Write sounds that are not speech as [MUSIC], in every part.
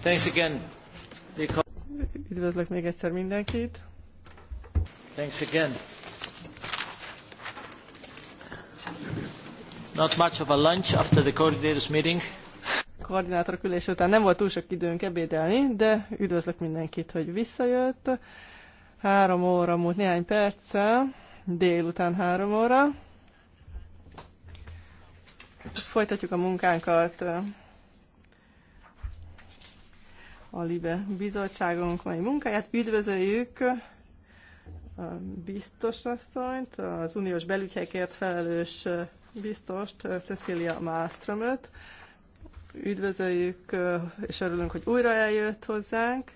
Thanks again. Üdvözlök még egyszer mindenkit. Thanks again. Not much of a lunch after the coordinators meeting. Koordinátorok külés után nem volt túl sok időnk ebédelni, de üdvözlök mindenkit, hogy visszajött. Három óra múlt néhány perccel, délután három óra. Folytatjuk a munkánkat a LIBE bizottságunk mai munkáját. Üdvözöljük a biztosasszonyt, az uniós belügyekért felelős biztost, Cecilia Malmströmöt. Üdvözöljük, és örülünk, hogy újra eljött hozzánk.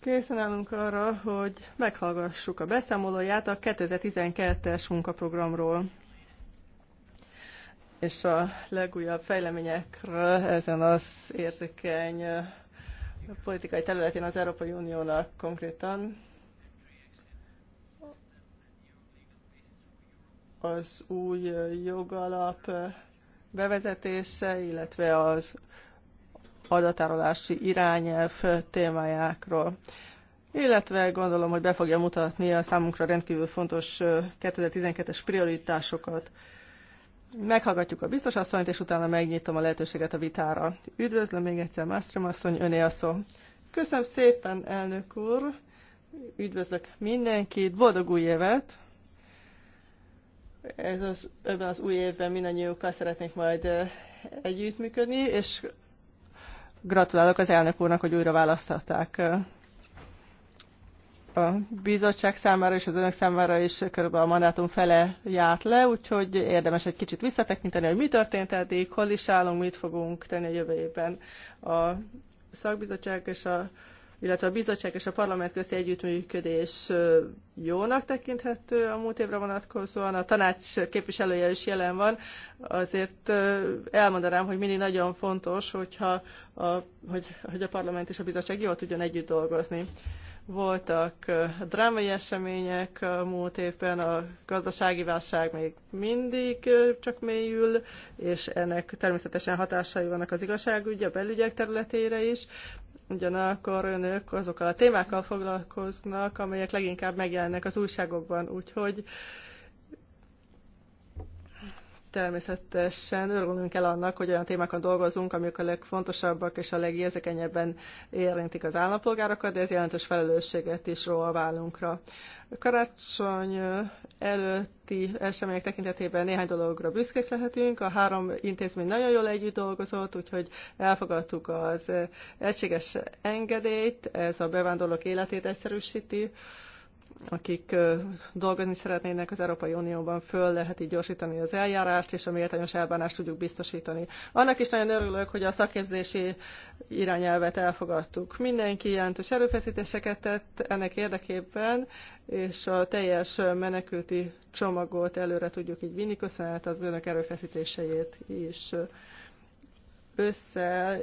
Készen állunk arra, hogy meghallgassuk a beszámolóját a 2012-es munkaprogramról és a legújabb fejleményekről ezen az érzékeny a politikai területén az Európai Uniónak konkrétan az új jogalap bevezetése, illetve az adatárolási irányelv témájákról. Illetve gondolom, hogy be fogja mutatni a számunkra rendkívül fontos 2012-es prioritásokat meghallgatjuk a biztos asszonyt, és utána megnyitom a lehetőséget a vitára. Üdvözlöm még egyszer, Mastrom asszony, öné a szó. Köszönöm szépen, elnök úr! Üdvözlök mindenkit, boldog új évet! Ez az, ebben az új évben mindannyiukkal szeretnék majd eh, együttműködni, és gratulálok az elnök úrnak, hogy újra választották. Eh, a bizottság számára és az önök számára is körülbelül a mandátum fele járt le, úgyhogy érdemes egy kicsit visszatekinteni, hogy mi történt eddig, hol is állunk, mit fogunk tenni a jövő évben. A szakbizottság és a illetve a bizottság és a parlament közti együttműködés jónak tekinthető a múlt évre vonatkozóan. A tanács képviselője is jelen van, azért elmondanám, hogy mindig nagyon fontos, hogyha a, hogy, hogy a parlament és a bizottság jól tudjon együtt dolgozni. Voltak drámai események múlt évben, a gazdasági válság még mindig csak mélyül, és ennek természetesen hatásai vannak az igazságügy, a belügyek területére is. Ugyanakkor önök azokkal a témákkal foglalkoznak, amelyek leginkább megjelennek az újságokban, úgyhogy természetesen örülünk el annak, hogy olyan témákon dolgozunk, amik a legfontosabbak és a legérzékenyebben érintik az állampolgárokat, de ez jelentős felelősséget is ró a vállunkra. Karácsony előtti események tekintetében néhány dologra büszkék lehetünk. A három intézmény nagyon jól együtt dolgozott, úgyhogy elfogadtuk az egységes engedélyt, ez a bevándorlók életét egyszerűsíti akik dolgozni szeretnének az Európai Unióban, föl lehet így gyorsítani az eljárást, és a méltányos elbánást tudjuk biztosítani. Annak is nagyon örülök, hogy a szakképzési irányelvet elfogadtuk. Mindenki jelentős erőfeszítéseket tett ennek érdekében, és a teljes menekülti csomagot előre tudjuk így vinni. köszönhet az önök erőfeszítéseit is. Össze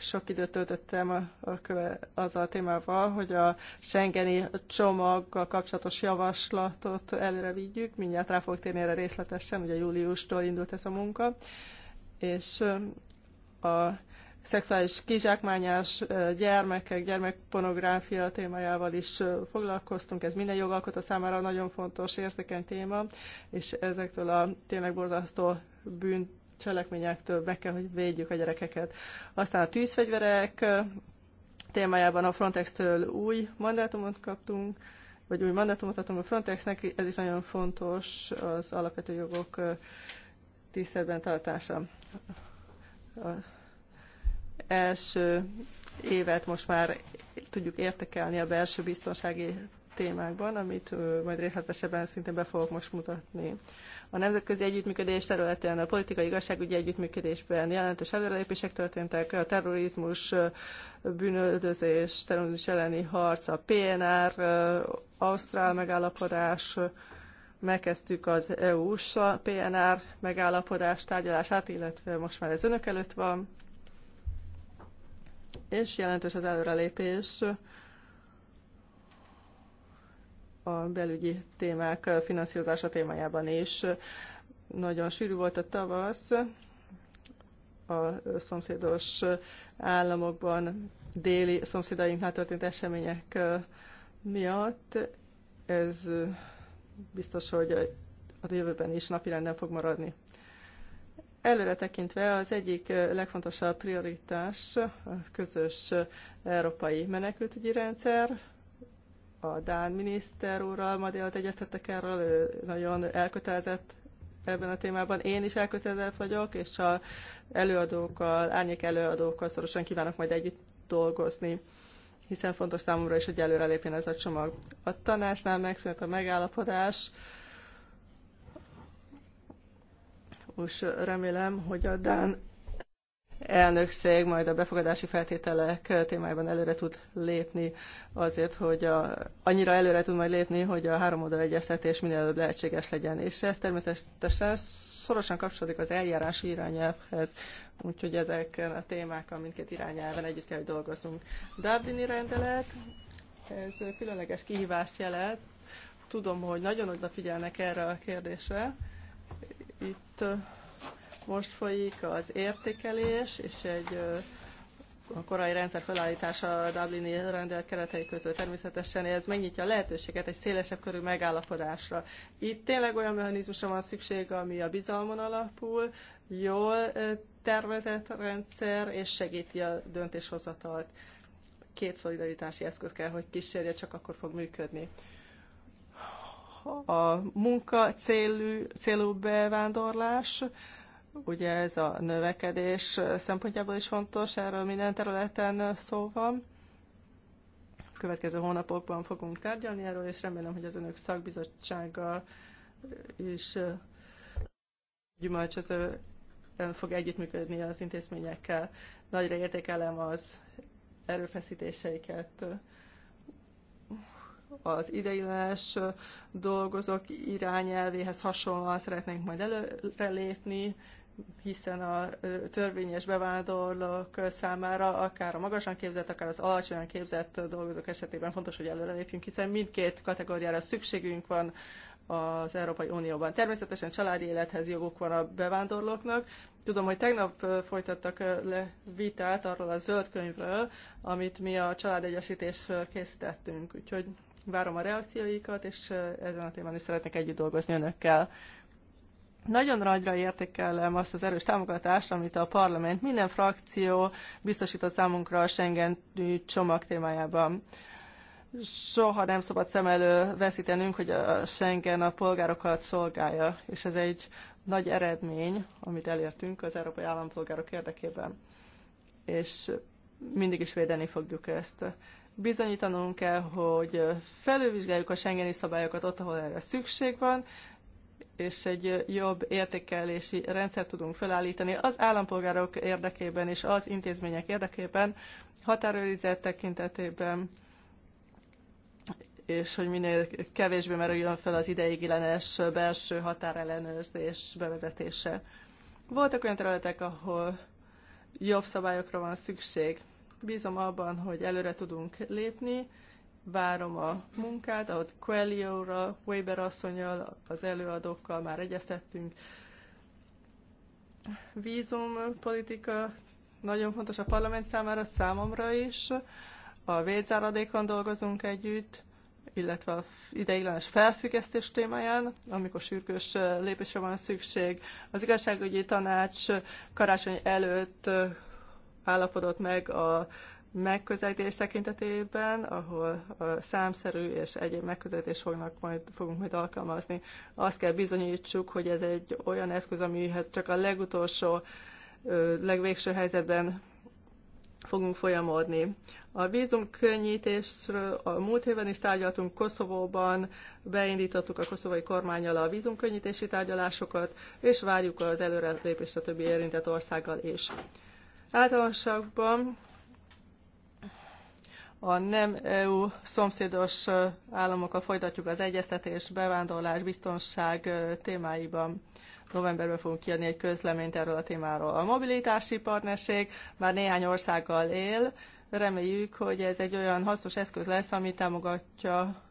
sok időt töltöttem a, a köve, azzal a témával, hogy a Schengeni csomaggal kapcsolatos javaslatot előre vigyük. Mindjárt rá fogok térni erre részletesen, ugye júliustól indult ez a munka. És a szexuális kizsákmányás gyermekek, gyermekpornográfia témájával is foglalkoztunk. Ez minden jogalkotó számára nagyon fontos, érzékeny téma, és ezektől a tényleg borzasztó bűn cselekményektől be kell, hogy védjük a gyerekeket. Aztán a tűzfegyverek témájában a Frontex-től új mandátumot kaptunk, vagy új mandátumot adtam a Frontexnek, ez is nagyon fontos az alapvető jogok tiszteletben tartása. A első évet most már tudjuk értekelni a belső biztonsági témákban, amit majd részletesebben szintén be fogok most mutatni. A nemzetközi együttműködés területén, a politikai igazságügyi együttműködésben jelentős előrelépések történtek, a terrorizmus, bűnöldözés, terrorizmus elleni harc, a PNR, Ausztrál megállapodás, megkezdtük az EU-s PNR megállapodás tárgyalását, illetve most már ez önök előtt van, és jelentős az előrelépés a belügyi témák finanszírozása témájában is. Nagyon sűrű volt a tavasz, a szomszédos államokban, déli szomszédainknál történt események miatt. Ez biztos, hogy a jövőben is napirenden fog maradni. Előre tekintve az egyik legfontosabb prioritás a közös európai menekültügyi rendszer, a Dán miniszter úrral ma délután egyeztettek erről, ő nagyon elkötelezett ebben a témában. Én is elkötelezett vagyok, és a előadókkal, árnyék előadókkal szorosan kívánok majd együtt dolgozni, hiszen fontos számomra is, hogy előrelépjen ez a csomag. A tanásnál megszűnt a megállapodás, most remélem, hogy a Dán elnökség majd a befogadási feltételek témájában előre tud lépni azért, hogy a, annyira előre tud majd lépni, hogy a három oldal egyeztetés minél előbb lehetséges legyen. És ez természetesen szorosan kapcsolódik az eljárási irányelvhez, úgyhogy ezek a témák mindkét irányelven együtt kell, hogy dolgozzunk. Dublini rendelet, ez különleges kihívást jelent. Tudom, hogy nagyon oda figyelnek erre a kérdésre. Itt most folyik az értékelés, és egy a korai rendszer felállítása a Dublini rendelet keretei között természetesen ez megnyitja a lehetőséget egy szélesebb körű megállapodásra. Itt tényleg olyan mechanizmusra van szükség, ami a bizalmon alapul, jól tervezett rendszer, és segíti a döntéshozatalt. Két szolidaritási eszköz kell, hogy kísérje, csak akkor fog működni. A munka célú, célú bevándorlás, Ugye ez a növekedés szempontjából is fontos, erről minden területen szó van. A következő hónapokban fogunk tárgyalni erről, és remélem, hogy az önök szakbizottsága is gyümölcsöző fog együttműködni az intézményekkel. Nagyra értékelem az erőfeszítéseiket az ideiglenes dolgozók irányelvéhez hasonlóan szeretnénk majd előrelépni, hiszen a törvényes bevándorlók számára akár a magasan képzett, akár az alacsonyan képzett dolgozók esetében fontos, hogy előrelépjünk, hiszen mindkét kategóriára szükségünk van az Európai Unióban. Természetesen családi élethez joguk van a bevándorlóknak. Tudom, hogy tegnap folytattak le vitát arról a zöld könyvről, amit mi a családegyesítésről készítettünk. Úgyhogy várom a reakcióikat, és ezen a témán is szeretnék együtt dolgozni önökkel. Nagyon nagyra értékelem azt az erős támogatást, amit a parlament minden frakció biztosított számunkra a Schengen csomag témájában. Soha nem szabad szem elő veszítenünk, hogy a Schengen a polgárokat szolgálja, és ez egy nagy eredmény, amit elértünk az európai állampolgárok érdekében. És mindig is védeni fogjuk ezt. Bizonyítanunk kell, hogy felülvizsgáljuk a Schengeni szabályokat ott, ahol erre szükség van, és egy jobb értékelési rendszert tudunk felállítani az állampolgárok érdekében és az intézmények érdekében, határőrizet tekintetében, és hogy minél kevésbé merüljön fel az ideiglenes belső határellenőrzés bevezetése. Voltak olyan területek, ahol jobb szabályokra van szükség. Bízom abban, hogy előre tudunk lépni, várom a munkát, ahogy Coelho-ra, Weber asszonyal, az előadókkal már egyeztettünk. Vízumpolitika nagyon fontos a parlament számára, számomra is. A védzáradékon dolgozunk együtt, illetve a ideiglenes felfüggesztés témáján, amikor sürgős lépésre van szükség. Az igazságügyi tanács karácsony előtt állapodott meg a megközelítés tekintetében, ahol a számszerű és egyéb megközelítés fognak majd, fogunk majd alkalmazni. Azt kell bizonyítsuk, hogy ez egy olyan eszköz, amihez csak a legutolsó, legvégső helyzetben fogunk folyamodni. A vízumkönnyítésről a múlt héten is tárgyaltunk Koszovóban, beindítottuk a koszovai kormányal a vízumkönnyítési tárgyalásokat, és várjuk az előrelépést a többi érintett országgal is. Általánosságban a nem EU szomszédos államokkal folytatjuk az egyeztetést bevándorlás, biztonság témáiban. Novemberben fogunk kiadni egy közleményt erről a témáról. A mobilitási partnerség már néhány országgal él. Reméljük, hogy ez egy olyan hasznos eszköz lesz, ami támogatja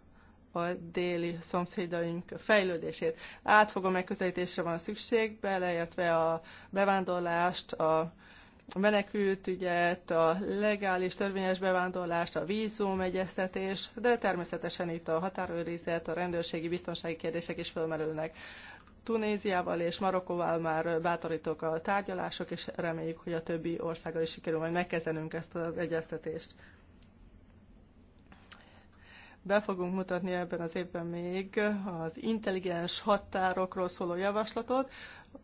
a déli szomszédaink fejlődését. Átfogó megközelítésre van szükség, beleértve a bevándorlást, a a ügyet, a legális törvényes bevándorlást, a vízum egyeztetés, de természetesen itt a határőrizet, a rendőrségi biztonsági kérdések is felmerülnek. Tunéziával és Marokkóval már bátorítók a tárgyalások, és reméljük, hogy a többi országgal is sikerül majd megkezdenünk ezt az egyeztetést. Be fogunk mutatni ebben az évben még az intelligens határokról szóló javaslatot,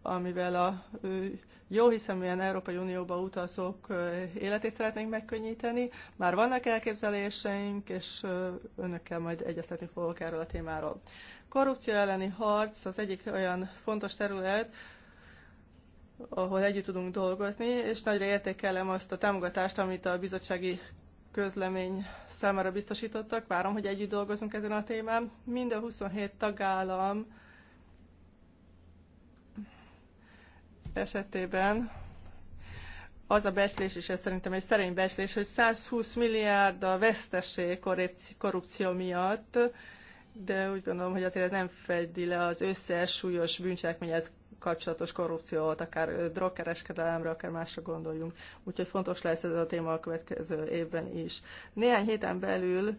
amivel a jó jóhiszeműen Európai Unióba utazók életét szeretnénk megkönnyíteni. Már vannak elképzeléseink, és önökkel majd egyeztetni fogok erről a témáról. Korrupció elleni harc az egyik olyan fontos terület, ahol együtt tudunk dolgozni, és nagyra értékelem azt a támogatást, amit a bizottsági közlemény számára biztosítottak. Várom, hogy együtt dolgozunk ezen a témán. Mind a 27 tagállam esetében az a becslés, és ez szerintem egy szerény becslés, hogy 120 milliárd a veszteség korrupció miatt, de úgy gondolom, hogy azért ez nem fedi le az összes súlyos bűncselekményhez kapcsolatos korrupciót, akár drogkereskedelemre, akár másra gondoljunk. Úgyhogy fontos lesz ez a téma a következő évben is. Néhány héten belül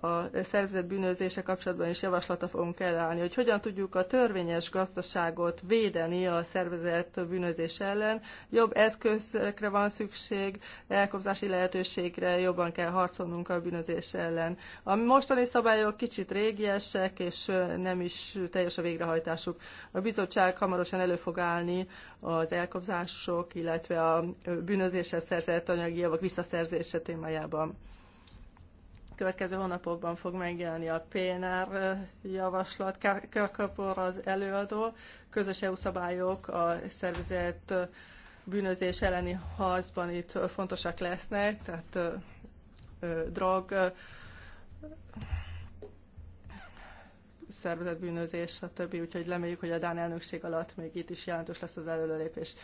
a szervezett bűnözése kapcsolatban is javaslata fogunk elállni, hogy hogyan tudjuk a törvényes gazdaságot védeni a szervezett bűnözés ellen. Jobb eszközökre van szükség, elkobzási lehetőségre jobban kell harcolnunk a bűnözés ellen. A mostani szabályok kicsit régiesek, és nem is teljes a végrehajtásuk. A bizottság hamarosan elő fog állni az elkobzások, illetve a bűnözéshez szerzett anyagi javak visszaszerzése témájában következő hónapokban fog megjelenni a PNR eh, javaslat. Körköpor az előadó, közös EU szabályok a szervezett eh, bűnözés elleni harcban itt eh, fontosak lesznek, tehát drog, szervezetbűnözés, a többi, úgyhogy reméljük, hogy a Dán elnökség alatt még itt is jelentős lesz az előrelépés.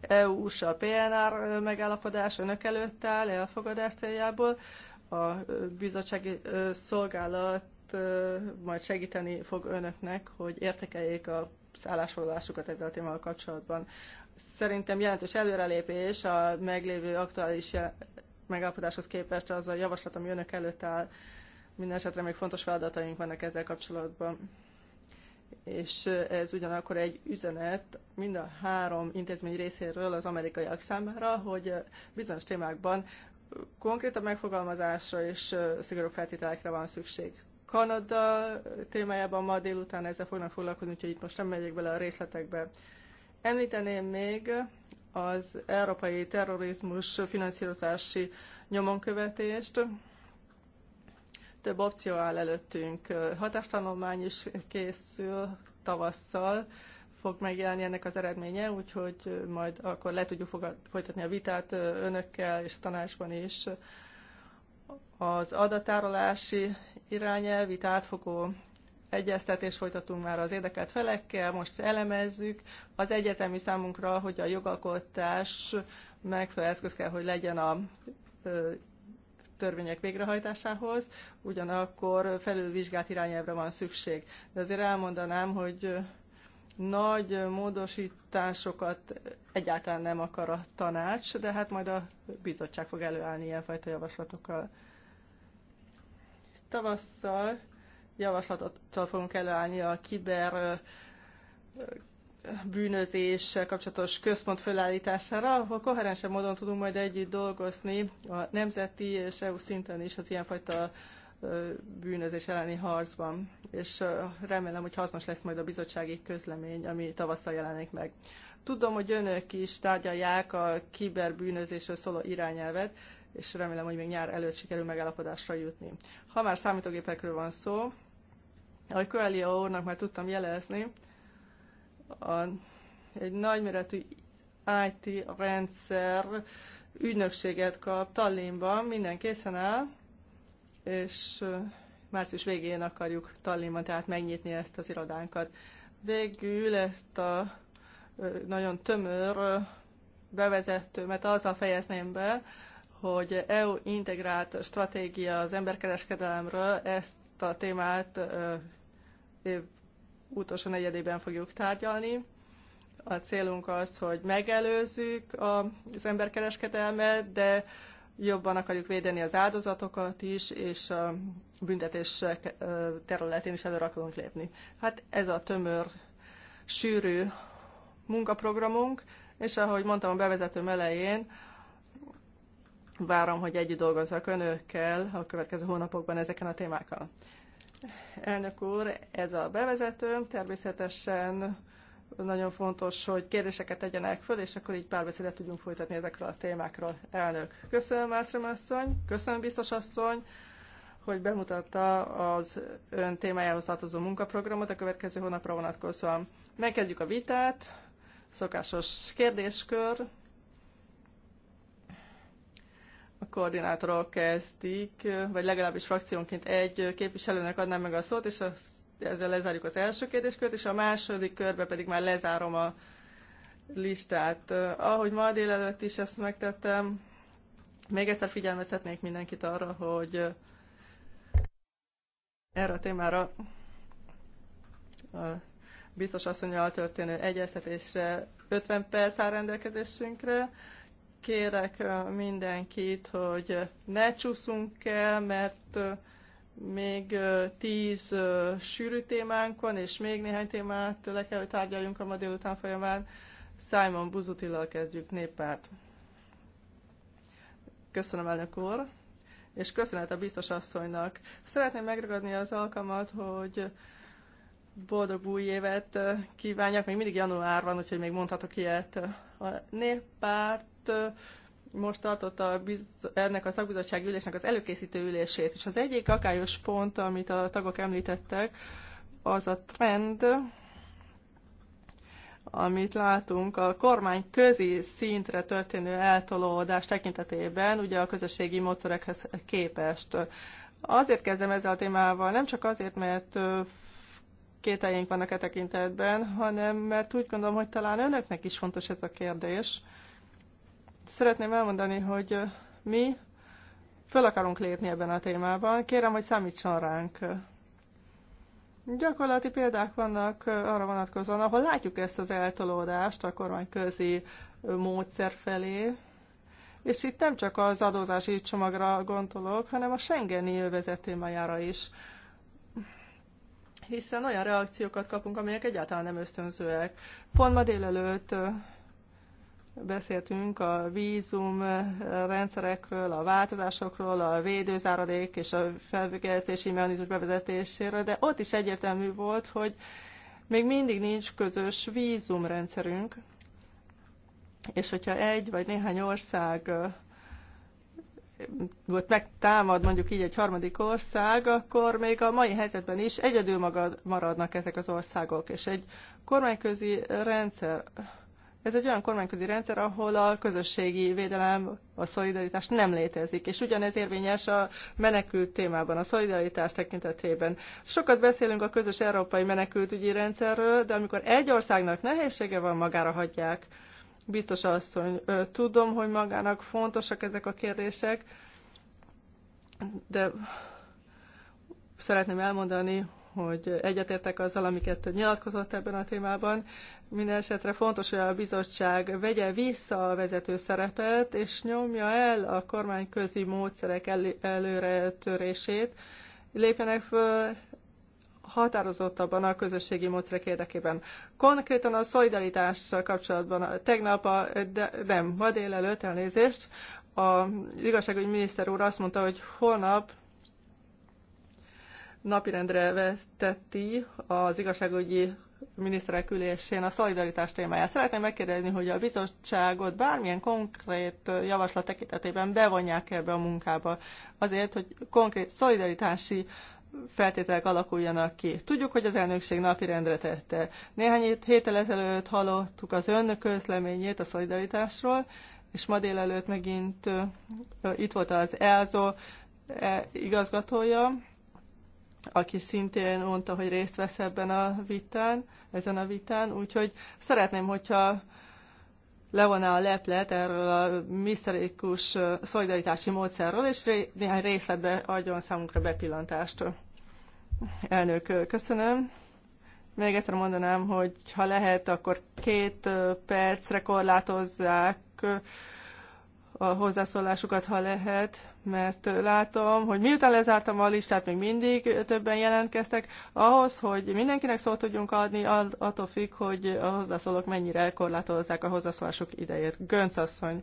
EU-s a PNR megállapodás önök előtt áll elfogadás céljából a bizottsági szolgálat majd segíteni fog önöknek, hogy értekeljék a szállásfoglalásukat ezzel a témával kapcsolatban. Szerintem jelentős előrelépés a meglévő aktuális megállapodáshoz képest az a javaslat, ami önök előtt áll. Minden esetre még fontos feladataink vannak ezzel kapcsolatban. És ez ugyanakkor egy üzenet mind a három intézmény részéről az amerikaiak számára, hogy bizonyos témákban konkrétabb megfogalmazásra és szigorúbb feltételekre van szükség. Kanada témájában ma délután ezzel fognak foglalkozni, úgyhogy itt most nem megyek bele a részletekbe. Említeném még az európai terrorizmus finanszírozási nyomonkövetést. Több opció áll előttünk. Hatástanulmány is készül tavasszal fog megjelenni ennek az eredménye, úgyhogy majd akkor le tudjuk folytatni a vitát önökkel és a tanácsban is. Az adatárolási irányelv, itt átfogó egyeztetés folytatunk már az érdekelt felekkel, most elemezzük. Az egyetemi számunkra, hogy a jogalkotás megfelelő eszköz kell, hogy legyen a törvények végrehajtásához, ugyanakkor felülvizsgált irányelvre van szükség. De azért elmondanám, hogy nagy módosításokat egyáltalán nem akar a tanács, de hát majd a bizottság fog előállni ilyenfajta javaslatokkal. Tavasszal javaslatottal fogunk előállni a kiber bűnözés kapcsolatos központ fölállítására, ahol koherensebb módon tudunk majd együtt dolgozni a nemzeti és EU szinten is az ilyenfajta bűnözés elleni harcban, és remélem, hogy hasznos lesz majd a bizottsági közlemény, ami tavasszal jelenik meg. Tudom, hogy önök is tárgyalják a kiberbűnözésről szóló irányelvet, és remélem, hogy még nyár előtt sikerül megállapodásra jutni. Ha már számítógépekről van szó, ahogy Coelia úrnak már tudtam jelezni, a, egy nagyméretű IT rendszer ügynökséget kap Tallinnban, minden készen áll, és március végén akarjuk Tallinnban tehát megnyitni ezt az irodánkat. Végül ezt a nagyon tömör bevezetőmet azzal fejezném be, hogy EU integrált stratégia az emberkereskedelemről ezt a témát év utolsó negyedében fogjuk tárgyalni. A célunk az, hogy megelőzzük az emberkereskedelmet, de jobban akarjuk védeni az áldozatokat is, és a büntetés területén is előre akarunk lépni. Hát ez a tömör, sűrű munkaprogramunk, és ahogy mondtam a bevezetőm elején, várom, hogy együtt dolgozzak önökkel a következő hónapokban ezeken a témákkal. Elnök úr, ez a bevezetőm, természetesen nagyon fontos, hogy kérdéseket tegyenek föl, és akkor így párbeszédet tudjunk folytatni ezekről a témákról. Elnök, köszönöm, Mászrom asszony, köszönöm, biztos asszony, hogy bemutatta az ön témájához tartozó munkaprogramot a következő hónapra vonatkozóan. Megkezdjük a vitát, szokásos kérdéskör. A koordinátorok kezdik, vagy legalábbis frakciónként egy képviselőnek adnám meg a szót, és azt ezzel lezárjuk az első kérdéskört, és a második körbe pedig már lezárom a listát. Ahogy ma délelőtt is ezt megtettem, még egyszer figyelmeztetnék mindenkit arra, hogy erre a témára a biztos asszonyjal történő egyeztetésre 50 perc áll rendelkezésünkre. Kérek mindenkit, hogy ne csúszunk el, mert még tíz sűrű témánk van, és még néhány témát le kell, hogy tárgyaljunk a ma délután folyamán. Simon Buzutillal kezdjük néppárt. Köszönöm, elnök úr, és köszönet a biztos asszonynak. Szeretném megragadni az alkalmat, hogy boldog új évet kívánjak. Még mindig január van, úgyhogy még mondhatok ilyet. A néppárt most tartotta a biz... ennek a szakbizottság ülésnek az előkészítő ülését, és az egyik akályos pont, amit a tagok említettek, az a trend, amit látunk a kormány közi szintre történő eltolódás tekintetében, ugye a közösségi módszerekhez képest. Azért kezdem ezzel a témával, nem csak azért, mert kételjeink vannak e tekintetben, hanem mert úgy gondolom, hogy talán önöknek is fontos ez a kérdés, szeretném elmondani, hogy mi föl akarunk lépni ebben a témában. Kérem, hogy számítson ránk. Gyakorlati példák vannak arra vonatkozóan, ahol látjuk ezt az eltolódást a kormányközi módszer felé, és itt nem csak az adózási csomagra gondolok, hanem a Schengeni övezet témájára is. Hiszen olyan reakciókat kapunk, amelyek egyáltalán nem ösztönzőek. Pont ma délelőtt beszéltünk a vízum rendszerekről, a változásokról, a védőzáradék és a felfüggesztési mechanizmus bevezetéséről, de ott is egyértelmű volt, hogy még mindig nincs közös vízumrendszerünk, és hogyha egy vagy néhány ország ott megtámad mondjuk így egy harmadik ország, akkor még a mai helyzetben is egyedül magad maradnak ezek az országok, és egy kormányközi rendszer ez egy olyan kormányközi rendszer, ahol a közösségi védelem, a szolidaritás nem létezik, és ugyanez érvényes a menekült témában, a szolidaritás tekintetében. Sokat beszélünk a közös európai menekültügyi rendszerről, de amikor egy országnak nehézsége van, magára hagyják. Biztos asszony, tudom, hogy magának fontosak ezek a kérdések, de szeretném elmondani, hogy egyetértek azzal, amiket nyilatkozott ebben a témában, minden esetre fontos, hogy a bizottság vegye vissza a vezető szerepet, és nyomja el a kormányközi módszerek előre törését, lépjenek föl határozottabban a közösségi módszerek érdekében. Konkrétan a szolidaritással kapcsolatban tegnap, a, de, nem, ma délelőtt elnézést, az igazságügyi miniszter úr azt mondta, hogy holnap napirendre vetetti az igazságügyi miniszterek ülésén a szolidaritás témáját. Szeretném megkérdezni, hogy a bizottságot bármilyen konkrét javaslat tekintetében bevonják ebbe a munkába, azért, hogy konkrét szolidaritási feltételek alakuljanak ki. Tudjuk, hogy az elnökség napirendre tette. Néhány héttel ezelőtt hallottuk az önök közleményét a szolidaritásról, és ma délelőtt megint itt volt az ELZO e, igazgatója, aki szintén mondta, hogy részt vesz ebben a vitán, ezen a vitán, úgyhogy szeretném, hogyha levoná a leplet erről a miszterikus szolidaritási módszerről, és néhány részletbe adjon számunkra bepillantást. Elnök, köszönöm. Még egyszer mondanám, hogy ha lehet, akkor két percre korlátozzák a hozzászólásukat, ha lehet, mert látom, hogy miután lezártam a listát, még mindig többen jelentkeztek. Ahhoz, hogy mindenkinek szót tudjunk adni, attól függ, hogy a hozzászólók mennyire korlátozzák a hozzászólásuk idejét. Gönc asszony.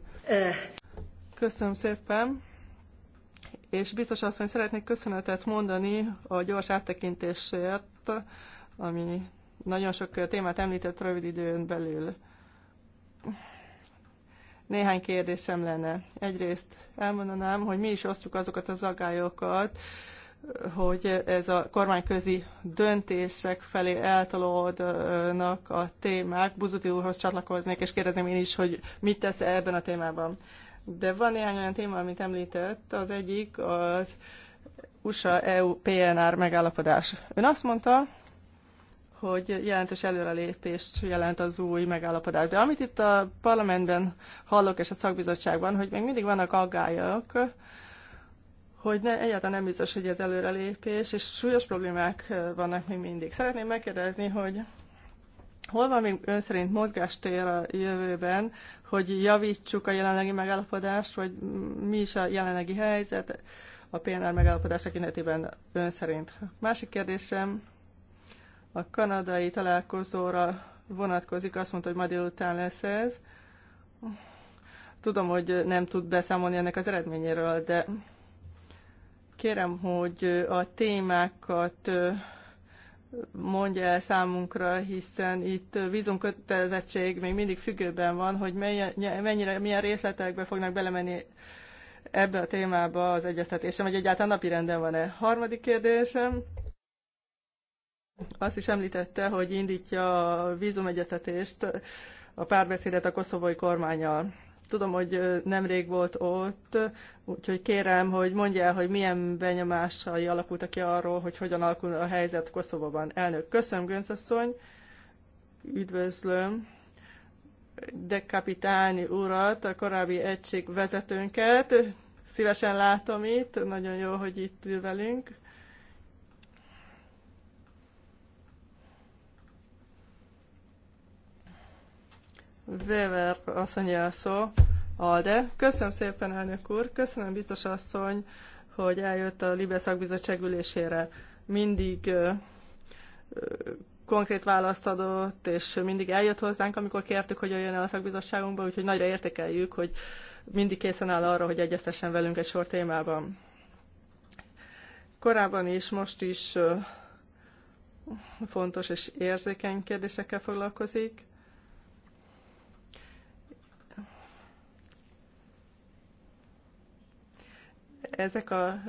Köszönöm szépen. És biztos asszony, szeretnék köszönetet mondani a gyors áttekintésért, ami nagyon sok témát említett rövid időn belül néhány kérdésem lenne. Egyrészt elmondanám, hogy mi is osztjuk azokat az aggályokat, hogy ez a kormányközi döntések felé eltolódnak a témák. Buzuti úrhoz csatlakoznék, és kérdezném én is, hogy mit tesz -e ebben a témában. De van néhány olyan téma, amit említett. Az egyik az USA-EU-PNR megállapodás. Ön azt mondta, hogy jelentős előrelépést jelent az új megállapodás. De amit itt a parlamentben hallok, és a szakbizottságban, hogy még mindig vannak aggályok, hogy ne, egyáltalán nem biztos, hogy ez előrelépés, és súlyos problémák vannak még mindig. Szeretném megkérdezni, hogy hol van még ön szerint mozgástér a jövőben, hogy javítsuk a jelenlegi megállapodást, vagy mi is a jelenlegi helyzet a PNR megállapodás tekintetében ön szerint? Másik kérdésem, a kanadai találkozóra vonatkozik, azt mondta, hogy ma délután lesz ez. Tudom, hogy nem tud beszámolni ennek az eredményéről, de kérem, hogy a témákat mondja el számunkra, hiszen itt vízumkötelezettség még mindig függőben van, hogy mennyire, milyen részletekbe fognak belemenni ebbe a témába az egyeztetésem, vagy egyáltalán renden van-e. Harmadik kérdésem, azt is említette, hogy indítja a vízumegyeztetést, a párbeszédet a koszovói kormányal. Tudom, hogy nemrég volt ott, úgyhogy kérem, hogy mondja el, hogy milyen benyomásai alakultak ki arról, hogy hogyan alakul a helyzet Koszovóban. Elnök, köszönöm, Göncasszony, üdvözlöm de kapitány urat, a korábbi egység vezetőnket. Szívesen látom itt, nagyon jó, hogy itt ül velünk. Weber asszony a Alde. Köszönöm szépen, elnök úr. Köszönöm, biztos asszony, hogy eljött a Libe szakbizottság ülésére. Mindig ö, ö, konkrét választ adott, és mindig eljött hozzánk, amikor kértük, hogy jöjjön el a szakbizottságunkba, úgyhogy nagyra értékeljük, hogy mindig készen áll arra, hogy egyeztessen velünk egy sor témában. Korábban is, most is fontos és érzékeny kérdésekkel foglalkozik Ezek a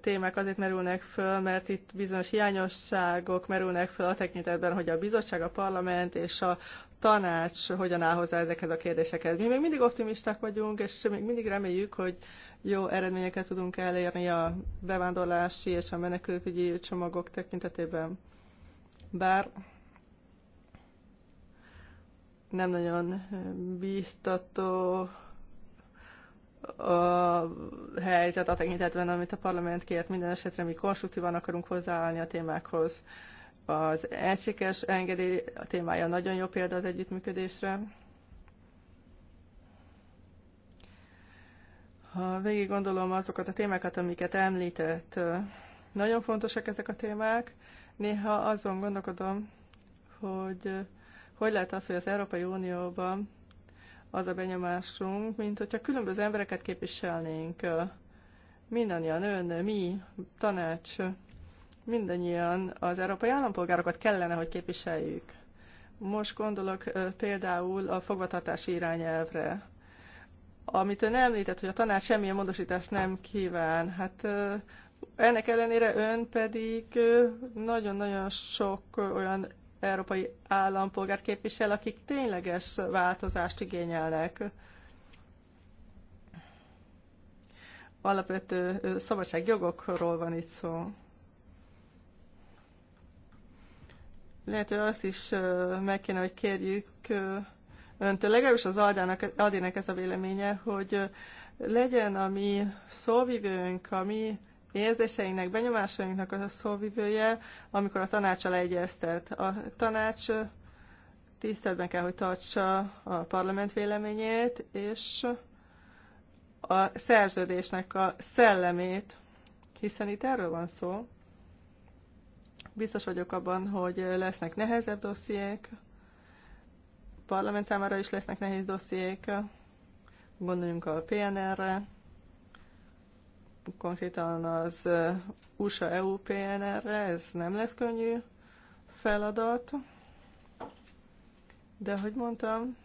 témák azért merülnek föl, mert itt bizonyos hiányosságok merülnek föl a tekintetben, hogy a bizottság, a parlament és a tanács hogyan áll hozzá ezekhez a kérdésekhez. Mi még mindig optimisták vagyunk, és még mindig reméljük, hogy jó eredményeket tudunk elérni a bevándorlási és a menekültügyi csomagok tekintetében. Bár nem nagyon biztató a helyzet a tekintetben, amit a parlament kért. Minden esetre mi konstruktívan akarunk hozzáállni a témákhoz. Az egységes engedély a témája nagyon jó példa az együttműködésre. Ha végig gondolom azokat a témákat, amiket említett, nagyon fontosak ezek a témák. Néha azon gondolkodom, hogy hogy lehet az, hogy az Európai Unióban az a benyomásunk, mint hogyha különböző embereket képviselnénk. Mindannyian ön, mi, tanács, mindannyian az európai állampolgárokat kellene, hogy képviseljük. Most gondolok például a fogvatartási irányelvre, amit ön említett, hogy a tanács semmilyen módosítást nem kíván. Hát ennek ellenére ön pedig nagyon-nagyon sok olyan európai állampolgár képvisel, akik tényleges változást igényelnek. Alapvető szabadságjogokról van itt szó. Lehet, hogy azt is meg kéne, hogy kérjük öntől, legalábbis az Aldának, Aldének ez a véleménye, hogy legyen a mi szóvivőnk, a mi érzéseinknek, benyomásainknak az a szóvivője, amikor a tanács egyeztet. A tanács tiszteletben kell, hogy tartsa a parlament véleményét, és a szerződésnek a szellemét, hiszen itt erről van szó. Biztos vagyok abban, hogy lesznek nehezebb dossziék, parlament számára is lesznek nehéz dossziék, gondoljunk a PNR-re, konkrétan az USA-EU PNR-re, ez nem lesz könnyű feladat, de hogy mondtam,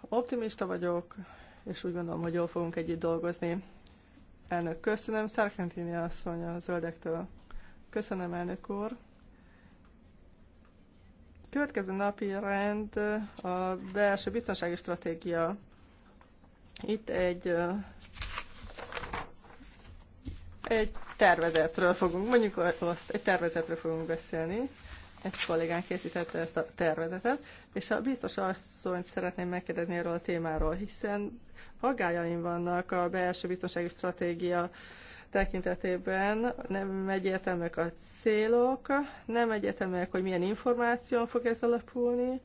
optimista vagyok, és úgy gondolom, hogy jól fogunk együtt dolgozni. Elnök, köszönöm. Szerkentini asszony a zöldektől. Köszönöm, elnök úr. Következő napi rend a belső biztonsági stratégia itt egy egy tervezetről fogunk, mondjuk azt, egy tervezetről fogunk beszélni. Egy kollégán készítette ezt a tervezetet, és a biztos asszonyt szeretném megkérdezni erről a témáról, hiszen aggájaim vannak a belső biztonsági stratégia tekintetében, nem egyértelműek a célok, nem egyértelműek, hogy milyen információ fog ez alapulni,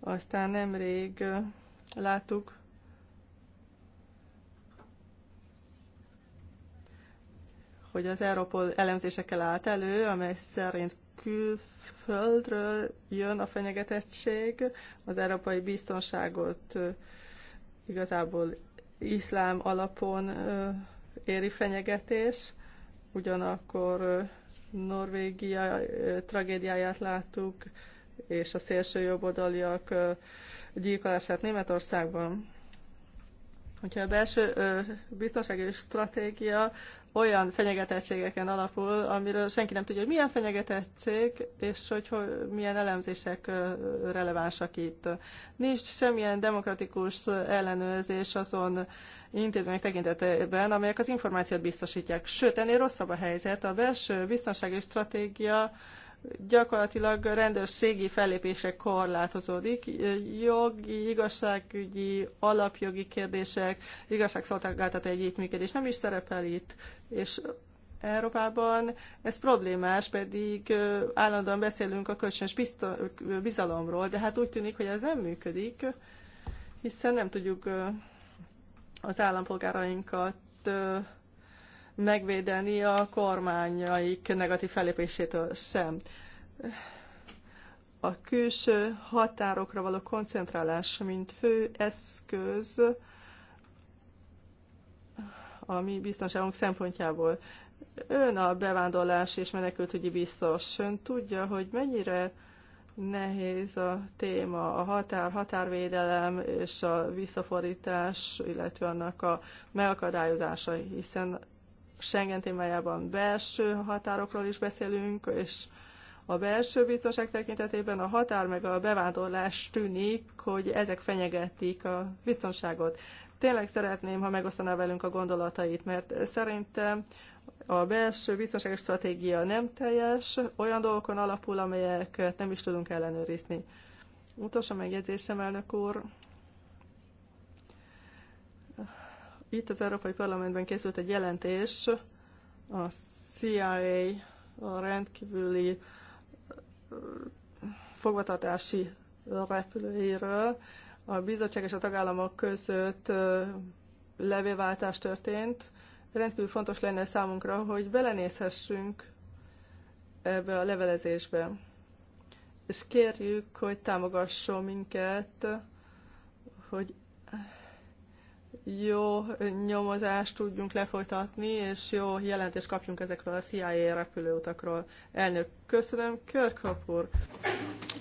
aztán nemrég láttuk, hogy az Europol elemzésekkel állt elő, amely szerint külföldről jön a fenyegetettség, az európai biztonságot igazából iszlám alapon éri fenyegetés, ugyanakkor Norvégia tragédiáját láttuk, és a szélső jobboldaliak gyilkolását Németországban. Hogyha a belső ö, biztonsági stratégia olyan fenyegetettségeken alapul, amiről senki nem tudja, hogy milyen fenyegetettség, és hogy, hogy milyen elemzések relevánsak itt. Nincs semmilyen demokratikus ellenőrzés azon intézmények tekintetében, amelyek az információt biztosítják. Sőt, ennél rosszabb a helyzet. A belső biztonsági stratégia gyakorlatilag rendőrségi fellépések korlátozódik. Jogi, igazságügyi, alapjogi kérdések, igazságszolgáltató együttműködés nem is szerepel itt, és Európában ez problémás, pedig állandóan beszélünk a kölcsönös bizalomról, de hát úgy tűnik, hogy ez nem működik, hiszen nem tudjuk az állampolgárainkat megvédeni a kormányaik negatív fellépésétől sem. A külső határokra való koncentrálás, mint fő eszköz a mi biztonságunk szempontjából. Ön a bevándorlás és menekültügyi biztos. Ön tudja, hogy mennyire nehéz a téma, a határ, határvédelem és a visszafordítás, illetve annak a megakadályozása, hiszen Schengen témájában belső határokról is beszélünk, és a belső biztonság tekintetében a határ meg a bevándorlás tűnik, hogy ezek fenyegetik a biztonságot. Tényleg szeretném, ha megosztaná velünk a gondolatait, mert szerintem a belső biztonsági stratégia nem teljes, olyan dolgokon alapul, amelyeket nem is tudunk ellenőrizni. Utolsó megjegyzésem, elnök úr, Itt az Európai Parlamentben készült egy jelentés a CIA a rendkívüli fogvatartási repülőiről. A bizottság és a tagállamok között levélváltás történt. Rendkívül fontos lenne számunkra, hogy belenézhessünk ebbe a levelezésbe. És kérjük, hogy támogasson minket, hogy jó nyomozást tudjunk lefolytatni, és jó jelentést kapjunk ezekről a CIA repülőutakról. Elnök, köszönöm. Kirkhope úr.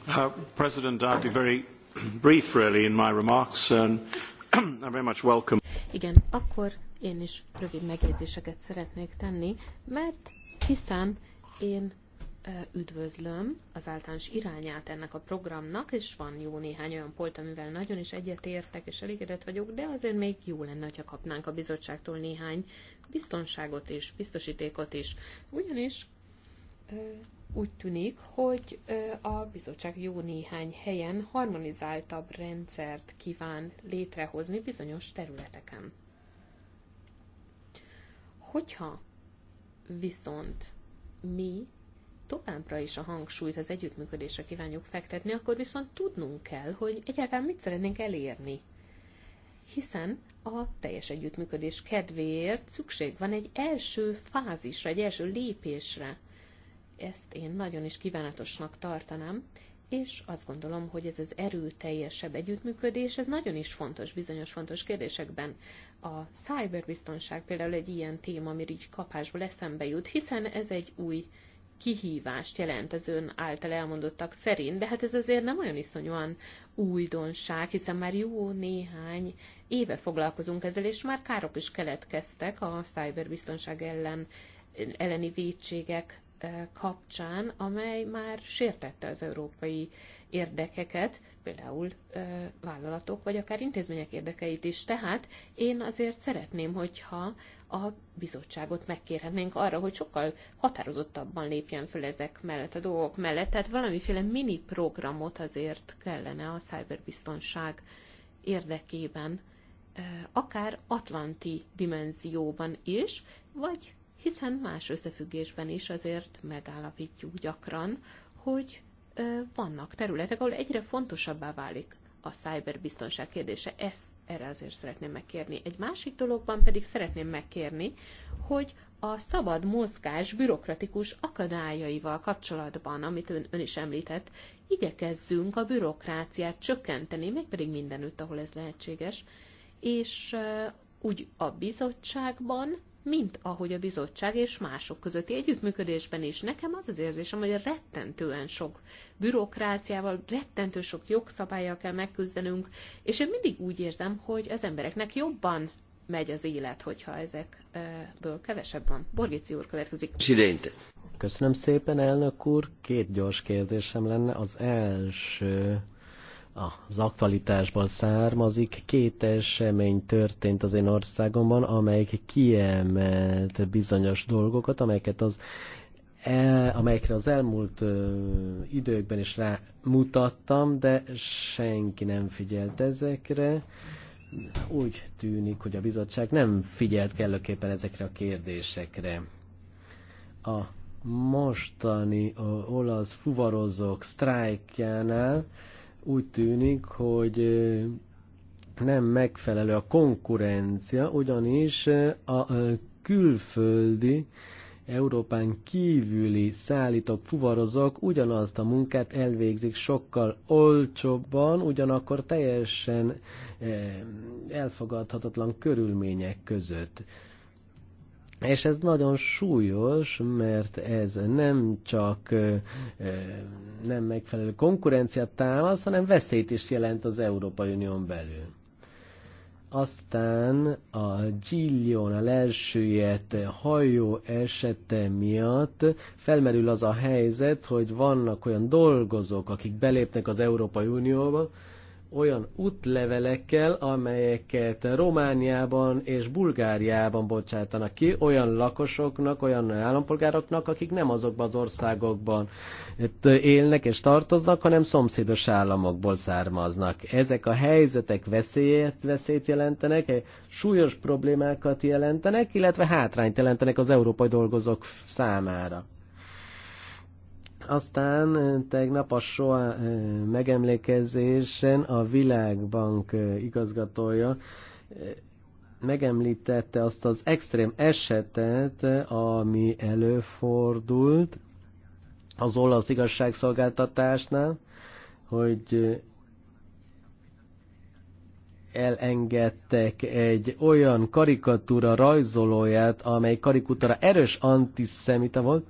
Uh, President, I'll be very brief really in my remarks and [CLEARS THROAT] I very much welcome. Igen, akkor én is rövid megjegyzéseket szeretnék tenni, mert hiszen én üdvözlöm az általános irányát ennek a programnak, és van jó néhány olyan polt, amivel nagyon is egyetértek, és elégedett vagyok, de azért még jó lenne, ha kapnánk a bizottságtól néhány biztonságot és biztosítékot is. Ugyanis úgy tűnik, hogy a bizottság jó néhány helyen harmonizáltabb rendszert kíván létrehozni bizonyos területeken. Hogyha viszont mi továbbra is a hangsúlyt az együttműködésre kívánjuk fektetni, akkor viszont tudnunk kell, hogy egyáltalán mit szeretnénk elérni. Hiszen a teljes együttműködés kedvéért szükség van egy első fázisra, egy első lépésre. Ezt én nagyon is kívánatosnak tartanám, és azt gondolom, hogy ez az erőteljesebb együttműködés, ez nagyon is fontos bizonyos fontos kérdésekben. A cyberbiztonság például egy ilyen téma, amire így kapásból eszembe jut, hiszen ez egy új kihívást jelent az ön által elmondottak szerint, de hát ez azért nem olyan iszonyúan újdonság, hiszen már jó néhány éve foglalkozunk ezzel, és már károk is keletkeztek a szájberbiztonság ellen, elleni védségek kapcsán, amely már sértette az európai érdekeket, például vállalatok vagy akár intézmények érdekeit is. Tehát én azért szeretném, hogyha a bizottságot megkérhetnénk arra, hogy sokkal határozottabban lépjen föl ezek mellett a dolgok mellett. Tehát valamiféle mini programot azért kellene a szájberbiztonság érdekében akár atlanti dimenzióban is, vagy hiszen más összefüggésben is azért megállapítjuk gyakran, hogy vannak területek, ahol egyre fontosabbá válik a cyberbiztonság kérdése. Ezt erre azért szeretném megkérni. Egy másik dologban pedig szeretném megkérni, hogy a szabad mozgás bürokratikus akadályaival kapcsolatban, amit ön, ön is említett, igyekezzünk a bürokráciát csökkenteni, mégpedig mindenütt, ahol ez lehetséges, és úgy a bizottságban, mint ahogy a bizottság és mások közötti együttműködésben is. Nekem az az érzésem, hogy rettentően sok bürokráciával, rettentő sok jogszabályjal kell megküzdenünk, és én mindig úgy érzem, hogy az embereknek jobban megy az élet, hogyha ezekből kevesebb van. Borgici úr következik. Köszönöm szépen, elnök úr. Két gyors kérdésem lenne. Az első az aktualitásból származik. Két esemény történt az én országomban, amelyik kiemelt bizonyos dolgokat, amelyeket az el, amelyekre az elmúlt ö, időkben is rámutattam, de senki nem figyelt ezekre. Úgy tűnik, hogy a bizottság nem figyelt kellőképpen ezekre a kérdésekre. A mostani olasz fuvarozók sztrájkjánál ö, úgy tűnik, hogy nem megfelelő a konkurencia, ugyanis a külföldi Európán kívüli szállítók, fuvarozók ugyanazt a munkát elvégzik sokkal olcsóbban, ugyanakkor teljesen elfogadhatatlan körülmények között. És ez nagyon súlyos, mert ez nem csak nem megfelelő konkurenciát támaszt, hanem veszélyt is jelent az Európai Unión belül. Aztán a Gillion, a lelsőjét hajó esete miatt felmerül az a helyzet, hogy vannak olyan dolgozók, akik belépnek az Európai Unióba, olyan útlevelekkel, amelyeket Romániában és Bulgáriában bocsátanak ki, olyan lakosoknak, olyan állampolgároknak, akik nem azokban az országokban élnek és tartoznak, hanem szomszédos államokból származnak. Ezek a helyzetek veszélyet, veszélyt jelentenek, súlyos problémákat jelentenek, illetve hátrányt jelentenek az európai dolgozók számára. Aztán tegnap a SOA megemlékezésen a Világbank igazgatója megemlítette azt az extrém esetet, ami előfordult az olasz igazságszolgáltatásnál, hogy elengedtek egy olyan karikatúra rajzolóját, amely karikatúra erős antiszemita volt,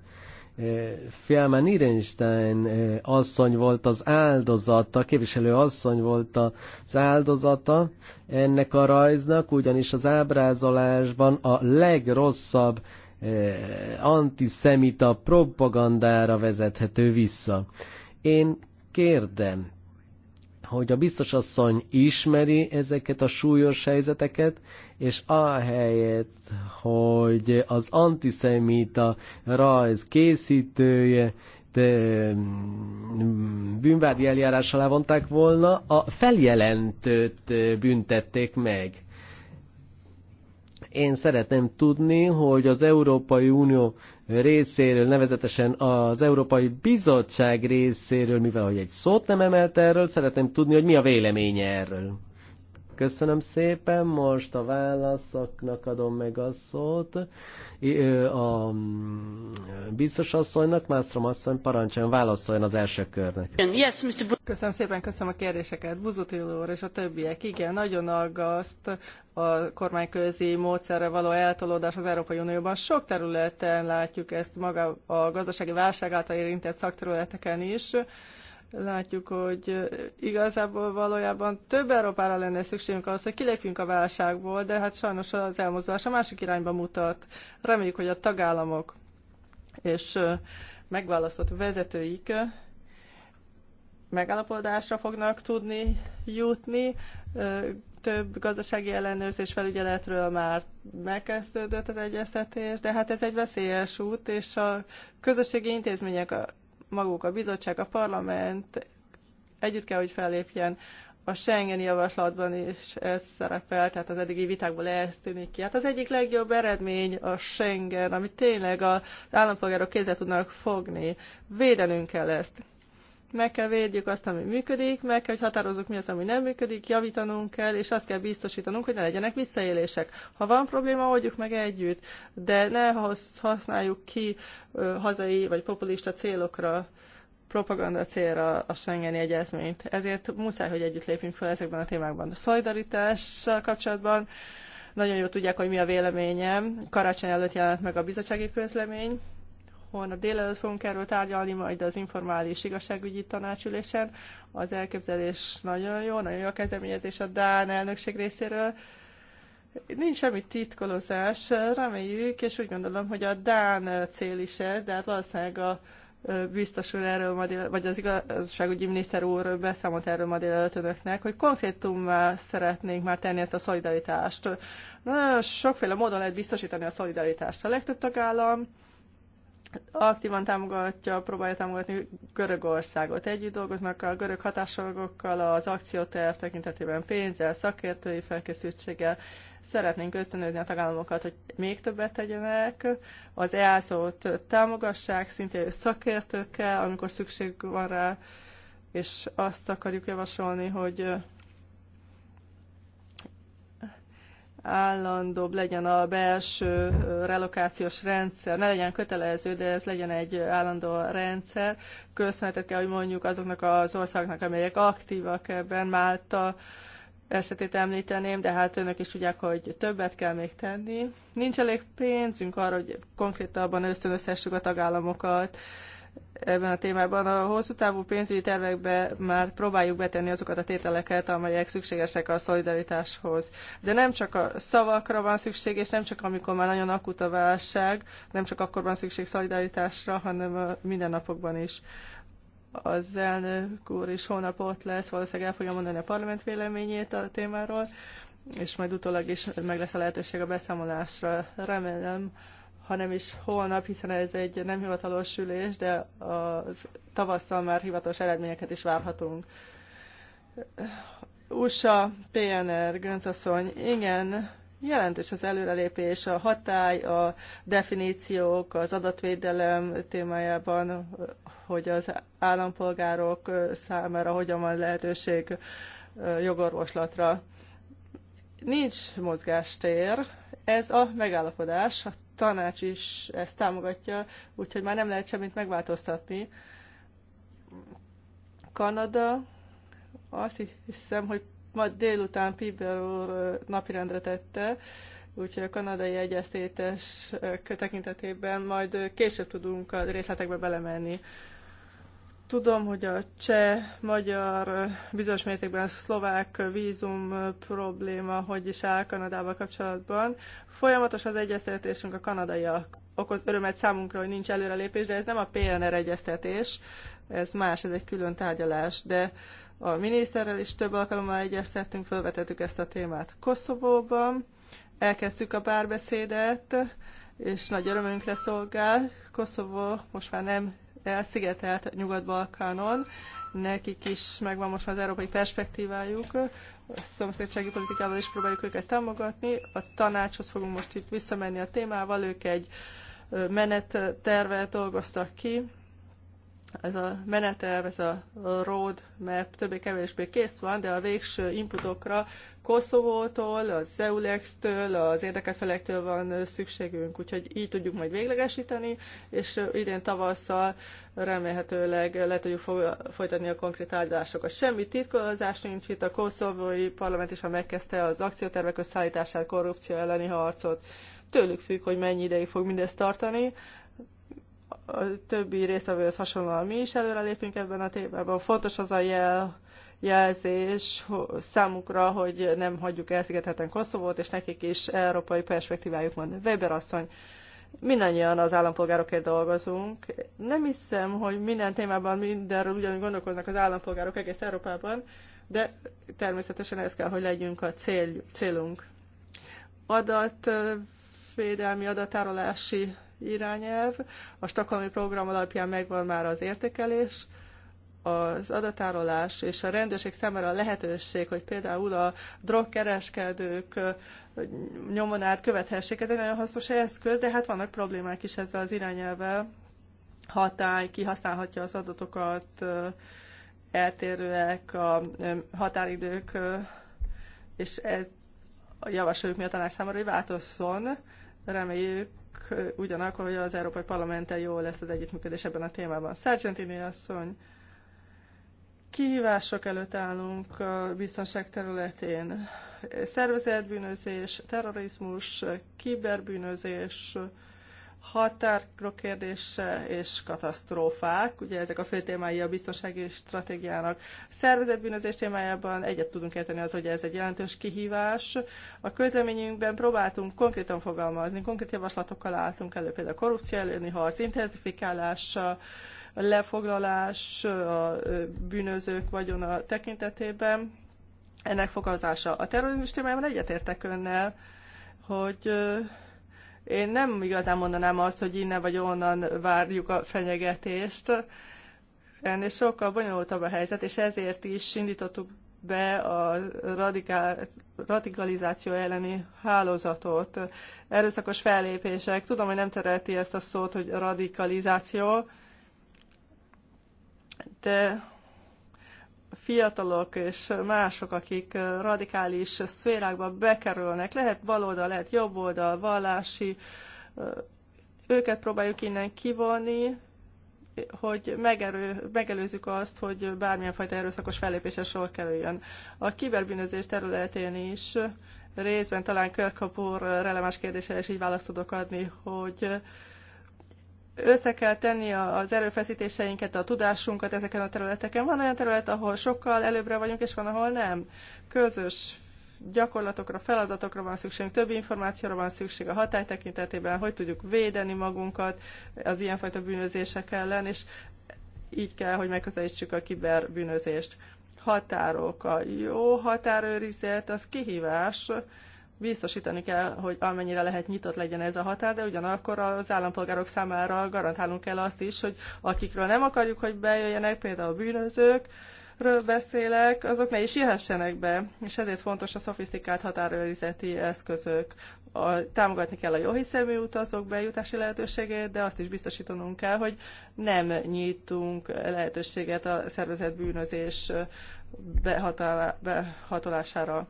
Eh, Fiamen Irenstein eh, asszony volt az áldozata, képviselő asszony volt az áldozata ennek a rajznak, ugyanis az ábrázolásban a legrosszabb eh, antiszemita propagandára vezethető vissza. Én kérdem, hogy a biztosasszony ismeri ezeket a súlyos helyzeteket, és ahelyett, hogy az antiszemita rajz készítője de mm, bűnvádi eljárás alá vonták volna, a feljelentőt büntették meg. Én szeretném tudni, hogy az Európai Unió részéről, nevezetesen az Európai Bizottság részéről, mivel hogy egy szót nem emelt erről, szeretném tudni, hogy mi a véleménye erről. Köszönöm szépen, most a válaszoknak adom meg a szót. A mm, biztos asszonynak, Mászrom asszony, parancsoljon, válaszoljon az első körnek. Köszönöm szépen, köszönöm a kérdéseket. Buzutil úr és a többiek. Igen, nagyon aggaszt a kormányközi módszerre való eltolódás az Európai Unióban. Sok területen látjuk ezt maga a gazdasági válság által érintett szakterületeken is látjuk, hogy igazából valójában több Európára lenne szükségünk ahhoz, hogy kilépjünk a válságból, de hát sajnos az elmozdulás a másik irányba mutat. Reméljük, hogy a tagállamok és megválasztott vezetőik megállapodásra fognak tudni jutni. Több gazdasági ellenőrzés felügyeletről már megkezdődött az egyeztetés, de hát ez egy veszélyes út, és a közösségi intézmények maguk, a bizottság, a parlament együtt kell, hogy fellépjen. A Schengeni javaslatban is ez szerepel, tehát az eddigi vitákból ez tűnik ki. Hát az egyik legjobb eredmény a Schengen, amit tényleg az állampolgárok kézzel tudnak fogni. Védenünk kell ezt meg kell védjük azt, ami működik, meg kell, hogy határozzuk mi az, ami nem működik, javítanunk kell, és azt kell biztosítanunk, hogy ne legyenek visszaélések. Ha van probléma, oldjuk meg együtt, de ne használjuk ki hazai vagy populista célokra, propaganda célra a Schengeni egyezményt. Ezért muszáj, hogy együtt lépjünk fel ezekben a témákban. A szolidaritással kapcsolatban nagyon jól tudják, hogy mi a véleményem. Karácsony előtt jelent meg a bizottsági közlemény, holnap délelőtt fogunk erről tárgyalni, majd az informális igazságügyi tanácsülésen. Az elképzelés nagyon jó, nagyon jó a kezdeményezés a Dán elnökség részéről. Nincs semmi titkolozás, reméljük, és úgy gondolom, hogy a Dán cél is ez, de hát valószínűleg a biztos úr erről ma vagy az igazságügyi miniszter úr beszámolt erről ma délelőtt önöknek, hogy konkrétummá szeretnénk már tenni ezt a szolidaritást. Nagyon sokféle módon lehet biztosítani a szolidaritást. A legtöbb tagállam aktívan támogatja, próbálja támogatni Görögországot. Együtt dolgoznak a görög hatásorgokkal az akcióterv tekintetében pénzzel, szakértői felkészültséggel. Szeretnénk ösztönözni a tagállamokat, hogy még többet tegyenek. Az EASZ-ot támogassák szintén szakértőkkel, amikor szükség van rá, és azt akarjuk javasolni, hogy állandóbb legyen a belső relokációs rendszer, ne legyen kötelező, de ez legyen egy állandó rendszer. Köszönetet kell, hogy mondjuk azoknak az országnak, amelyek aktívak ebben, Málta esetét említeném, de hát önök is tudják, hogy többet kell még tenni. Nincs elég pénzünk arra, hogy konkrétabban ösztönözhessük a tagállamokat ebben a témában. A hosszú távú pénzügyi tervekbe már próbáljuk betenni azokat a tételeket, amelyek szükségesek a szolidaritáshoz. De nem csak a szavakra van szükség, és nem csak amikor már nagyon akut a válság, nem csak akkor van szükség szolidaritásra, hanem a mindennapokban is. Az elnök úr is hónap ott lesz, valószínűleg el fogja mondani a parlament véleményét a témáról, és majd utólag is meg lesz a lehetőség a beszámolásra. Remélem, hanem is holnap, hiszen ez egy nem hivatalos ülés, de a tavasszal már hivatalos eredményeket is várhatunk. USA, PNR, Göncasszony, igen, jelentős az előrelépés, a hatály, a definíciók, az adatvédelem témájában, hogy az állampolgárok számára hogyan van lehetőség jogorvoslatra. Nincs mozgástér, ez a megállapodás, a tanács is ezt támogatja, úgyhogy már nem lehet semmit megváltoztatni. Kanada, azt hiszem, hogy ma délután Piber úr napirendre tette, úgyhogy a kanadai egyeztétes tekintetében majd később tudunk a részletekbe belemenni. Tudom, hogy a cseh, magyar, bizonyos mértékben a szlovák vízum probléma, hogy is áll Kanadával kapcsolatban. Folyamatos az egyeztetésünk a kanadaiak. Okoz örömet számunkra, hogy nincs előrelépés, de ez nem a PNR egyeztetés, ez más, ez egy külön tárgyalás, de a miniszterrel is több alkalommal egyeztettünk, felvetettük ezt a témát Koszovóban, elkezdtük a párbeszédet, és nagy örömünkre szolgál. Koszovó most már nem elszigetelt Nyugat-Balkánon. Nekik is megvan most már az európai perspektívájuk, szomszédsági politikával is próbáljuk őket támogatni. A tanácshoz fogunk most itt visszamenni a témával, ők egy e, menettervet dolgoztak ki, ez a menetelv, ez a road map többé-kevésbé kész van, de a végső inputokra Koszovótól, az EULEX-től, az érdeket felektől van szükségünk, úgyhogy így tudjuk majd véglegesíteni, és idén tavasszal remélhetőleg le tudjuk folytatni a konkrét tárgyalásokat. Semmi titkolozás nincs itt, a koszovói parlament is már megkezdte az akciótervek összeállítását, korrupció elleni harcot. Tőlük függ, hogy mennyi ideig fog mindezt tartani, a többi részevőhöz hasonlóan mi is előrelépünk ebben a témában. Fontos az a jel, jelzés számukra, hogy nem hagyjuk elszigetelten Koszovót, és nekik is európai perspektívájuk van. Weber asszony, mindannyian az állampolgárokért dolgozunk. Nem hiszem, hogy minden témában mindenről ugyanúgy gondolkoznak az állampolgárok egész Európában, de természetesen ez kell, hogy legyünk a cél, célunk. Adatvédelmi, adatárolási irányelv. A Stockholmi program alapján megvan már az értékelés, az adatárolás és a rendőrség számára a lehetőség, hogy például a drogkereskedők nyomon át követhessék. Ez egy nagyon hasznos eszköz, de hát vannak problémák is ezzel az irányelvel. Hatály, kihasználhatja az adatokat, eltérőek a határidők, és ez javasoljuk mi a tanács számára, hogy változzon. Reméljük, ugyanakkor, hogy az Európai Parlamenten jó lesz az együttműködés ebben a témában. Sargentini asszony, kihívások előtt állunk a biztonság területén. Szervezetbűnözés, terrorizmus, kiberbűnözés, határok kérdése és katasztrófák, ugye ezek a fő témái a biztonsági stratégiának. Szervezetbűnözés témájában egyet tudunk érteni az, hogy ez egy jelentős kihívás. A közleményünkben próbáltunk konkrétan fogalmazni, konkrét javaslatokkal álltunk elő, például korrupció előni harc intenzifikálása, lefoglalás a bűnözők vagyona tekintetében. Ennek fogalmazása a terrorizmus témájában egyetértek önnel, hogy én nem igazán mondanám azt, hogy innen vagy onnan várjuk a fenyegetést, ennél sokkal bonyolultabb a helyzet, és ezért is indítottuk be a radikál, radikalizáció elleni hálózatot. Erőszakos fellépések. Tudom, hogy nem tereti ezt a szót, hogy radikalizáció, de fiatalok és mások, akik radikális szférákba bekerülnek, lehet baloldal, lehet jobboldal, vallási, őket próbáljuk innen kivonni, hogy megerő, megelőzzük azt, hogy bármilyen fajta erőszakos fellépésre sor kerüljön. A kiberbűnözés területén is részben talán Körkapúr releváns kérdésére is így választ tudok adni, hogy össze kell tenni az erőfeszítéseinket, a tudásunkat ezeken a területeken. Van olyan terület, ahol sokkal előbbre vagyunk, és van, ahol nem. Közös gyakorlatokra, feladatokra van szükség, több információra van szükség a hatály tekintetében, hogy tudjuk védeni magunkat az ilyenfajta bűnözések ellen, és így kell, hogy megközelítsük a kiberbűnözést. Határok, a jó határőrizet, az kihívás, biztosítani kell, hogy amennyire lehet nyitott legyen ez a határ, de ugyanakkor az állampolgárok számára garantálunk kell azt is, hogy akikről nem akarjuk, hogy bejöjjenek, például a bűnözők, ről beszélek, azok ne is jöhessenek be, és ezért fontos a szofisztikált határőrizeti eszközök. A, támogatni kell a jó hiszemű utazók bejutási lehetőségét, de azt is biztosítanunk kell, hogy nem nyitunk lehetőséget a szervezet bűnözés behatolására.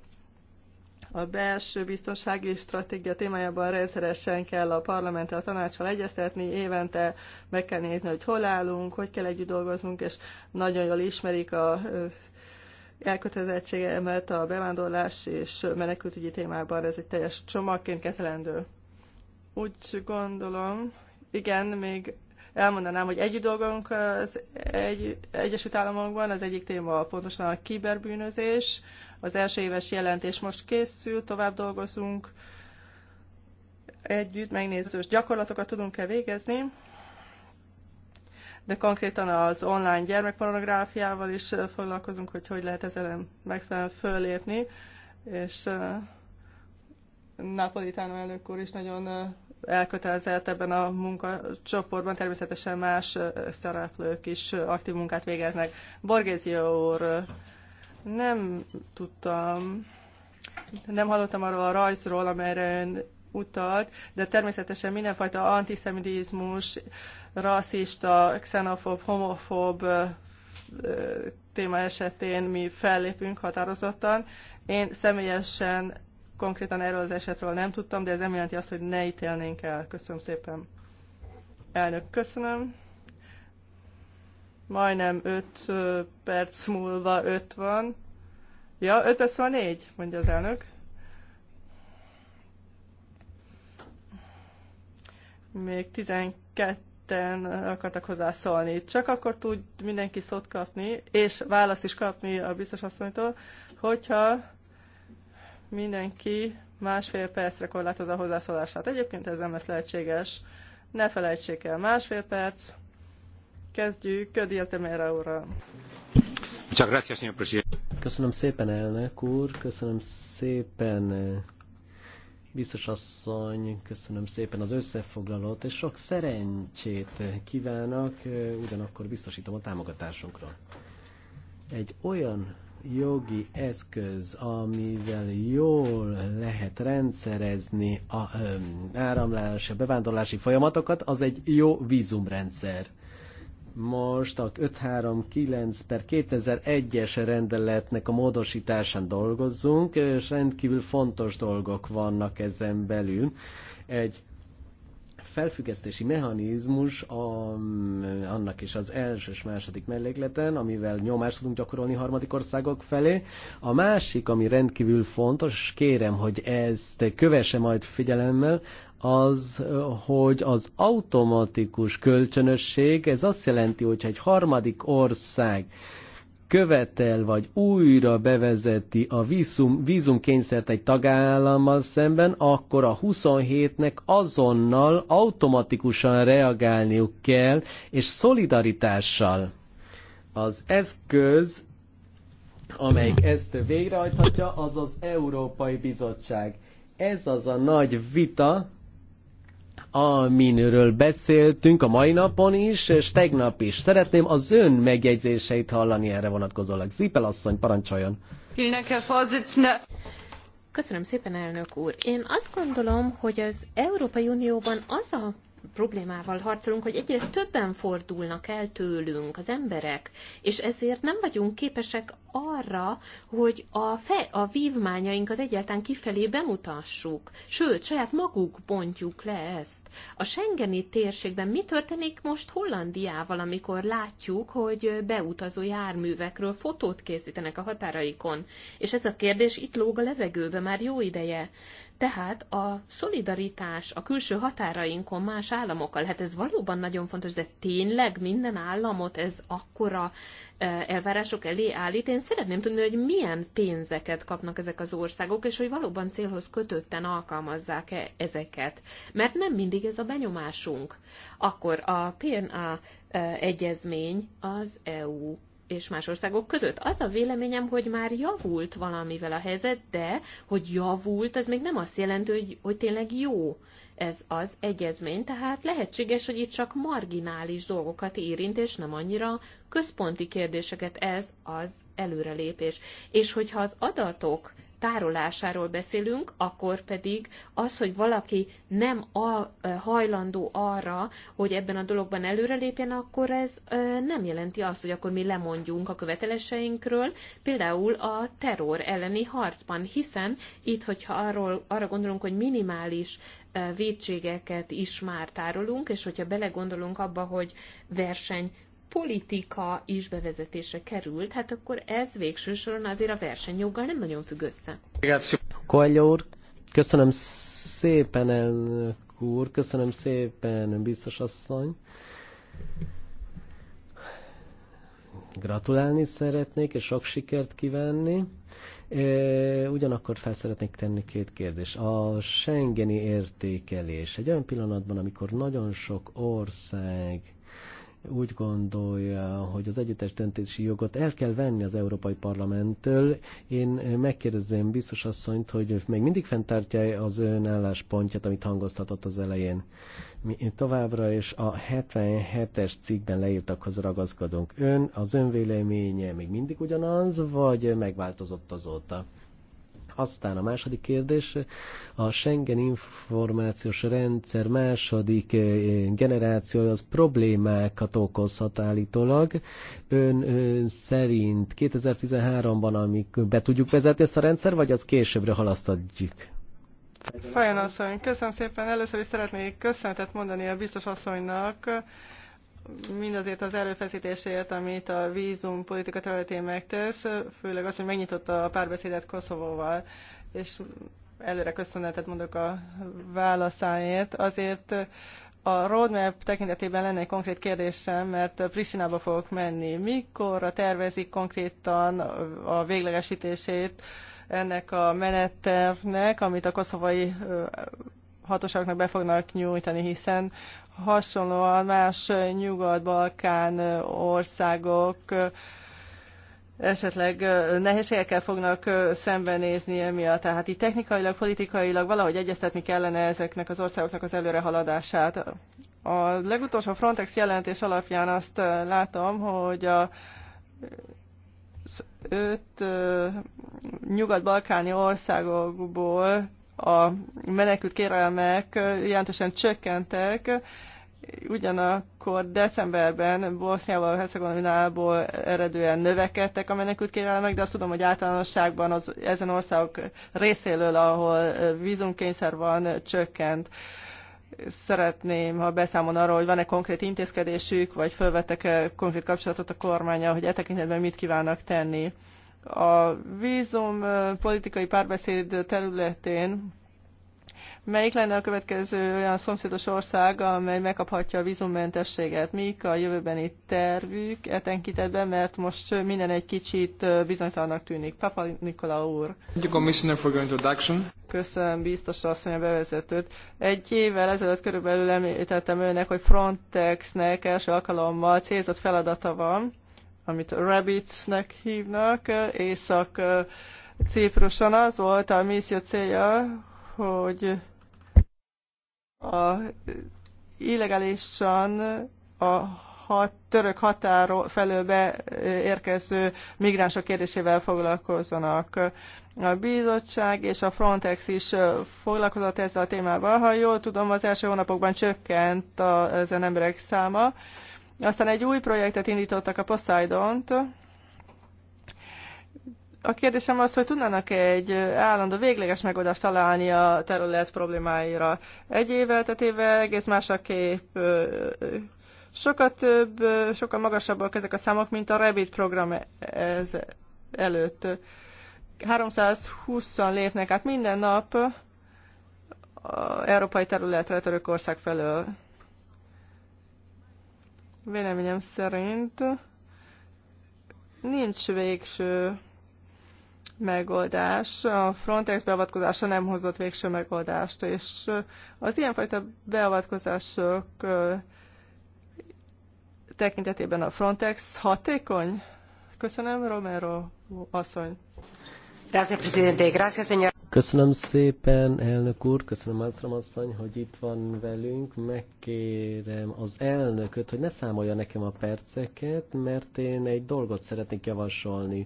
A belső biztonsági stratégia témájában rendszeresen kell a parlamenttel, a tanácssal egyeztetni, évente meg kell nézni, hogy hol állunk, hogy kell együtt dolgoznunk, és nagyon jól ismerik a elkötelezettségemet a bevándorlás és menekültügyi témában. Ez egy teljes csomagként kezelendő. Úgy gondolom, igen, még elmondanám, hogy együtt dolgunk az egy, Egyesült Államokban, az egyik téma pontosan a kiberbűnözés, az első éves jelentés most készül, tovább dolgozunk együtt, megnézős gyakorlatokat tudunk-e végezni, de konkrétan az online gyermekpornográfiával is foglalkozunk, hogy hogy lehet ezzel megfelelően fölépni, és Napolitano elnök úr is nagyon elkötelezett ebben a munkacsoportban, természetesen más szereplők is aktív munkát végeznek. Borgézió úr nem tudtam, nem hallottam arról a rajzról, amelyre ön utalt, de természetesen mindenfajta antiszemitizmus, rasszista, xenofób, homofób téma esetén mi fellépünk határozottan. Én személyesen konkrétan erről az esetről nem tudtam, de ez nem jelenti azt, hogy ne ítélnénk el. Köszönöm szépen. Elnök, köszönöm. Majdnem 5 perc múlva 5 van. Ja, 5 perc van 4, mondja az elnök. Még 12-en akartak hozzászólni. Csak akkor tud mindenki szót kapni, és választ is kapni a biztos asszonytól, hogyha mindenki másfél percre korlátoz a hozzászólását. Egyébként ez nem lesz lehetséges. Ne felejtsék el, másfél perc, Kezdjük Díaz de Mera Köszönöm szépen, elnök úr, köszönöm szépen, biztos asszony, köszönöm szépen az összefoglalót, és sok szerencsét kívánok, ugyanakkor biztosítom a támogatásunkra. Egy olyan jogi eszköz, amivel jól lehet rendszerezni a ö, áramlási, a bevándorlási folyamatokat, az egy jó vízumrendszer most a 539 per 2001-es rendeletnek a módosításán dolgozzunk, és rendkívül fontos dolgok vannak ezen belül. Egy felfüggesztési mechanizmus a, annak is az első és második mellékleten, amivel nyomást tudunk gyakorolni harmadik országok felé. A másik, ami rendkívül fontos, kérem, hogy ezt kövesse majd figyelemmel, az, hogy az automatikus kölcsönösség, ez azt jelenti, hogyha egy harmadik ország követel vagy újra bevezeti a vízum, vízumkényszert egy tagállammal szemben, akkor a 27-nek azonnal automatikusan reagálniuk kell, és szolidaritással. Az eszköz, amelyik ezt végrehajthatja, az az Európai Bizottság. Ez az a nagy vita, aminről beszéltünk a mai napon is, és tegnap is. Szeretném az ön megjegyzéseit hallani erre vonatkozólag. Zipel asszony, parancsoljon! Köszönöm szépen, elnök úr. Én azt gondolom, hogy az Európai Unióban az a problémával harcolunk, hogy egyre többen fordulnak el tőlünk az emberek, és ezért nem vagyunk képesek arra, hogy a, fe, a vívmányainkat egyáltalán kifelé bemutassuk. Sőt, saját maguk bontjuk le ezt. A Schengeni térségben mi történik most Hollandiával, amikor látjuk, hogy beutazó járművekről fotót készítenek a határaikon? És ez a kérdés itt lóg a levegőbe már jó ideje. Tehát a szolidaritás a külső határainkon más államokkal, hát ez valóban nagyon fontos, de tényleg minden államot ez akkora e, elvárások elé állít. Én szeretném tudni, hogy milyen pénzeket kapnak ezek az országok, és hogy valóban célhoz kötötten alkalmazzák-e ezeket. Mert nem mindig ez a benyomásunk. Akkor a PNA e, egyezmény az EU és más országok között. Az a véleményem, hogy már javult valamivel a helyzet, de hogy javult, az még nem azt jelenti, hogy, hogy tényleg jó ez az egyezmény, tehát lehetséges, hogy itt csak marginális dolgokat érint, és nem annyira központi kérdéseket ez az előrelépés. És hogyha az adatok tárolásáról beszélünk, akkor pedig az, hogy valaki nem a, hajlandó arra, hogy ebben a dologban előrelépjen, akkor ez nem jelenti azt, hogy akkor mi lemondjunk a követeléseinkről, például a terror elleni harcban, hiszen itt, hogyha arról, arra gondolunk, hogy minimális védségeket is már tárolunk, és hogyha belegondolunk abba, hogy verseny politika is bevezetése került, hát akkor ez végső soron azért a versenyjoggal nem nagyon függ össze. Koelho úr, köszönöm szépen, elnök úr, köszönöm szépen, biztos asszony. Gratulálni szeretnék, és sok sikert kívánni. Ugyanakkor fel szeretnék tenni két kérdést. A Schengeni értékelés egy olyan pillanatban, amikor nagyon sok ország úgy gondolja, hogy az egyetes döntési jogot el kell venni az Európai Parlamenttől. Én megkérdezem biztos asszonyt, hogy még mindig fenntartja az ön álláspontját, amit hangoztatott az elején. Mi továbbra is a 77-es cikkben leírtakhoz ragaszkodunk. Ön, az ön véleménye még mindig ugyanaz, vagy megváltozott azóta? Aztán a második kérdés, a Schengen információs rendszer második eh, generációja az problémákat okozhat állítólag. Ön, ön szerint 2013-ban, amik be tudjuk vezetni ezt a rendszer, vagy az későbbre halasztatjuk? Fajon asszony, köszönöm szépen. Először is szeretnék köszönetet mondani a biztos asszonynak, mindazért az erőfeszítésért, amit a vízum politika területén megtesz, főleg az, hogy megnyitotta a párbeszédet Koszovóval, és előre köszönetet mondok a válaszáért. Azért a roadmap tekintetében lenne egy konkrét kérdésem, mert Prisinába fogok menni. Mikor tervezik konkrétan a véglegesítését ennek a menettervnek, amit a koszovai hatóságoknak be fognak nyújtani, hiszen hasonlóan más nyugat-balkán országok esetleg nehézségekkel fognak szembenézni emiatt. Tehát itt technikailag, politikailag valahogy egyeztetni kellene ezeknek az országoknak az előrehaladását. A legutolsó Frontex jelentés alapján azt látom, hogy a öt nyugat-balkáni országokból a menekült kérelmek jelentősen csökkentek, ugyanakkor decemberben Boszniával, Hercegovinából eredően növekedtek a menekült kérelmek, de azt tudom, hogy általánosságban az ezen országok részéről, ahol vízumkényszer van, csökkent. Szeretném, ha beszámol arról, hogy van-e konkrét intézkedésük, vagy felvettek-e konkrét kapcsolatot a kormánya, hogy e tekintetben mit kívánnak tenni a vízum politikai párbeszéd területén melyik lenne a következő olyan szomszédos ország, amely megkaphatja a vízummentességet? Mik a jövőbeni tervük etenkitetben, mert most minden egy kicsit bizonytalannak tűnik. Papa Nikola úr. Commissioner, for introduction. Köszönöm, biztos asszony a bevezetőt. Egy évvel ezelőtt körülbelül említettem önnek, hogy Frontexnek első alkalommal célzott feladata van, amit Rabbitsnek hívnak, észak Cipruson az volt a misszió célja, hogy a illegálisan a hat, török határo felől beérkező migránsok kérdésével foglalkozzanak. A bizottság és a Frontex is foglalkozott ezzel a témával. Ha jól tudom, az első hónapokban csökkent a, emberek száma, aztán egy új projektet indítottak, a poseidon -t. A kérdésem az, hogy tudnának egy állandó végleges megoldást találni a terület problémáira. Egy évvel, tehát évvel egész más a kép. Sokat több, sokkal magasabbak ezek a számok, mint a Revit program e, ez előtt. 320-an lépnek át minden nap európai területre Törökország felől. Véleményem szerint nincs végső megoldás. A Frontex beavatkozása nem hozott végső megoldást, és az ilyenfajta beavatkozások tekintetében a Frontex hatékony? Köszönöm, Romero asszony. Gracias, presidente. Gracias, señor. Köszönöm szépen, elnök úr, köszönöm Ánszram asszony, hogy itt van velünk. Megkérem az elnököt, hogy ne számolja nekem a perceket, mert én egy dolgot szeretnék javasolni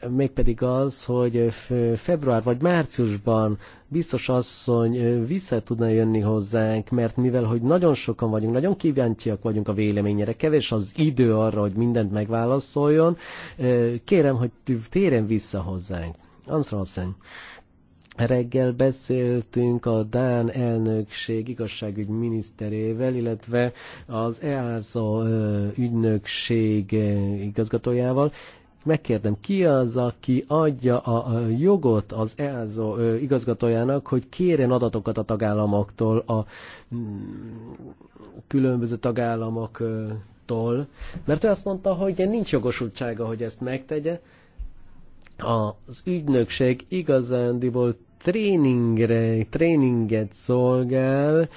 e, mégpedig az, hogy február vagy márciusban biztos asszony e, vissza tudna jönni hozzánk, mert mivel, hogy nagyon sokan vagyunk, nagyon kíváncsiak vagyunk a véleményére, kevés az idő arra, hogy mindent megválaszoljon, e, kérem, hogy térjen vissza hozzánk. Amstrad Reggel beszéltünk a Dán elnökség igazságügy miniszterével, illetve az EASA ügynökség igazgatójával. Megkérdem, ki az, aki adja a jogot az EASA igazgatójának, hogy kérjen adatokat a tagállamoktól, a mm, különböző tagállamoktól? Mert ő azt mondta, hogy nincs jogosultsága, hogy ezt megtegye, az ügynökség igazándiból tréningre, tréninget szolgál,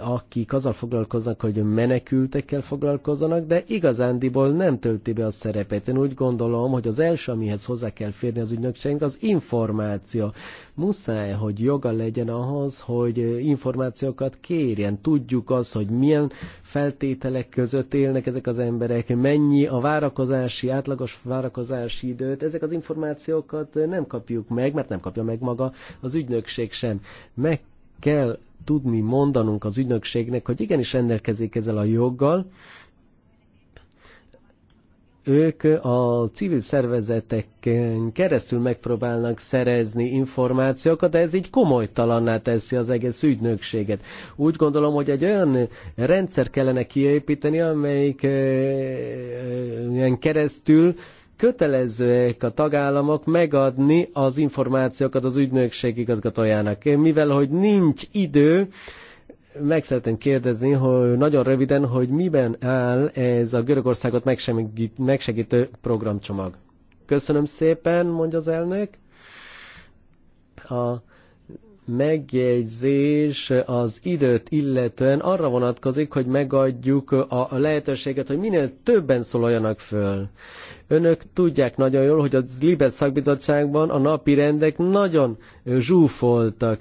akik azzal foglalkoznak, hogy menekültekkel foglalkozzanak, de igazándiból nem tölti be a szerepet. Én úgy gondolom, hogy az első, amihez hozzá kell férni az ügynökségnek, az információ. Muszáj, hogy joga legyen ahhoz, hogy információkat kérjen. Tudjuk azt, hogy milyen feltételek között élnek ezek az emberek, mennyi a várakozási, átlagos várakozási időt. Ezek az információkat nem kapjuk meg, mert nem kapja meg maga az ügynökség sem. Meg kell tudni mondanunk az ügynökségnek, hogy igenis rendelkezik ezzel a joggal, ők a civil szervezeteken keresztül megpróbálnak szerezni információkat, de ez így komolytalanná teszi az egész ügynökséget. Úgy gondolom, hogy egy olyan rendszer kellene kiépíteni, amelyik ilyen keresztül kötelezőek a tagállamok megadni az információkat az ügynökség igazgatójának. Mivel, hogy nincs idő, meg szeretném kérdezni, hogy nagyon röviden, hogy miben áll ez a Görögországot megsegítő programcsomag. Köszönöm szépen, mondja az elnök. A megjegyzés az időt illetően arra vonatkozik, hogy megadjuk a lehetőséget, hogy minél többen szólaljanak föl. Önök tudják nagyon jól, hogy a Libes szakbizottságban a napi rendek nagyon zsúfoltak.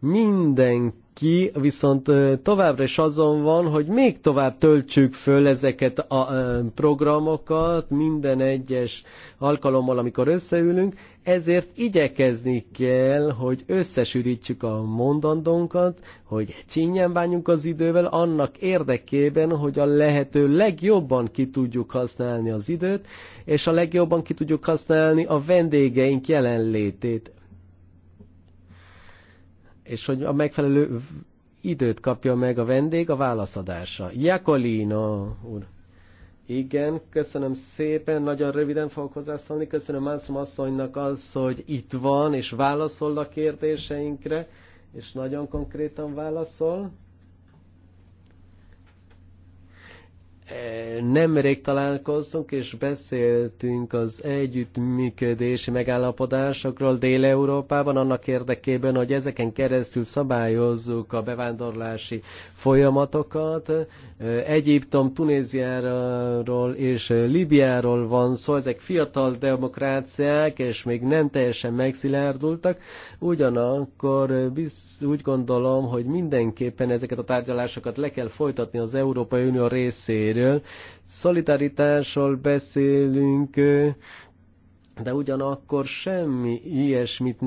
Mindenki ki, viszont továbbra is azon van, hogy még tovább töltsük föl ezeket a programokat minden egyes alkalommal, amikor összeülünk, ezért igyekezni kell, hogy összesűrítsük a mondandónkat, hogy csínyen bánjunk az idővel, annak érdekében, hogy a lehető legjobban ki tudjuk használni az időt, és a legjobban ki tudjuk használni a vendégeink jelenlétét és hogy a megfelelő időt kapja meg a vendég a válaszadása. Jakolino úr. Igen, köszönöm szépen, nagyon röviden fogok hozzászólni. Köszönöm Mászom asszonynak az, hogy itt van és válaszol a kérdéseinkre, és nagyon konkrétan válaszol. Nemrég találkoztunk és beszéltünk az együttműködési megállapodásokról Dél-Európában annak érdekében, hogy ezeken keresztül szabályozzuk a bevándorlási folyamatokat. Egyiptom, Tunéziáról és Libiáról van szó, ezek fiatal demokráciák, és még nem teljesen megszilárdultak. Ugyanakkor úgy gondolom, hogy mindenképpen ezeket a tárgyalásokat le kell folytatni az Európai Unió részéről részéről. Szolidaritásról beszélünk, de ugyanakkor semmi ilyesmit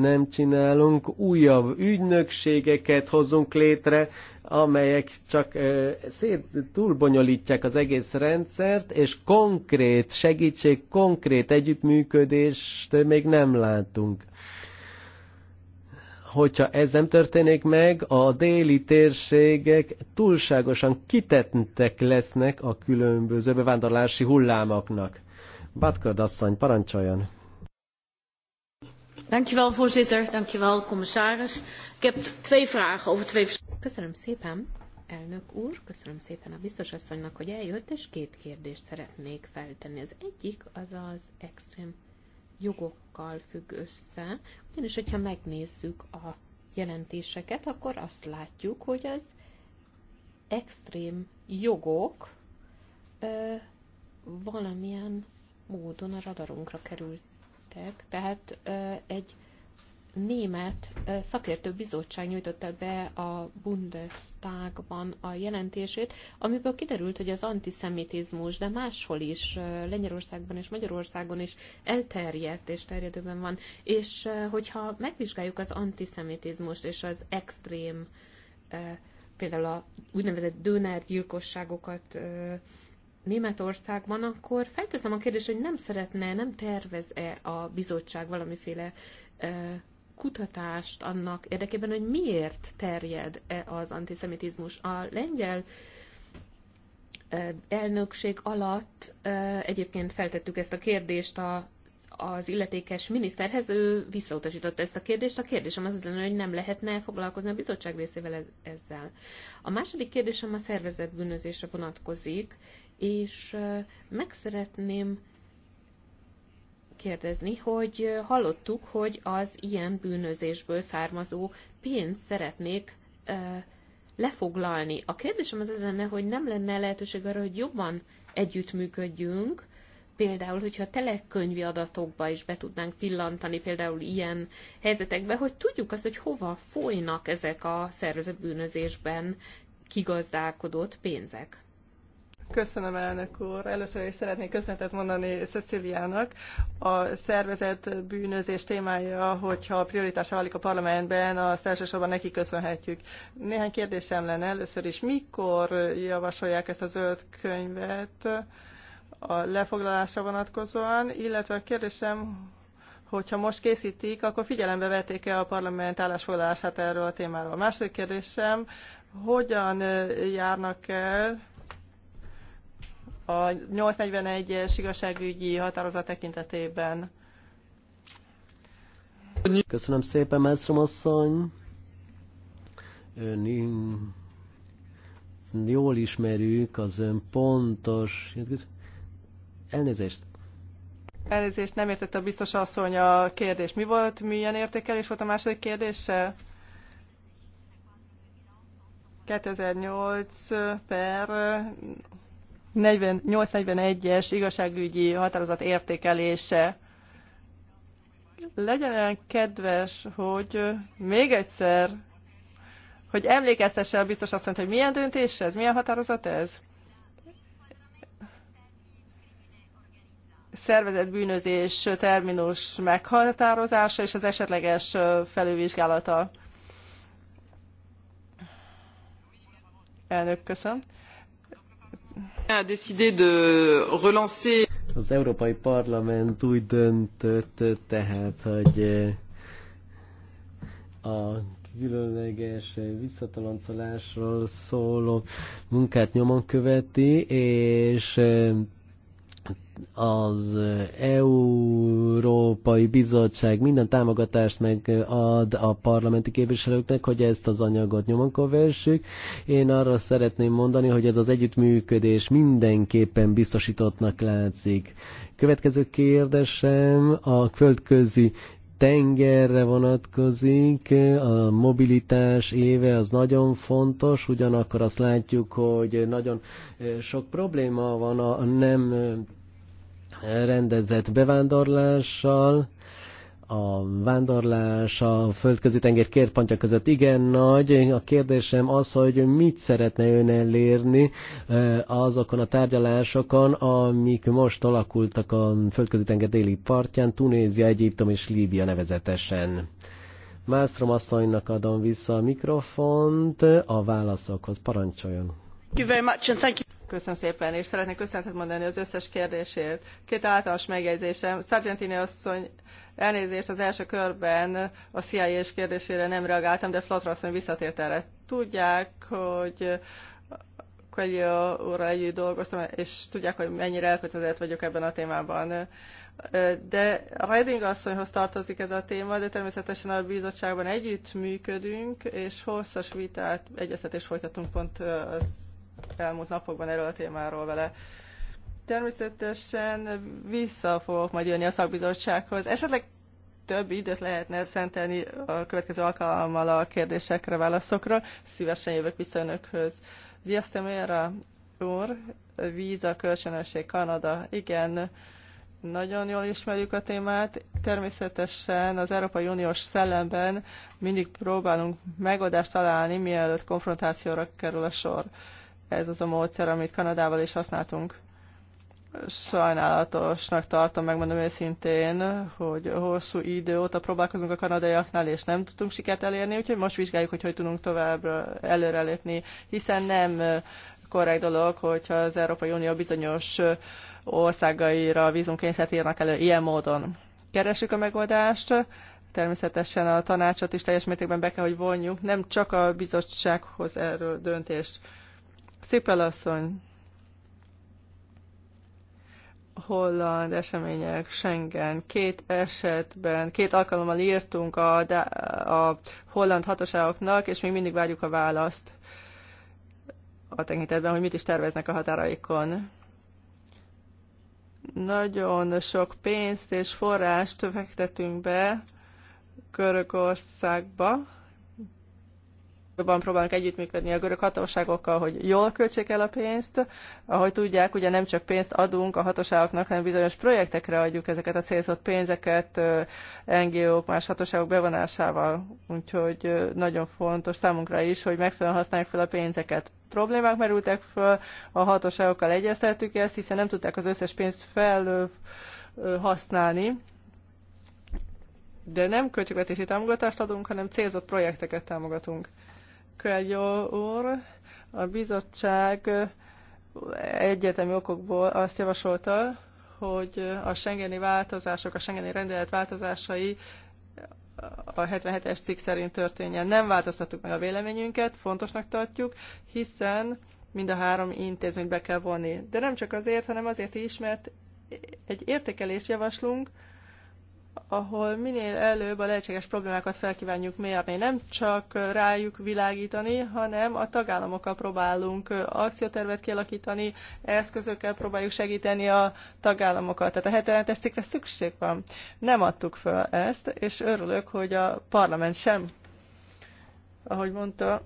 nem csinálunk, újabb ügynökségeket hozunk létre, amelyek csak szét túlbonyolítják az egész rendszert, és konkrét segítség, konkrét együttműködést még nem látunk hogyha ez nem történik meg, a déli térségek túlságosan kitettek lesznek a különböző bevándorlási hullámoknak. Batkard asszony, parancsoljon! Dankjewel, voorzitter. Dankjewel, commissaris. Ik heb twee vragen over twee... Köszönöm szépen, elnök úr, köszönöm szépen a biztos asszonynak, hogy eljött, és két kérdést szeretnék feltenni. Az egyik az az extrém jogokkal függ össze, ugyanis, hogyha megnézzük a jelentéseket, akkor azt látjuk, hogy az extrém jogok ö, valamilyen módon a radarunkra kerültek. Tehát ö, egy német szakértő bizottság nyújtotta be a Bundestagban a jelentését, amiből kiderült, hogy az antiszemitizmus, de máshol is, Lengyelországban és Magyarországon is elterjedt és terjedőben van. És hogyha megvizsgáljuk az antiszemitizmust és az extrém, például a úgynevezett döner gyilkosságokat Németországban, akkor felteszem a kérdést, hogy nem szeretne, nem tervez-e a bizottság valamiféle kutatást annak érdekében, hogy miért terjed -e az antiszemitizmus. A lengyel e, elnökség alatt e, egyébként feltettük ezt a kérdést a az illetékes miniszterhez, ő visszautasította ezt a kérdést. A kérdésem az az lenne, hogy nem lehetne foglalkozni a bizottság részével ezzel. A második kérdésem a szervezetbűnözésre vonatkozik, és e, meg szeretném kérdezni, hogy hallottuk, hogy az ilyen bűnözésből származó pénzt szeretnék lefoglalni. A kérdésem az az lenne, hogy nem lenne lehetőség arra, hogy jobban együttműködjünk, például, hogyha telekönyvi adatokba is be tudnánk pillantani, például ilyen helyzetekbe, hogy tudjuk azt, hogy hova folynak ezek a szervezetbűnözésben kigazdálkodott pénzek. Köszönöm, elnök úr. Először is szeretnék köszönetet mondani Ceciliának. A szervezet bűnözés témája, hogyha prioritása válik a parlamentben, azt elsősorban neki köszönhetjük. Néhány kérdésem lenne először is. Mikor javasolják ezt a zöld könyvet a lefoglalásra vonatkozóan, illetve a kérdésem, hogyha most készítik, akkor figyelembe vették-e a parlament állásfoglalását erről a témáról. A második kérdésem, hogyan járnak el a 841-es igazságügyi határozat tekintetében. Köszönöm szépen, Mászrom asszony. Ön jól ismerjük az ön pontos... Elnézést. Elnézést, nem értette a biztos asszony a kérdés. Mi volt, milyen értékelés volt a második kérdése? 2008 per 841 es igazságügyi határozat értékelése. Legyen olyan kedves, hogy még egyszer, hogy emlékeztesse a biztos azt mondja, hogy milyen döntés ez, milyen határozat ez? szervezett bűnözés terminus meghatározása és az esetleges felülvizsgálata. Elnök, köszönöm. Az Európai Parlament úgy döntött tehát, hogy eh, a különleges visszatoloncolásról szóló munkát nyomon követi, és eh, az Európai Bizottság minden támogatást megad a parlamenti képviselőknek, hogy ezt az anyagot nyomon kövessük. Én arra szeretném mondani, hogy ez az együttműködés mindenképpen biztosítottnak látszik. Következő kérdésem a földközi tengerre vonatkozik, a mobilitás éve az nagyon fontos, ugyanakkor azt látjuk, hogy nagyon eh, sok probléma van a nem eh, rendezett bevándorlással, a vándorlás a földközi tenger két pontja között igen nagy. A kérdésem az, hogy mit szeretne ön elérni azokon a tárgyalásokon, amik most alakultak a földközi tenger déli partján, Tunézia, Egyiptom és Líbia nevezetesen. Mászrom asszonynak adom vissza a mikrofont a válaszokhoz. Parancsoljon! Köszönöm szépen, és szeretnék köszönetet mondani az összes kérdésért. Két általános megjegyzésem. Sargentini asszony, elnézést az első körben a CIA és kérdésére nem reagáltam, de Flotra asszony visszatért erre. Tudják, hogy Coelho úrral együtt dolgoztam, és tudják, hogy mennyire elkötelezett vagyok ebben a témában. De a Reding asszonyhoz tartozik ez a téma, de természetesen a bizottságban együtt működünk, és hosszas vitát, egyeztetést folytatunk pont az elmúlt napokban erről a témáról vele. Természetesen vissza fogok majd jönni a szakbizottsághoz. Esetleg több időt lehetne szentelni a következő alkalommal a kérdésekre, válaszokra. Szívesen jövök vissza önökhöz. Vigyáztam erre, úr, víz a kölcsönösség Kanada. Igen, nagyon jól ismerjük a témát. Természetesen az Európai Uniós szellemben mindig próbálunk megoldást találni, mielőtt konfrontációra kerül a sor. Ez az a módszer, amit Kanadával is használtunk. Sajnálatosnak tartom, megmondom őszintén, hogy hosszú idő óta próbálkozunk a kanadaiaknál, és nem tudtunk sikert elérni, úgyhogy most vizsgáljuk, hogy hogy tudunk tovább előrelépni, hiszen nem korrekt dolog, hogyha az Európai Unió bizonyos országaira vízunkényszert írnak elő ilyen módon. Keresjük a megoldást, természetesen a tanácsot is teljes mértékben be kell, hogy vonjuk, nem csak a bizottsághoz erről döntést. Cipel asszony, holland események, Schengen. Két esetben, két alkalommal írtunk a, a holland hatóságoknak, és még mindig várjuk a választ a tekintetben, hogy mit is terveznek a határaikon. Nagyon sok pénzt és forrást fektetünk be Görögországba, jobban próbálunk együttműködni a görög hatóságokkal, hogy jól költsék el a pénzt. Ahogy tudják, ugye nem csak pénzt adunk a hatóságoknak, hanem bizonyos projektekre adjuk ezeket a célzott pénzeket NGO-k, más hatóságok bevonásával. Úgyhogy nagyon fontos számunkra is, hogy megfelelően használjuk fel a pénzeket. Problémák merültek fel a hatóságokkal egyeztettük ezt, hiszen nem tudták az összes pénzt fel használni, de nem költségvetési támogatást adunk, hanem célzott projekteket támogatunk. Kölgyó úr, a bizottság egyértelmű okokból azt javasolta, hogy a Schengeni változások, a Schengeni rendelet változásai a 77-es cikk szerint történjen. Nem változtattuk meg a véleményünket, fontosnak tartjuk, hiszen mind a három intézményt be kell vonni. De nem csak azért, hanem azért is, mert egy értékelést javaslunk, ahol minél előbb a lehetséges problémákat felkívánjuk mérni. Nem csak rájuk világítani, hanem a tagállamokkal próbálunk akciótervet kialakítani, eszközökkel próbáljuk segíteni a tagállamokat. Tehát a hetelentes cikkre szükség van. Nem adtuk föl ezt, és örülök, hogy a parlament sem, ahogy mondta,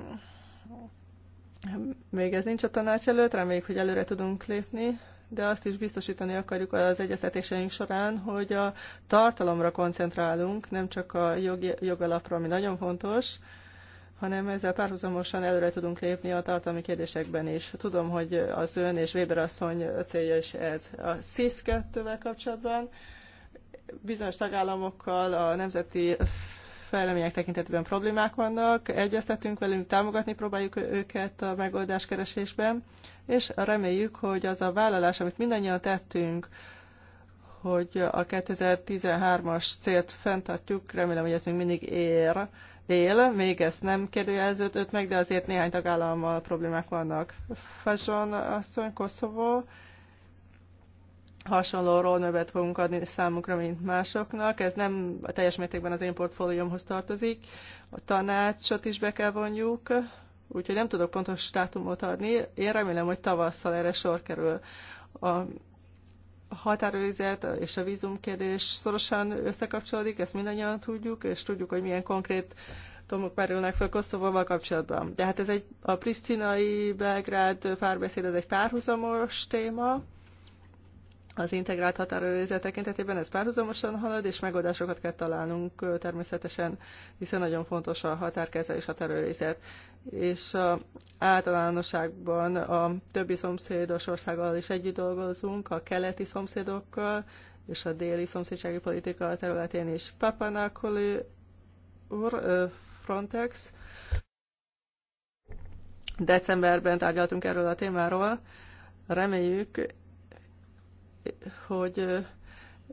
még ez nincs a tanács előtt, reméljük, hogy előre tudunk lépni de azt is biztosítani akarjuk az egyeztetéseink során, hogy a tartalomra koncentrálunk, nem csak a jogi, jogalapra, ami nagyon fontos, hanem ezzel párhuzamosan előre tudunk lépni a tartalmi kérdésekben is. Tudom, hogy az ön és Weber asszony célja is ez. A SZISZ 2 kapcsolatban bizonyos tagállamokkal a nemzeti fejlemények tekintetében problémák vannak, egyeztetünk velünk, támogatni próbáljuk őket a megoldás keresésben, és reméljük, hogy az a vállalás, amit mindannyian tettünk, hogy a 2013-as célt fenntartjuk, remélem, hogy ez még mindig ér, él, még ezt nem kérdőjelződött meg, de azért néhány tagállammal problémák vannak. Fazson asszony, Koszovó, hasonló rollnövet fogunk adni számukra, mint másoknak. Ez nem a teljes mértékben az én portfóliómhoz tartozik. A tanácsot is be kell vonjuk, úgyhogy nem tudok pontos státumot adni. Én remélem, hogy tavasszal erre sor kerül. A határőrizet és a vízumkérdés szorosan összekapcsolódik, ezt mindannyian tudjuk, és tudjuk, hogy milyen konkrét tomok merülnek fel Koszovóval kapcsolatban. De hát ez egy, a pristinai Belgrád párbeszéd, ez egy párhuzamos téma, az integrált határőrizet tekintetében ez párhuzamosan halad, és megoldásokat kell találnunk természetesen, hiszen nagyon fontos a határkezelés, határőrizet. És a, általánosságban a többi szomszédos országgal is együtt dolgozunk, a keleti szomszédokkal, és a déli szomszédsági politika területén is. Papanakoli úr, Frontex. Decemberben tárgyaltunk erről a témáról. Reméljük, hogy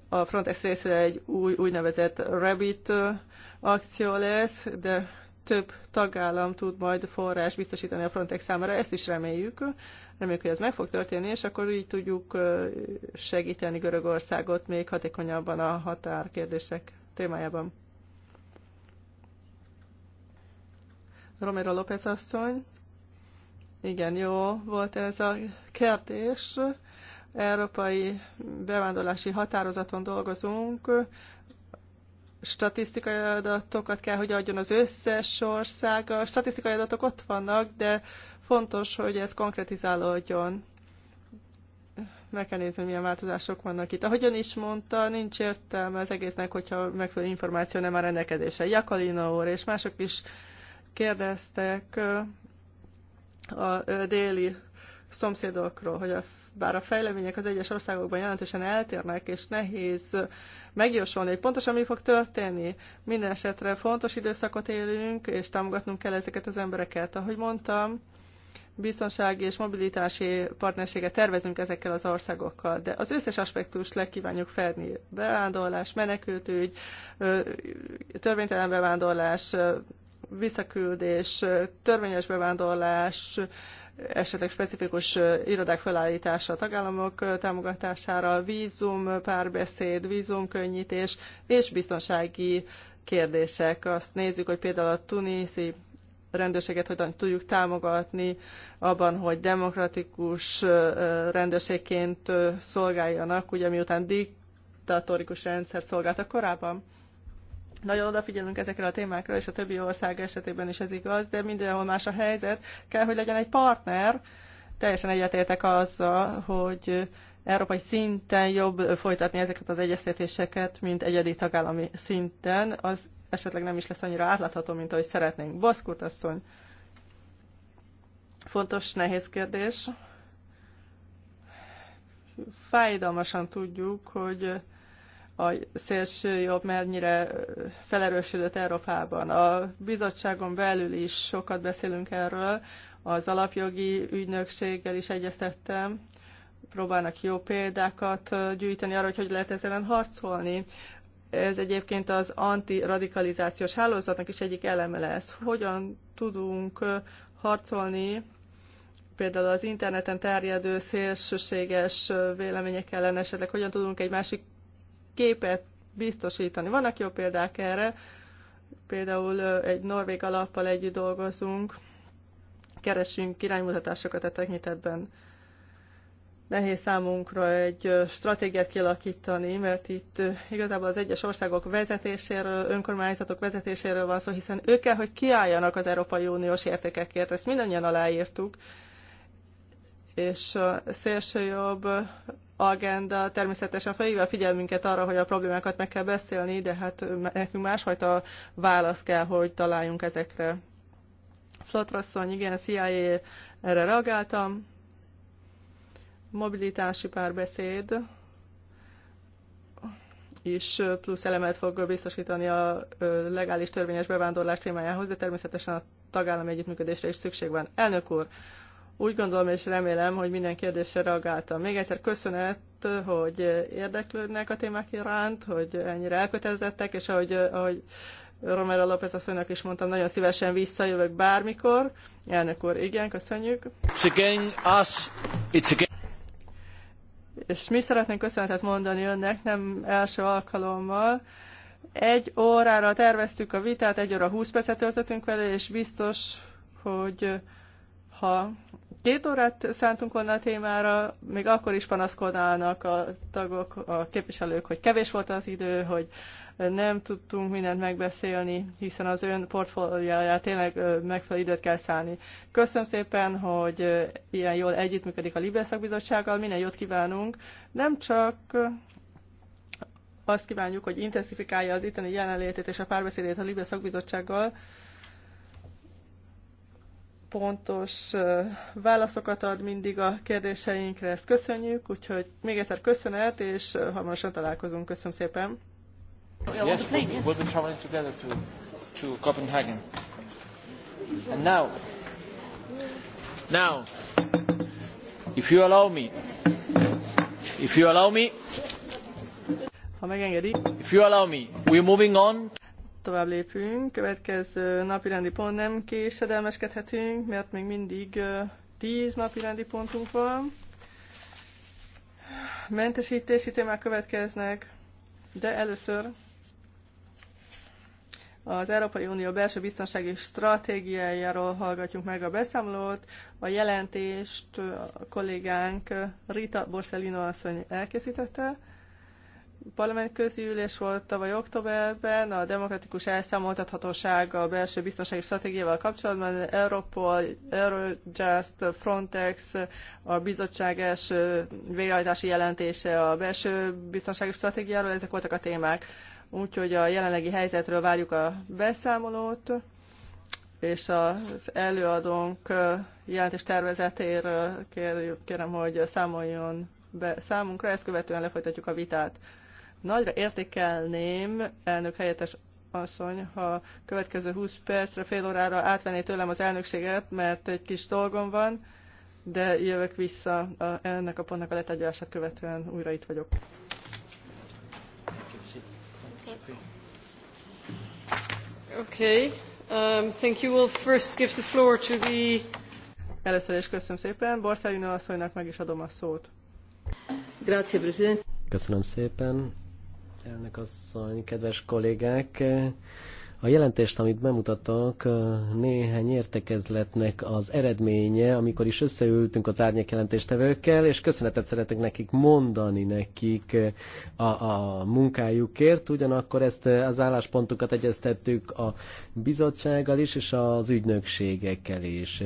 a Frontex részre egy új úgynevezett Rabbit akció lesz, de több tagállam tud majd forrás biztosítani a Frontex számára, ezt is reméljük. Reméljük, hogy ez meg fog történni, és akkor így tudjuk segíteni Görögországot még hatékonyabban a határkérdések témájában. Romero López asszony. Igen, jó volt ez a kérdés európai bevándorlási határozaton dolgozunk, statisztikai adatokat kell, hogy adjon az összes ország. A statisztikai adatok ott vannak, de fontos, hogy ez konkretizálódjon. Meg kell nézni, milyen változások vannak itt. Ahogyan is mondta, nincs értelme az egésznek, hogyha megfelelő információ nem a rendelkezésre. Jakalina úr és mások is kérdeztek a déli szomszédokról, hogy a bár a fejlemények az egyes országokban jelentősen eltérnek, és nehéz megjósolni, hogy pontosan mi fog történni. Minden esetre fontos időszakot élünk, és támogatnunk kell ezeket az embereket. Ahogy mondtam, biztonsági és mobilitási partnerséget tervezünk ezekkel az országokkal, de az összes aspektust le kívánjuk fedni. Bevándorlás, menekültügy, törvénytelen bevándorlás, visszaküldés, törvényes bevándorlás, esetleg specifikus irodák felállítása a tagállamok támogatására, vízum, párbeszéd, vízumkönnyítés és biztonsági kérdések. Azt nézzük, hogy például a tuniszi rendőrséget hogyan tudjuk támogatni abban, hogy demokratikus rendőrségként szolgáljanak, ugye miután diktatórikus rendszert szolgáltak korábban. Nagyon odafigyelünk ezekre a témákra, és a többi ország esetében is ez igaz, de mindenhol más a helyzet. Kell, hogy legyen egy partner. Teljesen egyetértek azzal, hogy európai szinten jobb folytatni ezeket az egyeztetéseket, mint egyedi tagállami szinten. Az esetleg nem is lesz annyira átlátható, mint ahogy szeretnénk. Boszkurt asszony, fontos, nehéz kérdés. Fájdalmasan tudjuk, hogy a szélső jobb mennyire felerősödött Európában. A bizottságon belül is sokat beszélünk erről, az alapjogi ügynökséggel is egyeztettem, próbálnak jó példákat gyűjteni arra, hogy hogy lehet ezzel ellen harcolni. Ez egyébként az antiradikalizációs hálózatnak is egyik eleme lesz. Hogyan tudunk harcolni például az interneten terjedő szélsőséges vélemények ellen esetleg hogyan tudunk egy másik képet biztosítani. Vannak jó példák erre, például egy norvég alappal együtt dolgozunk, keresünk iránymutatásokat a e tekintetben. Nehéz számunkra egy stratégiát kialakítani, mert itt igazából az egyes országok vezetéséről, önkormányzatok vezetéséről van szó, hiszen ők kell, hogy kiálljanak az Európai Uniós értékekért. Ezt mindannyian aláírtuk, és jobb agenda természetesen felhívja a figyelmünket arra, hogy a problémákat meg kell beszélni, de hát nekünk másfajta válasz kell, hogy találjunk ezekre. Flotrasszony, igen, CIA, erre reagáltam. Mobilitási párbeszéd és plusz elemet fog biztosítani a legális törvényes bevándorlás témájához, de természetesen a tagállami együttműködésre is szükség van. Elnök úr, úgy gondolom és remélem, hogy minden kérdésre reagáltam. Még egyszer köszönet, hogy érdeklődnek a témák iránt, hogy ennyire elkötelezettek, és ahogy, ahogy Romero López asszonynak is mondtam, nagyon szívesen visszajövök bármikor. Elnök úr, igen, köszönjük. It's again us. It's again és mi szeretnénk köszönetet mondani önnek, nem első alkalommal. Egy órára terveztük a vitát, egy óra húsz percet töltöttünk vele, és biztos, hogy ha két órát szántunk volna a témára, még akkor is panaszkodnának a tagok, a képviselők, hogy kevés volt az idő, hogy nem tudtunk mindent megbeszélni, hiszen az ön portfóliájára tényleg megfelelő időt kell szállni. Köszönöm szépen, hogy ilyen jól együttműködik a Libre Szakbizottsággal, minden jót kívánunk. Nem csak azt kívánjuk, hogy intenzifikálja az itteni jelenlétét és a párbeszédét a Libre Szakbizottsággal, pontos válaszokat ad mindig a kérdéseinkre, ezt köszönjük, úgyhogy még egyszer köszönet, és hamarosan találkozunk. Köszönöm szépen! Yes, we be traveling together to, to Copenhagen. And now, now, if you allow me, if you allow me, ha megengedik. If you allow me, we're moving on tovább lépünk. Következő rendi pont nem késedelmeskedhetünk, mert még mindig 10 rendi pontunk van. Mentesítési témák következnek, de először az Európai Unió belső biztonsági stratégiájáról hallgatjuk meg a beszámolót. A jelentést a kollégánk Rita Borsellino asszony elkészítette parlament közülés volt tavaly októberben a demokratikus elszámoltathatóság a belső biztonsági stratégiával kapcsolatban. Europol, Eurojust, Frontex, a bizottság első végrehajtási jelentése a belső biztonsági stratégiáról, ezek voltak a témák. Úgyhogy a jelenlegi helyzetről várjuk a beszámolót, és az előadónk jelentés tervezetéről kérem, hogy számoljon be számunkra, ezt követően lefolytatjuk a vitát. Nagyra értékelném, elnök helyettes asszony, ha következő 20 percre, fél órára átvenné tőlem az elnökséget, mert egy kis dolgom van, de jövök vissza a, ennek a pontnak a letárgyalását követően újra itt vagyok. Okay. Um, thank you. We'll first give the floor to the... Először is köszönöm szépen. Bországyi asszonynak meg is adom a szót. Grazie, President. Köszönöm szépen. Elnök asszony, kedves kollégák! A jelentést, amit bemutatok, néhány értekezletnek az eredménye, amikor is összeültünk az árnyék jelentéstevőkkel, és köszönetet szeretek nekik mondani nekik a, a munkájukért. Ugyanakkor ezt az álláspontokat egyeztettük a bizottsággal is, és az ügynökségekkel is.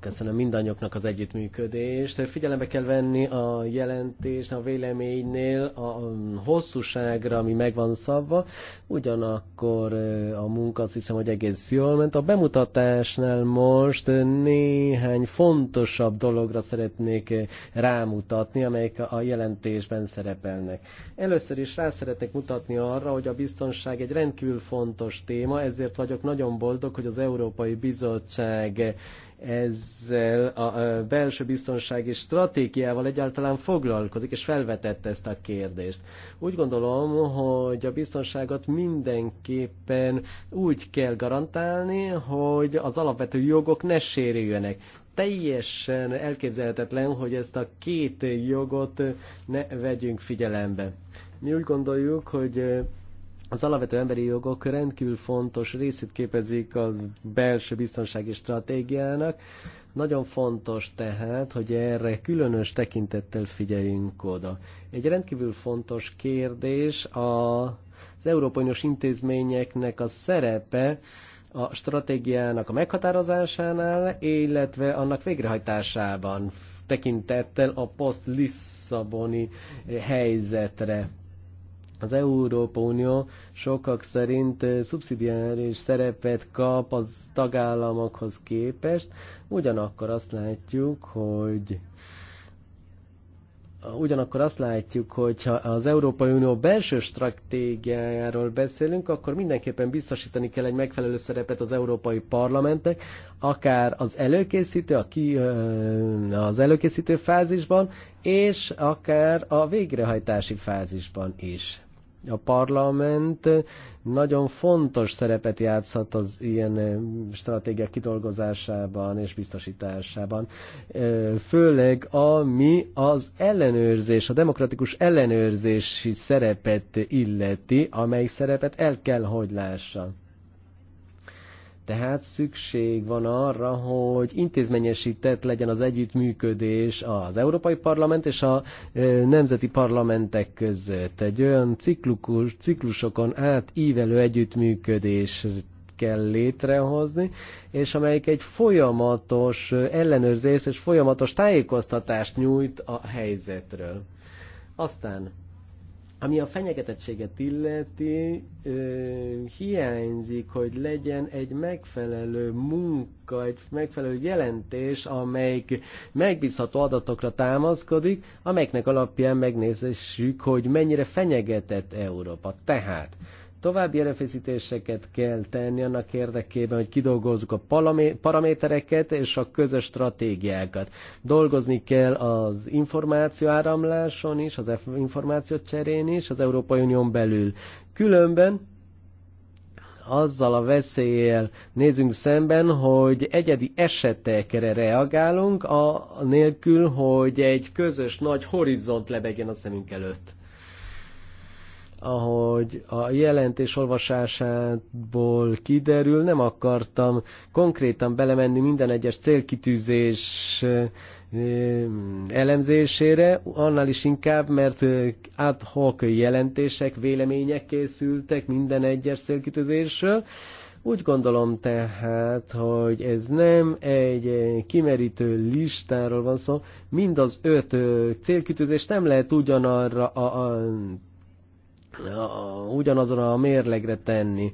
Köszönöm mindannyioknak az együttműködést. Figyelembe kell venni a jelentést, a véleménynél a hosszúságra, ami meg van szabva. Ugyanakkor a munka azt hiszem, hogy egész jól ment. A bemutatásnál most néhány fontosabb dologra szeretnék rámutatni, amelyek a jelentésben szerepelnek. Először is rá szeretnék mutatni arra, hogy a biztonság egy rendkívül fontos téma, ezért vagyok nagyon boldog, hogy az Európai Bizottság ezzel a belső biztonsági stratégiával egyáltalán foglalkozik, és felvetette ezt a kérdést. Úgy gondolom, hogy a biztonságot mindenképpen úgy kell garantálni, hogy az alapvető jogok ne sérüljenek teljesen elképzelhetetlen, hogy ezt a két jogot ne vegyünk figyelembe. Mi úgy gondoljuk, hogy az alapvető emberi jogok rendkívül fontos részét képezik a belső biztonsági stratégiának. Nagyon fontos tehát, hogy erre különös tekintettel figyeljünk oda. Egy rendkívül fontos kérdés a, az Európai Uniós intézményeknek a szerepe a stratégiának a meghatározásánál, illetve annak végrehajtásában tekintettel a poszt-Lisszaboni helyzetre az Európa Unió sokak szerint eh, szubszidiáris szerepet kap az tagállamokhoz képest, ugyanakkor azt látjuk, hogy ugyanakkor azt látjuk, hogy ha az Európai Unió belső stratégiájáról beszélünk, akkor mindenképpen biztosítani kell egy megfelelő szerepet az Európai Parlamentnek, akár az előkészítő, a ki, az előkészítő fázisban, és akár a végrehajtási fázisban is a parlament nagyon fontos szerepet játszhat az ilyen stratégiák kidolgozásában és biztosításában. Főleg ami az ellenőrzés, a demokratikus ellenőrzési szerepet illeti, amely szerepet el kell, hogy lássa. Tehát szükség van arra, hogy intézményesített legyen az együttműködés az Európai Parlament és a nemzeti parlamentek között. Egy olyan ciklukus, ciklusokon átívelő együttműködés kell létrehozni, és amelyik egy folyamatos ellenőrzés és folyamatos tájékoztatást nyújt a helyzetről. Aztán ami a fenyegetettséget illeti, ö, hiányzik, hogy legyen egy megfelelő munka, egy megfelelő jelentés, amelyik megbízható adatokra támaszkodik, amelyeknek alapján megnézessük, hogy mennyire fenyegetett Európa. Tehát További erőfeszítéseket kell tenni annak érdekében, hogy kidolgozzuk a paramétereket és a közös stratégiákat. Dolgozni kell az információ áramláson is, az információ cserén is, az Európai Unión belül. Különben azzal a veszéllyel nézünk szemben, hogy egyedi esetekre reagálunk, a nélkül, hogy egy közös nagy horizont lebegjen a szemünk előtt ahogy a jelentés olvasásából kiderül, nem akartam konkrétan belemenni minden egyes célkitűzés elemzésére, annál is inkább, mert ad hoc jelentések, vélemények készültek minden egyes célkitűzésről, úgy gondolom tehát, hogy ez nem egy kimerítő listáról van szó, mind az öt célkütőzést nem lehet ugyanarra a, a ugyanazra a mérlegre tenni.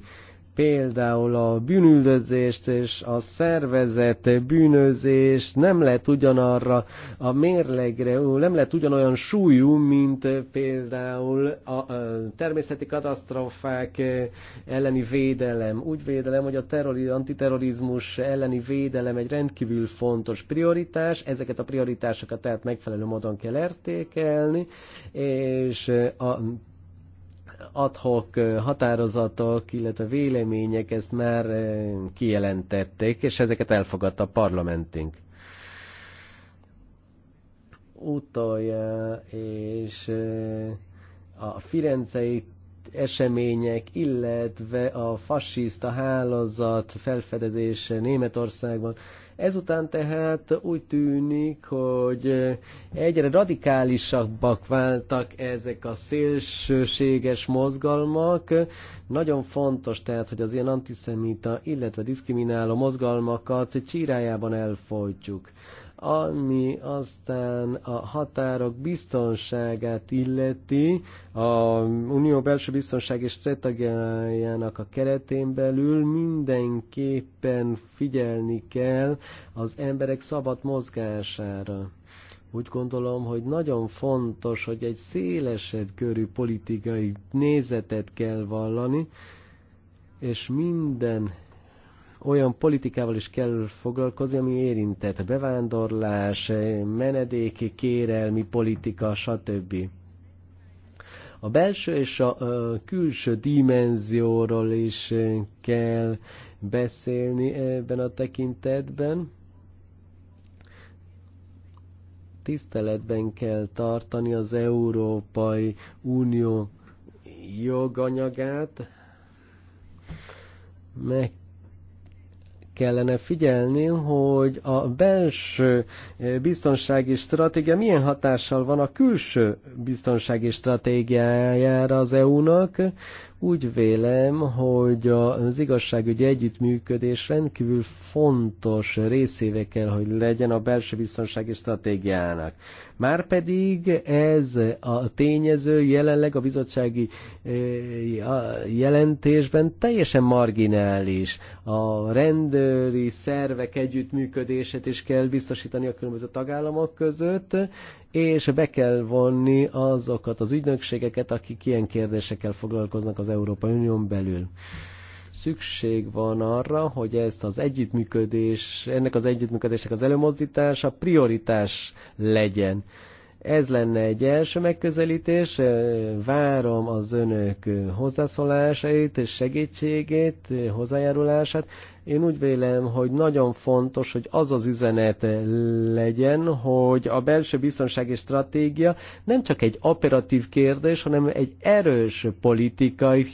Például a bűnüldözést és a szervezet bűnözést nem lehet ugyanarra a mérlegre, nem lehet ugyanolyan súlyú, mint például a természeti katasztrofák elleni védelem. Úgy védelem, hogy a terrori, antiterrorizmus elleni védelem egy rendkívül fontos prioritás, ezeket a prioritásokat tehát megfelelő módon kell értékelni, és a adhok határozatok, illetve vélemények ezt már kijelentették, és ezeket elfogadta a parlamentünk. Utolja, és a Firencei események, illetve a fasiszta hálózat felfedezése Németországban Ezután tehát úgy tűnik, hogy egyre radikálisabbak váltak ezek a szélsőséges mozgalmak. Nagyon fontos tehát, hogy az ilyen antiszemita, illetve diszkrimináló mozgalmakat csírájában elfolytjuk ami aztán a határok biztonságát illeti, a Unió belső biztonsági stratégiájának a keretén belül mindenképpen figyelni kell az emberek szabad mozgására. Úgy gondolom, hogy nagyon fontos, hogy egy szélesebb körű politikai nézetet kell vallani, és minden olyan politikával is kell foglalkozni, ami érintett bevándorlás, menedéki kérelmi politika, stb. A belső és a külső dimenzióról is kell beszélni ebben a tekintetben. Tiszteletben kell tartani az Európai Unió joganyagát, meg kellene figyelni, hogy a belső eh, biztonsági stratégia milyen hatással van a külső biztonsági stratégiájára az EU-nak. Úgy vélem, hogy az igazságügyi együttműködés rendkívül fontos részévé kell, hogy legyen a belső biztonsági stratégiának. Márpedig ez a tényező jelenleg a bizottsági eh, jelentésben teljesen marginális. A rend belüli szervek együttműködését is kell biztosítani a különböző tagállamok között, és be kell vonni azokat az ügynökségeket, akik ilyen kérdésekkel foglalkoznak az Európai Unión belül szükség van arra, hogy ezt az együttműködés, ennek az együttműködésnek az előmozdítása prioritás legyen. Ez lenne egy első megközelítés, várom az önök hozzászólásait, segítségét, hozzájárulását. Én úgy vélem, hogy nagyon fontos, hogy az az üzenet legyen, hogy a belső biztonsági stratégia nem csak egy operatív kérdés, hanem egy erős politikai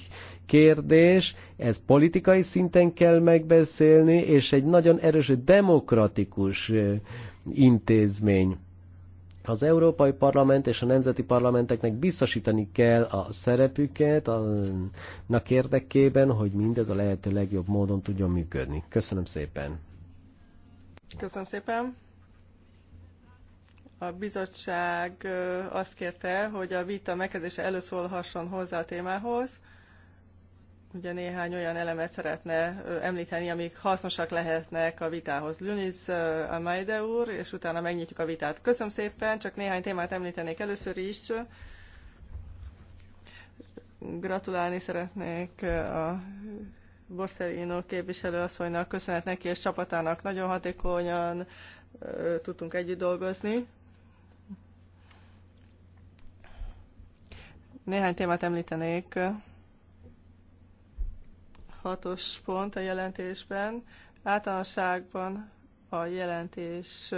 kérdés, ez politikai szinten kell megbeszélni, és egy nagyon erős demokratikus intézmény. Az Európai Parlament és a nemzeti parlamenteknek biztosítani kell a szerepüket annak érdekében, hogy mindez a lehető legjobb módon tudjon működni. Köszönöm szépen! Köszönöm szépen! A bizottság azt kérte, hogy a vita megkezdése előszólhasson hozzá a témához ugye néhány olyan elemet szeretne említeni, amik hasznosak lehetnek a vitához. a Maide úr, és utána megnyitjuk a vitát. Köszönöm szépen, csak néhány témát említenék először is. Gratulálni szeretnék a Borszerino képviselő asszonynak, köszönet neki és csapatának. Nagyon hatékonyan tudtunk együtt dolgozni. Néhány témát említenék hatos pont a jelentésben. Általánosságban a jelentés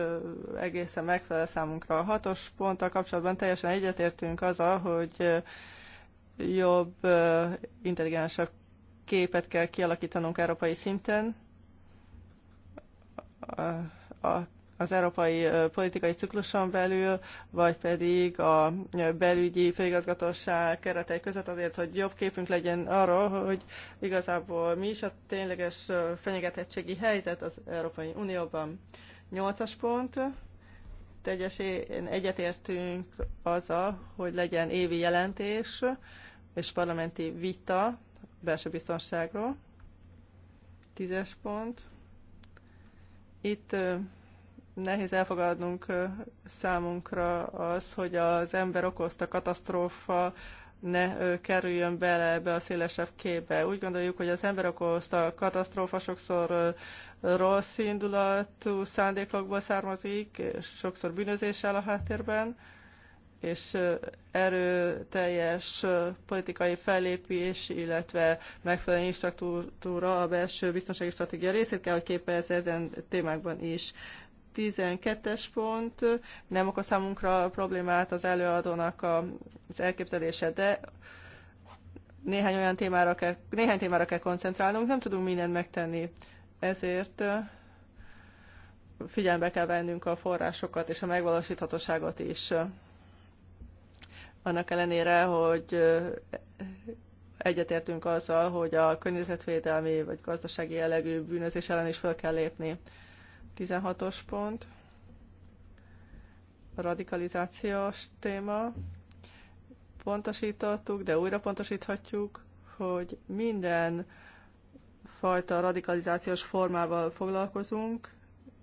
egészen megfelel számunkra. A hatos ponttal kapcsolatban teljesen egyetértünk azzal, hogy jobb, intelligensebb képet kell kialakítanunk európai szinten. A az európai politikai cikluson belül, vagy pedig a belügyi főigazgatóság keretei között azért, hogy jobb képünk legyen arról, hogy igazából mi is a tényleges fenyegetettségi helyzet az Európai Unióban. Nyolcas pont, teljesen egyetértünk azzal, hogy legyen évi jelentés és parlamenti vita belső biztonságról. Tízes pont. Itt nehéz elfogadnunk számunkra az, hogy az ember okozta katasztrófa ne kerüljön bele ebbe a szélesebb képbe. Úgy gondoljuk, hogy az ember okozta katasztrófa sokszor rossz indulatú szándékokból származik, és sokszor bűnözés áll a háttérben, és erőteljes politikai fellépés, illetve megfelelő infrastruktúra a belső biztonsági stratégia részét kell, hogy képezze ezen témákban is. 12-es pont nem okoz számunkra problémát az előadónak az elképzelése, de néhány olyan témára kell, néhány témára kell koncentrálnunk, nem tudunk mindent megtenni. Ezért figyelembe kell vennünk a forrásokat és a megvalósíthatóságot is. Annak ellenére, hogy egyetértünk azzal, hogy a környezetvédelmi vagy gazdasági jellegű bűnözés ellen is fel kell lépni. 16-os pont, a radikalizációs téma. Pontosítottuk, de újra pontosíthatjuk, hogy minden fajta radikalizációs formával foglalkozunk,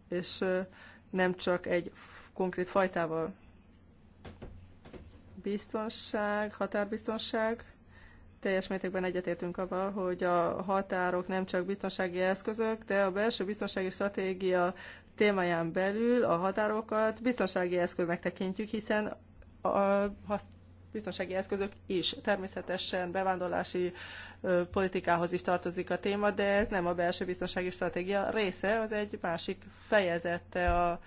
és nem csak egy konkrét fajtával. Biztonság, határbiztonság teljes mértékben egyetértünk abban, hogy a határok nem csak biztonsági eszközök, de a belső biztonsági stratégia témáján belül a határokat biztonsági eszköznek tekintjük, hiszen a biztonsági eszközök is természetesen bevándorlási politikához is tartozik a téma, de ez nem a belső biztonsági stratégia része, az egy másik fejezete a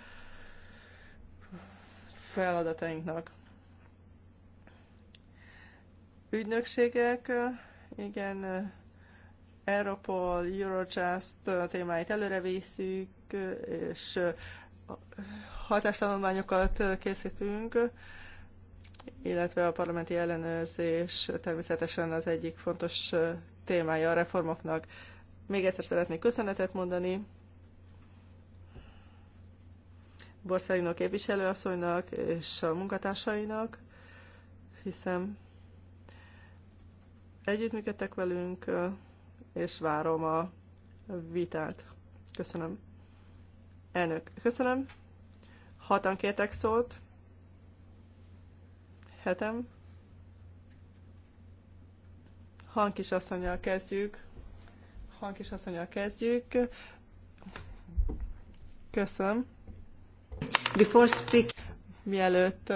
feladatainknak ügynökségek, igen, Europol, Eurojust témáit előre viszük, és hatástanulmányokat készítünk, illetve a parlamenti ellenőrzés természetesen az egyik fontos témája a reformoknak. Még egyszer szeretnék köszönetet mondani Bországnak képviselőasszonynak és a munkatársainak, hiszem Együttműködtek velünk, és várom a vitát. Köszönöm. Elnök, köszönöm. Hatan kértek szót. Hetem. Hankisasszonyjal kezdjük. Hankisasszonyjal kezdjük. Köszönöm. Before speak. Mielőtt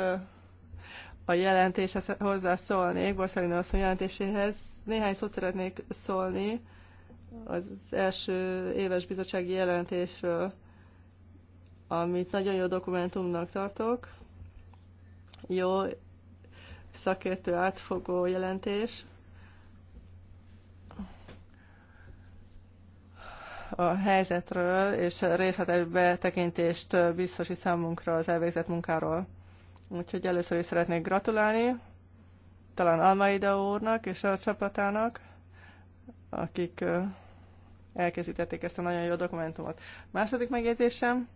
a jelentéshez hozzászólnék, Borszalina asszony jelentéséhez. Néhány szót szeretnék szólni az első éves bizottsági jelentésről, amit nagyon jó dokumentumnak tartok. Jó szakértő átfogó jelentés. A helyzetről és részletes betekintést biztosít számunkra az elvégzett munkáról. Úgyhogy először is szeretnék gratulálni talán Almaida úrnak és a csapatának, akik elkészítették ezt a nagyon jó dokumentumot. Második megjegyzésem,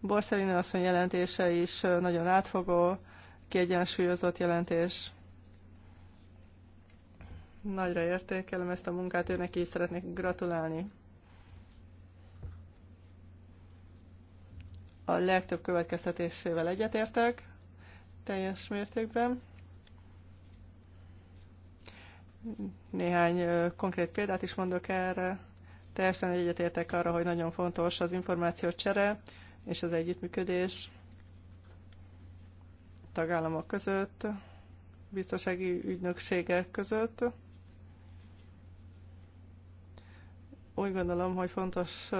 Borszerino asszony jelentése is nagyon átfogó, kiegyensúlyozott jelentés. Nagyra értékelem ezt a munkát, őnek is szeretnék gratulálni. a legtöbb következtetésével egyetértek teljes mértékben. Néhány konkrét példát is mondok erre. Teljesen egyetértek arra, hogy nagyon fontos az csere és az együttműködés tagállamok között, biztonsági ügynökségek között úgy gondolom, hogy fontos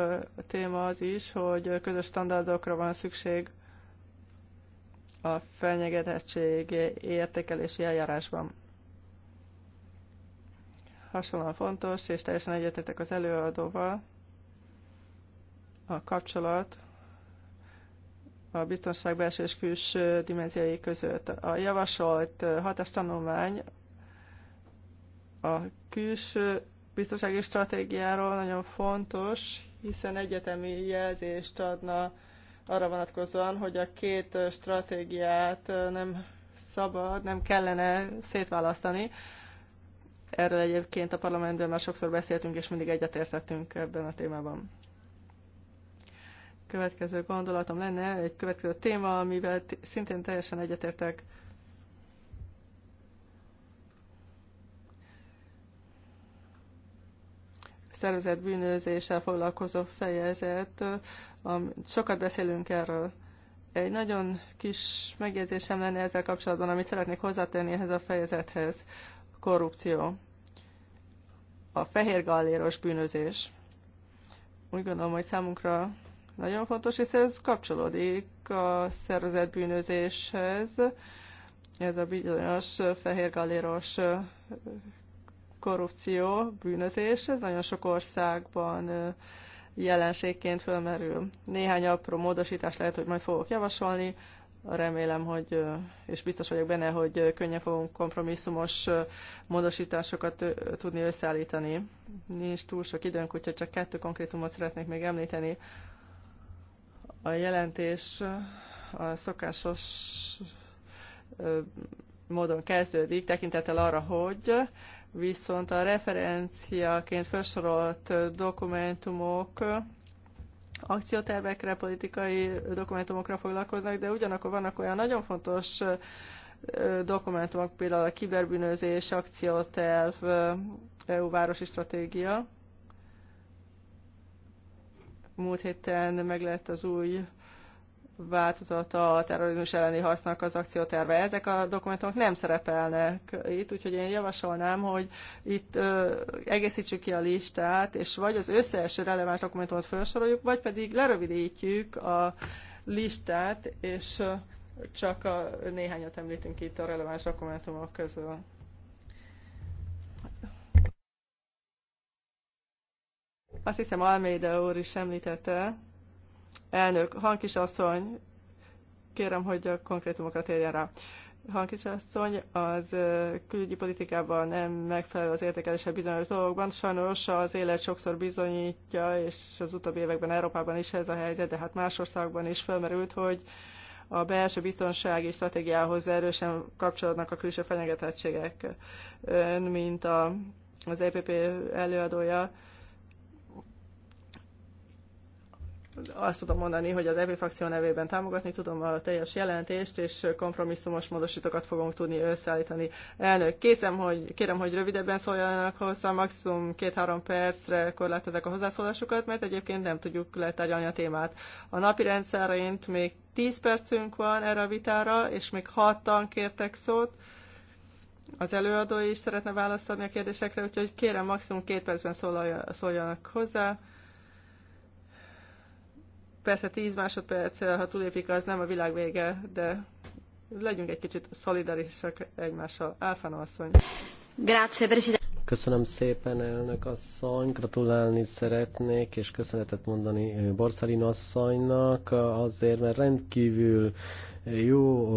téma az is, hogy közös standardokra van szükség a fenyegetettség értékelési eljárásban. Hasonlóan fontos, és teljesen egyetértek az előadóval, a kapcsolat a biztonság belső és külső dimenziói között. A javasolt hatástanulmány a külső biztonsági stratégiáról nagyon fontos, hiszen egyetemi jelzést adna arra vonatkozóan, hogy a két stratégiát nem szabad, nem kellene szétválasztani. Erről egyébként a parlamentben már sokszor beszéltünk, és mindig egyetértettünk ebben a témában. Következő gondolatom lenne egy következő téma, amivel szintén teljesen egyetértek szervezett bűnözéssel foglalkozó fejezet. Sokat beszélünk erről. Egy nagyon kis megjegyzésem lenne ezzel kapcsolatban, amit szeretnék hozzátenni ehhez a fejezethez. Korrupció. A fehér galléros bűnözés. Úgy gondolom, hogy számunkra nagyon fontos, és ez kapcsolódik a szervezett bűnözéshez. Ez a bizonyos fehér galléros korrupció, bűnözés, ez nagyon sok országban jelenségként fölmerül. Néhány apró módosítás lehet, hogy majd fogok javasolni, remélem, hogy, és biztos vagyok benne, hogy könnyen fogunk kompromisszumos módosításokat tudni összeállítani. Nincs túl sok időnk, úgyhogy csak kettő konkrétumot szeretnék még említeni. A jelentés a szokásos módon kezdődik, tekintettel arra, hogy viszont a referenciaként felsorolt dokumentumok akciótervekre, politikai dokumentumokra foglalkoznak, de ugyanakkor vannak olyan nagyon fontos dokumentumok, például a kiberbűnözés, akcióterv, EU városi stratégia. Múlt héten meg lett az új változata a terrorizmus elleni hasznak az akcióterve. Ezek a dokumentumok nem szerepelnek itt, úgyhogy én javasolnám, hogy itt ö, egészítsük ki a listát, és vagy az összes releváns dokumentumot felsoroljuk, vagy pedig lerövidítjük a listát, és csak a néhányat említünk itt a releváns dokumentumok közül. Azt hiszem Almeida úr is említette, Elnök, hangkisasszony, kérem, hogy a konkrétumokra térjen rá. Hangkicsasszony, az külügyi politikában nem megfelelő az értékelése bizonyos dolgokban. Sajnos az élet sokszor bizonyítja, és az utóbbi években Európában is ez a helyzet, de hát más országban is felmerült, hogy a belső biztonsági stratégiához erősen kapcsolódnak a külső fenyegetettségek. mint a, az EPP előadója, azt tudom mondani, hogy az EBI frakció nevében támogatni tudom a teljes jelentést, és kompromisszumos módosítókat fogunk tudni összeállítani. Elnök, készem, hogy, kérem, hogy rövidebben szóljanak hozzá, maximum két-három percre korlátozzák a hozzászólásokat, mert egyébként nem tudjuk letárgyalni a témát. A napi rendszerint még 10 percünk van erre a vitára, és még hatan kértek szót. Az előadó is szeretne választani a kérdésekre, úgyhogy kérem maximum két percben szóljanak hozzá Persze 10 másodperc, ha túlépik, az nem a világ vége, de legyünk egy kicsit szolidarisak egymással. Álfano asszony. Grazie, Presidente. Köszönöm szépen, elnök asszony, gratulálni szeretnék, és köszönetet mondani Borszalin asszonynak azért, mert rendkívül jó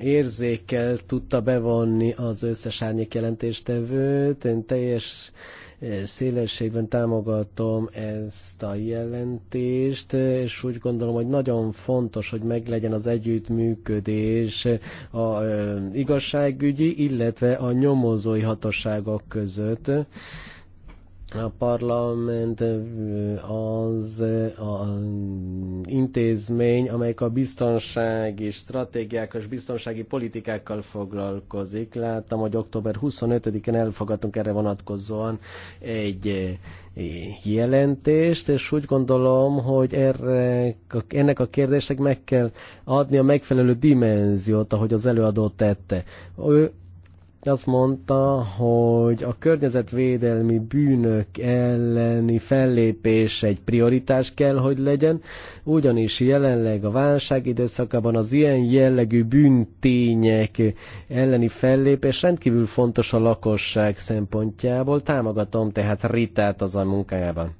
érzékkel tudta bevonni az összes árnyék jelentéstevőt. Én teljes szélességben támogatom ezt a jelentést, és úgy gondolom, hogy nagyon fontos, hogy meglegyen az együttműködés a igazságügyi, illetve a nyomozói hatóságok között a parlament az a intézmény, amelyik a biztonsági stratégiák és biztonsági politikákkal foglalkozik. Láttam, hogy október 25-én elfogadtunk erre vonatkozóan egy jelentést, és úgy gondolom, hogy erre, ennek a kérdésnek meg kell adni a megfelelő dimenziót, ahogy az előadó tette. Ő azt mondta, hogy a környezetvédelmi bűnök elleni fellépés egy prioritás kell, hogy legyen, ugyanis jelenleg a válság időszakában az ilyen jellegű bűntények elleni fellépés rendkívül fontos a lakosság szempontjából. Támogatom tehát Ritát az a munkájában.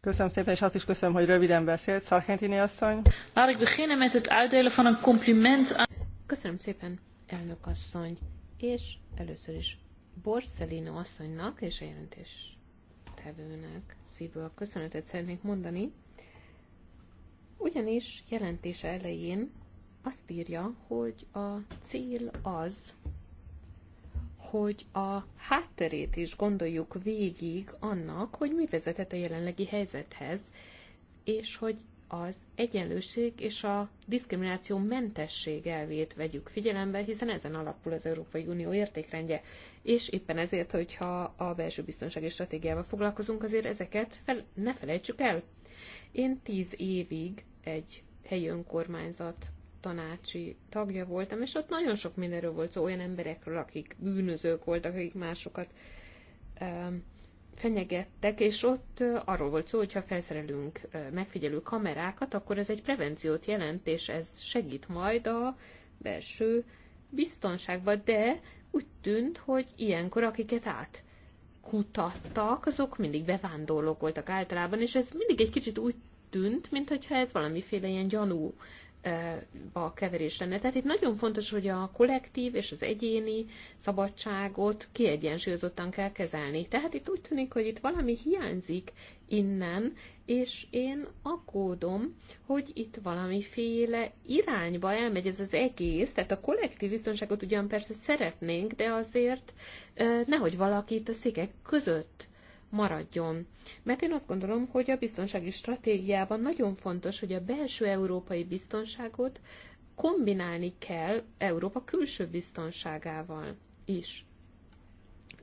Köszönöm szépen, és azt is köszönöm, hogy röviden beszélt, Sargentini asszony. van Köszönöm szépen, elnök asszony és először is Borszelino asszonynak és a jelentés tevőnek szívből köszönetet szeretnék mondani, ugyanis jelentése elején azt írja, hogy a cél az, hogy a hátterét is gondoljuk végig annak, hogy mi vezetett a jelenlegi helyzethez, és hogy az egyenlőség és a diszkrimináció mentesség elvét vegyük figyelembe, hiszen ezen alapul az Európai Unió értékrendje. És éppen ezért, hogyha a belső biztonsági stratégiával foglalkozunk, azért ezeket fel, ne felejtsük el. Én tíz évig egy helyi önkormányzat tanácsi tagja voltam, és ott nagyon sok mindenről volt szó, olyan emberekről, akik bűnözők voltak, akik másokat um, fenyegettek, és ott arról volt szó, hogyha felszerelünk megfigyelő kamerákat, akkor ez egy prevenciót jelent, és ez segít majd a belső biztonságban, de úgy tűnt, hogy ilyenkor akiket át kutattak, azok mindig bevándorlók voltak általában, és ez mindig egy kicsit úgy tűnt, mintha ez valamiféle ilyen gyanú a keverés lenne. Tehát itt nagyon fontos, hogy a kollektív és az egyéni szabadságot kiegyensúlyozottan kell kezelni. Tehát itt úgy tűnik, hogy itt valami hiányzik innen, és én aggódom, hogy itt valamiféle irányba elmegy ez az egész, tehát a kollektív biztonságot ugyan persze szeretnénk, de azért nehogy valaki itt a székek között maradjon. Mert én azt gondolom, hogy a biztonsági stratégiában nagyon fontos, hogy a belső európai biztonságot kombinálni kell Európa külső biztonságával is.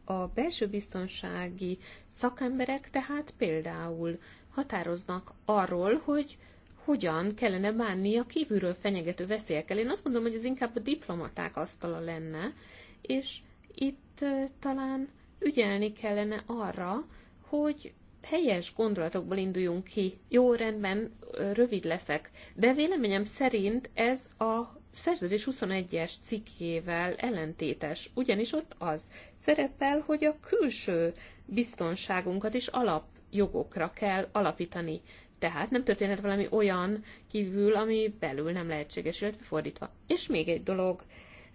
A belső biztonsági szakemberek tehát például határoznak arról, hogy hogyan kellene bánni a kívülről fenyegető veszélyekkel. Én azt gondolom, hogy ez inkább a diplomaták asztala lenne, és itt eh, talán ügyelni kellene arra, hogy helyes gondolatokból induljunk ki. Jó, rendben, rövid leszek, de véleményem szerint ez a szerződés 21-es cikkével ellentétes, ugyanis ott az szerepel, hogy a külső biztonságunkat is alapjogokra kell alapítani. Tehát nem történhet valami olyan kívül, ami belül nem lehetséges, illetve fordítva. És még egy dolog,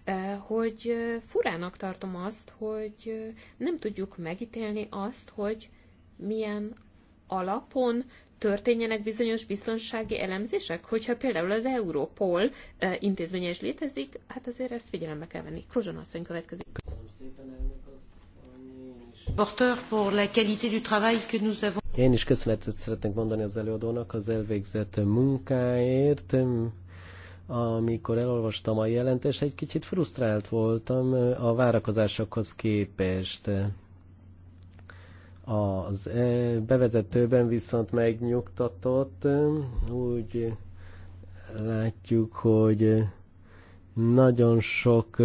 Eh, hogy eh, furának tartom azt, hogy eh, nem tudjuk megítélni azt, hogy milyen alapon történjenek bizonyos biztonsági elemzések, hogyha például az Európol intézménye is létezik, hát azért ezt figyelembe kell venni. Krozson asszony következik. Én is köszönetet szeretnék mondani az előadónak az elvégzett munkáért amikor elolvastam a jelentést, egy kicsit frusztrált voltam a várakozásokhoz képest. Az bevezetőben viszont megnyugtatott, úgy látjuk, hogy nagyon sok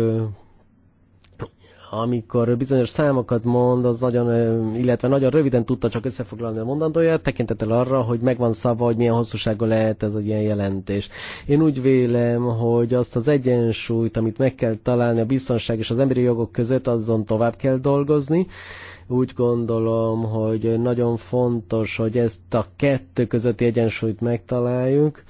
amikor bizonyos számokat mond, az nagyon, illetve nagyon röviden tudta csak összefoglalni a mondandóját, tekintettel arra, hogy megvan szava, hogy milyen hosszúsága lehet ez a ilyen jelentés. Én úgy vélem, hogy azt az egyensúlyt, amit meg kell találni a biztonság és az emberi jogok között, azon tovább kell dolgozni, úgy gondolom, hogy nagyon fontos, hogy ezt a kettő közötti egyensúlyt megtaláljuk.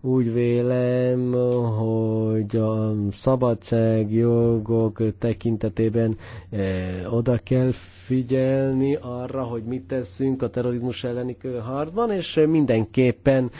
Úgy vélem, hogy a szabadságjogok tekintetében eh, oda kell figyelni arra, hogy mit teszünk a terrorizmus elleni harcban, és mindenképpen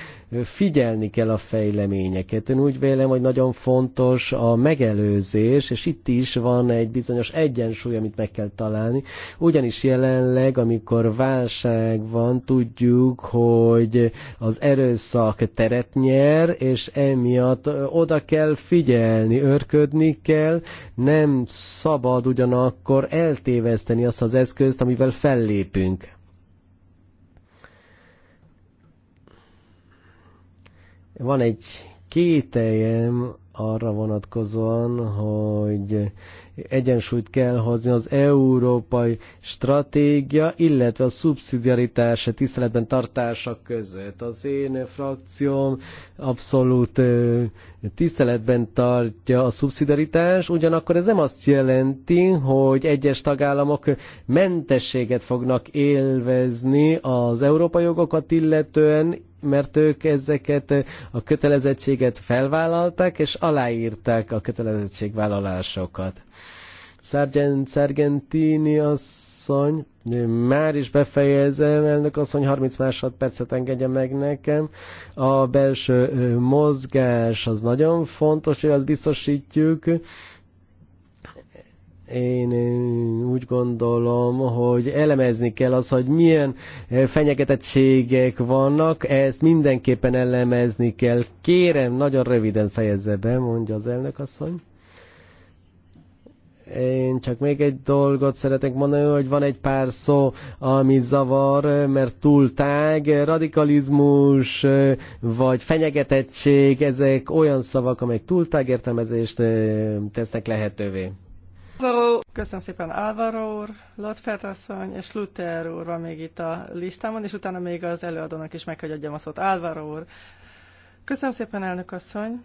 figyelni kell a fejleményeket. Én úgy vélem, hogy nagyon fontos a megelőzés, és itt is van egy bizonyos egyensúly, amit meg kell találni. Ugyanis jelenleg, amikor válság van, tudjuk, hogy az erőszak teret nyer, és emiatt oda kell figyelni, örködni kell, nem szabad ugyanakkor eltéveszteni azt az eszközt, amivel fellépünk Van egy kételjem arra vonatkozóan, hogy egyensúlyt kell hozni az európai stratégia, illetve a szubszidiaritás tiszteletben tartása között. Az én frakcióm abszolút tiszteletben tartja a szubszidiaritás, ugyanakkor ez nem azt jelenti, hogy egyes tagállamok mentességet fognak élvezni az európai jogokat illetően, mert ők ezeket a kötelezettséget felvállalták, és aláírták a kötelezettségvállalásokat. Sargent, Sargentini asszony, már is befejezem, elnök asszony, 30 másodpercet engedje meg nekem. A belső mozgás az nagyon fontos, hogy azt biztosítjuk, én úgy gondolom, hogy elemezni kell az, hogy milyen fenyegetettségek vannak, ezt mindenképpen elemezni kell. Kérem, nagyon röviden fejezze be, mondja az elnök asszony. Én csak még egy dolgot szeretnék mondani, hogy van egy pár szó, ami zavar, mert túl tág, radikalizmus vagy fenyegetettség, ezek olyan szavak, amelyek túl tág értelmezést tesznek lehetővé. Köszönöm szépen Álvaro úr, Lotfert asszony és Luther úr van még itt a listámon, és utána még az előadónak is meg kell adjam a szót. Álvaro úr. Köszönöm szépen, elnök asszony.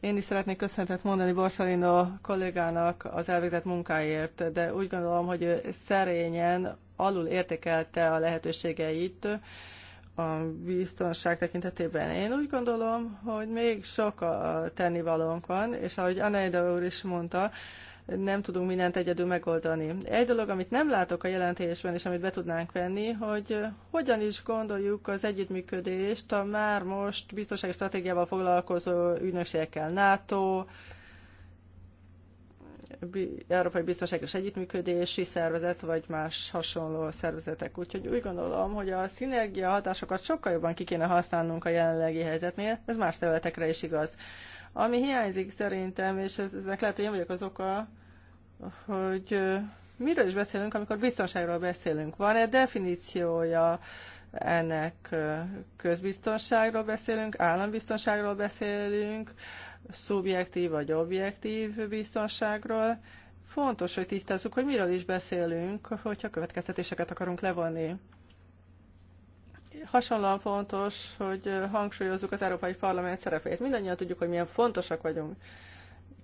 Én is szeretnék köszönetet mondani Borsalino kollégának az elvégzett munkáért, de úgy gondolom, hogy ő szerényen alul értékelte a lehetőségeit a biztonság tekintetében. Én úgy gondolom, hogy még sok a tennivalónk van, és ahogy Anaida úr is mondta, nem tudunk mindent egyedül megoldani. Egy dolog, amit nem látok a jelentésben, és amit be tudnánk venni, hogy hogyan is gondoljuk az együttműködést a már most biztonsági stratégiával foglalkozó ügynökségekkel, NATO, Európai Biztonságos Együttműködési Szervezet, vagy más hasonló szervezetek. Úgyhogy úgy gondolom, hogy a szinergia hatásokat sokkal jobban ki kéne használnunk a jelenlegi helyzetnél, ez más területekre is igaz. Ami hiányzik szerintem, és ez, ezek lehet, hogy én vagyok az oka, hogy miről is beszélünk, amikor biztonságról beszélünk. Van-e definíciója ennek közbiztonságról beszélünk, állambiztonságról beszélünk, szubjektív vagy objektív biztonságról. Fontos, hogy tisztázzuk, hogy miről is beszélünk, hogyha következtetéseket akarunk levonni hasonlóan fontos, hogy hangsúlyozzuk az Európai Parlament szerepét. Mindannyian tudjuk, hogy milyen fontosak vagyunk.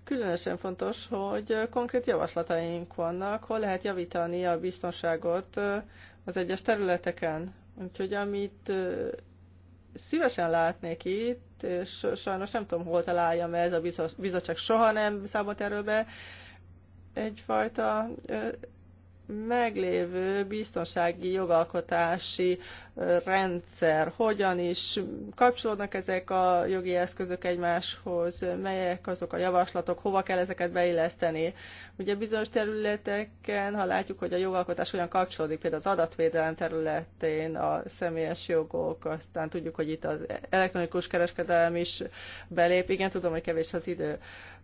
Különösen fontos, hogy konkrét javaslataink vannak, hol lehet javítani a biztonságot az egyes területeken. Úgyhogy amit szívesen látnék itt, és sajnos nem tudom, hol találja mert ez a bizottság soha nem számolt erről be, egyfajta meglévő biztonsági jogalkotási rendszer, hogyan is kapcsolódnak ezek a jogi eszközök egymáshoz, melyek azok a javaslatok, hova kell ezeket beilleszteni. Ugye bizonyos területeken, ha látjuk, hogy a jogalkotás hogyan kapcsolódik, például az adatvédelem területén a személyes jogok, aztán tudjuk, hogy itt az elektronikus kereskedelem is belép. Igen, tudom, hogy kevés az idő.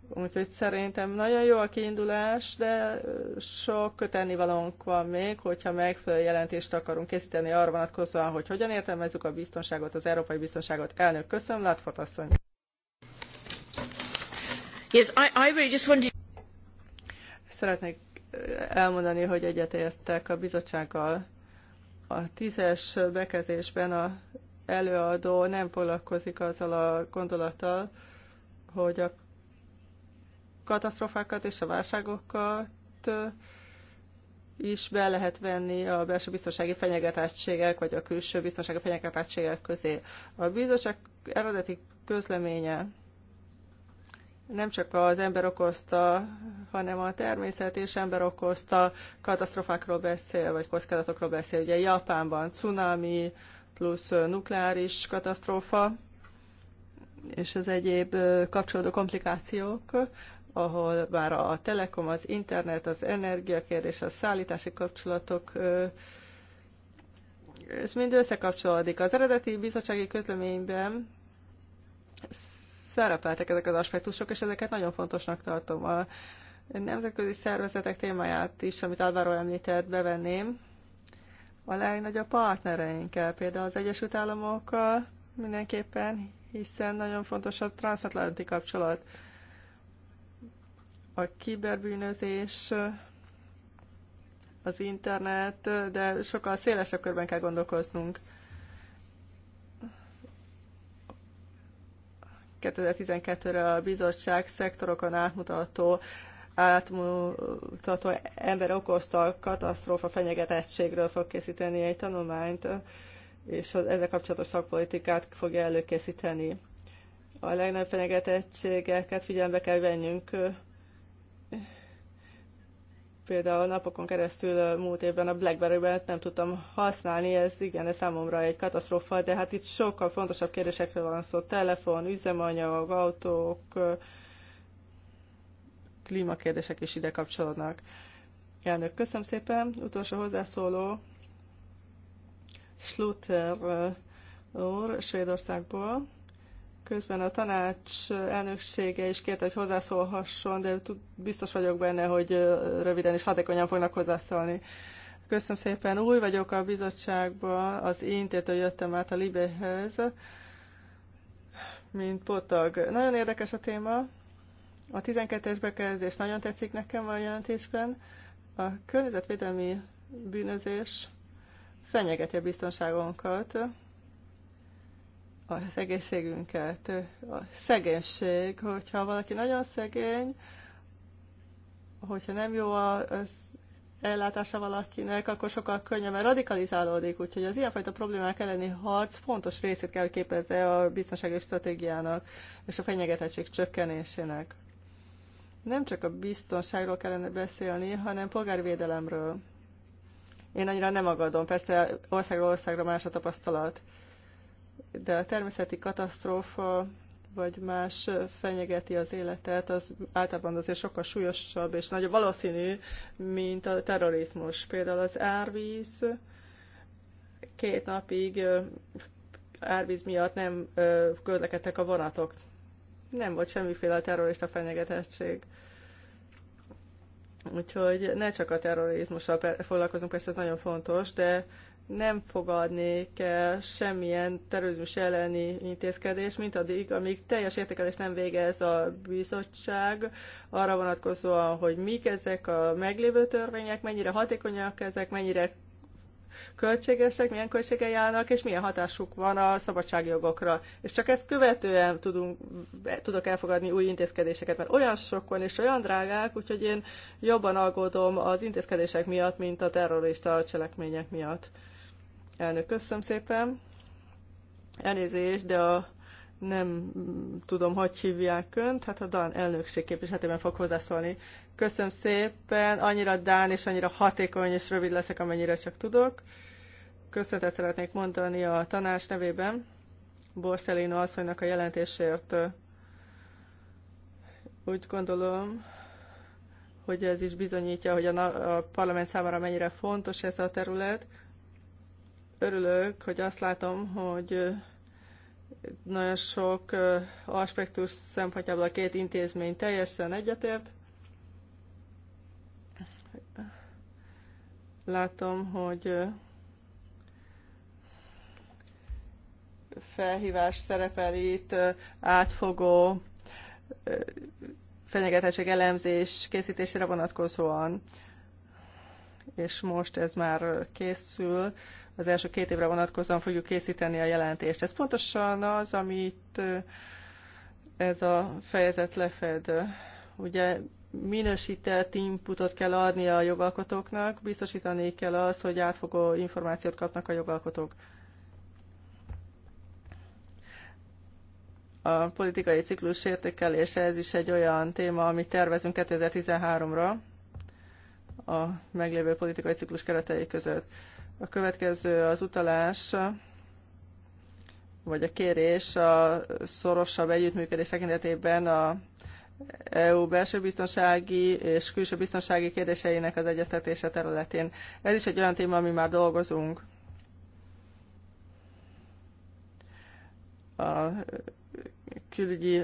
Úgyhogy szerintem nagyon jó a kiindulás, de sok kötennivalónk van még, hogyha megfelelő jelentést akarunk készíteni arra vonatkozóan, hogy hogyan értelmezzük a biztonságot, az európai biztonságot. Elnök, köszönöm, Látfot asszony. Yes, I, I really just wanted... Szeretnék elmondani, hogy egyetértek a bizottsággal. A tízes bekezdésben a előadó nem foglalkozik azzal a gondolattal, hogy a katasztrofákat és a válságokat is be lehet venni a belső biztonsági fenyegetettségek vagy a külső biztonsági fenyegetettségek közé. A bizottság eredeti közleménye nem csak az ember okozta, hanem a természet és ember okozta katasztrofákról beszél, vagy kockázatokról beszél. Ugye Japánban cunami plusz nukleáris katasztrófa, és az egyéb kapcsolódó komplikációk ahol már a telekom, az internet, az energiakérdés, a szállítási kapcsolatok, ez mind összekapcsolódik. Az eredeti bizottsági közleményben szerepeltek ezek az aspektusok, és ezeket nagyon fontosnak tartom. A nemzetközi szervezetek témáját is, amit Álvaro említett, bevenném. A legnagyobb partnereinkkel, például az Egyesült Államokkal mindenképpen, hiszen nagyon fontos a transatlanti kapcsolat a kiberbűnözés, az internet, de sokkal szélesebb körben kell gondolkoznunk. 2012-re a bizottság szektorokon átmutató átmutató ember okozta katasztrófa fenyegetettségről fog készíteni egy tanulmányt, és az ezzel kapcsolatos szakpolitikát fogja előkészíteni. A legnagyobb fenyegetettségeket figyelembe kell vennünk Például napokon keresztül múlt évben a BlackBerry-ben nem tudtam használni, ez igen, ez számomra egy katasztrófa, de hát itt sokkal fontosabb kérdésekről van szó. Telefon, üzemanyag, autók, klímakérdések is ide kapcsolódnak. Elnök, köszönöm szépen. Utolsó hozzászóló, Schluter úr Svédországból. Közben a tanács elnöksége is kérte, hogy hozzászólhasson, de biztos vagyok benne, hogy röviden és hatékonyan fognak hozzászólni. Köszönöm szépen. Új vagyok a bizottságban, az Intétől jöttem át a Libéhez, mint potag. Nagyon érdekes a téma. A 12-es bekezdés nagyon tetszik nekem a jelentésben. A környezetvédelmi bűnözés fenyegeti a biztonságunkat az egészségünket. A szegénység, hogyha valaki nagyon szegény, hogyha nem jó az ellátása valakinek, akkor sokkal könnyebben radikalizálódik, úgyhogy az ilyenfajta problémák elleni harc fontos részét kell képezze a biztonsági stratégiának és a fenyegetettség csökkenésének. Nem csak a biztonságról kellene beszélni, hanem polgárvédelemről. Én annyira nem agadom, persze országról országra más a tapasztalat de a természeti katasztrófa vagy más fenyegeti az életet, az általában azért sokkal súlyosabb és nagyobb valószínű, mint a terrorizmus. Például az árvíz két napig árvíz miatt nem közlekedtek a vonatok. Nem volt semmiféle terrorista fenyegetettség. Úgyhogy ne csak a terrorizmussal foglalkozunk, persze ez nagyon fontos, de nem fogadnék el semmilyen terrorizmus elleni intézkedés, mint addig, amíg teljes értékelés nem végez a bizottság arra vonatkozóan, hogy mik ezek a meglévő törvények, mennyire hatékonyak ezek, mennyire költségesek, milyen költségei állnak, és milyen hatásuk van a szabadságjogokra. És csak ezt követően tudunk, tudok elfogadni új intézkedéseket, mert olyan sokon és olyan drágák, úgyhogy én jobban aggódom az intézkedések miatt, mint a terrorista cselekmények miatt. Elnök, köszönöm szépen. Elnézést, de a nem tudom, hogy hívják önt, hát a Dán elnökség képviseletében fog hozzászólni. Köszönöm szépen, annyira Dán és annyira hatékony és rövid leszek, amennyire csak tudok. Köszönetet szeretnék mondani a tanács nevében Borszelino asszonynak a jelentésért. Úgy gondolom, hogy ez is bizonyítja, hogy a, a parlament számára mennyire fontos ez a terület, örülök, hogy azt látom, hogy nagyon sok aspektus szempontjából a két intézmény teljesen egyetért. Látom, hogy felhívás szerepel itt átfogó fenyegetettség elemzés készítésére vonatkozóan, és most ez már készül az első két évre vonatkozóan fogjuk készíteni a jelentést. Ez pontosan az, amit ez a fejezet lefed. Ugye minősített inputot kell adni a jogalkotóknak, biztosítani kell az, hogy átfogó információt kapnak a jogalkotók. A politikai ciklus értékelése, ez is egy olyan téma, amit tervezünk 2013-ra a meglévő politikai ciklus keretei között. A következő az utalás, vagy a kérés a szorosabb együttműködés tekintetében a EU belső biztonsági és külső biztonsági kérdéseinek az egyeztetése területén. Ez is egy olyan téma, ami már dolgozunk. A külügyi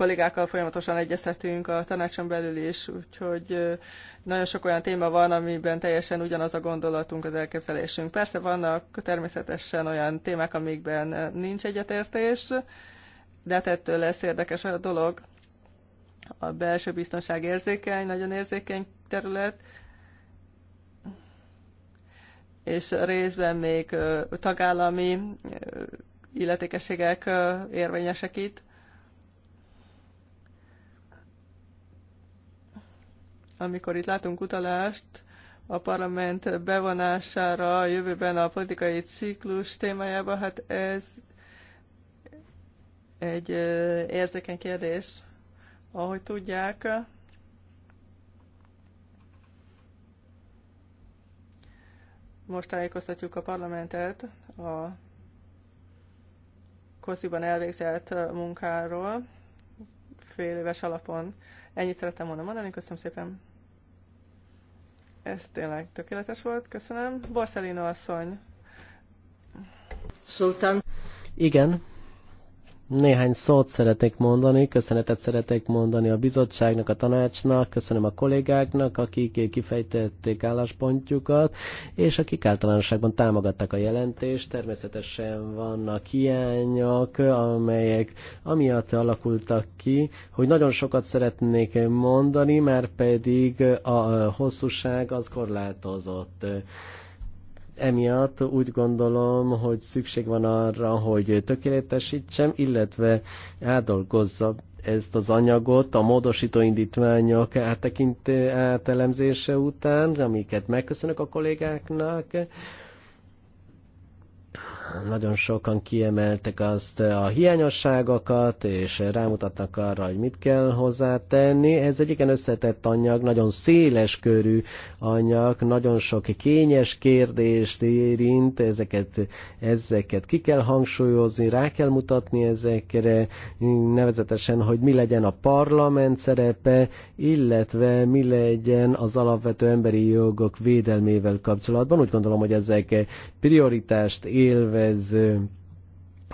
kollégákkal folyamatosan egyeztetünk a tanácson belül is, úgyhogy nagyon sok olyan téma van, amiben teljesen ugyanaz a gondolatunk, az elképzelésünk. Persze vannak természetesen olyan témák, amikben nincs egyetértés, de hát ettől lesz érdekes a dolog. A belső biztonság érzékeny, nagyon érzékeny terület, és részben még tagállami illetékességek érvényesek itt. amikor itt látunk utalást a parlament bevonására a jövőben a politikai ciklus témájába, hát ez egy érzékeny kérdés. Ahogy tudják, most tájékoztatjuk a parlamentet a Kosziban elvégzett munkáról fél éves alapon. Ennyit szerettem volna mondani, köszönöm szépen! Ez tényleg tökéletes volt, köszönöm. Borszelino asszony. Sultan. Igen, néhány szót szeretnék mondani, köszönetet szeretnék mondani a bizottságnak, a tanácsnak, köszönöm a kollégáknak, akik kifejtették álláspontjukat, és akik általánosságban támogatták a jelentést. Természetesen vannak hiányok, amelyek amiatt alakultak ki, hogy nagyon sokat szeretnék mondani, mert pedig a hosszúság az korlátozott. Emiatt úgy gondolom, hogy szükség van arra, hogy tökéletesítsem, illetve átdolgozzam ezt az anyagot a módosító indítványok áttekint, átelemzése után, amiket megköszönök a kollégáknak, nagyon sokan kiemeltek azt eh, a hiányosságokat, és rámutattak arra, hogy mit kell hozzátenni. Ez egy igen összetett anyag, nagyon széles körű anyag, nagyon sok kényes kérdést érint, ezeket, ezeket ki kell hangsúlyozni, rá kell mutatni ezekre, nevezetesen, hogy mi legyen a parlament szerepe, illetve mi legyen az alapvető emberi jogok védelmével kapcsolatban. Úgy gondolom, hogy ezek prioritást élve ez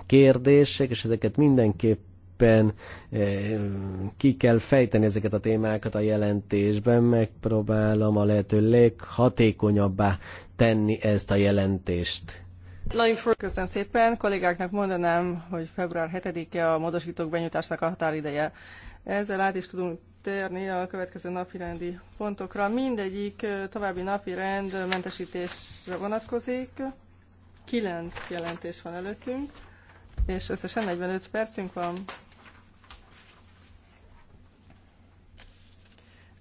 kérdések, és ezeket mindenképpen eh, ki kell fejteni ezeket a témákat a jelentésben, megpróbálom a lehető leghatékonyabbá tenni ezt a jelentést. Köszönöm szépen. Kollégáknak mondanám, hogy február 7-e a módosítók benyújtásnak a határideje. Ezzel át is tudunk térni a következő napirendi pontokra. Mindegyik eh, további napi rend mentesítésre vonatkozik. Kilenc jelentés van előttünk, és összesen 45 percünk van.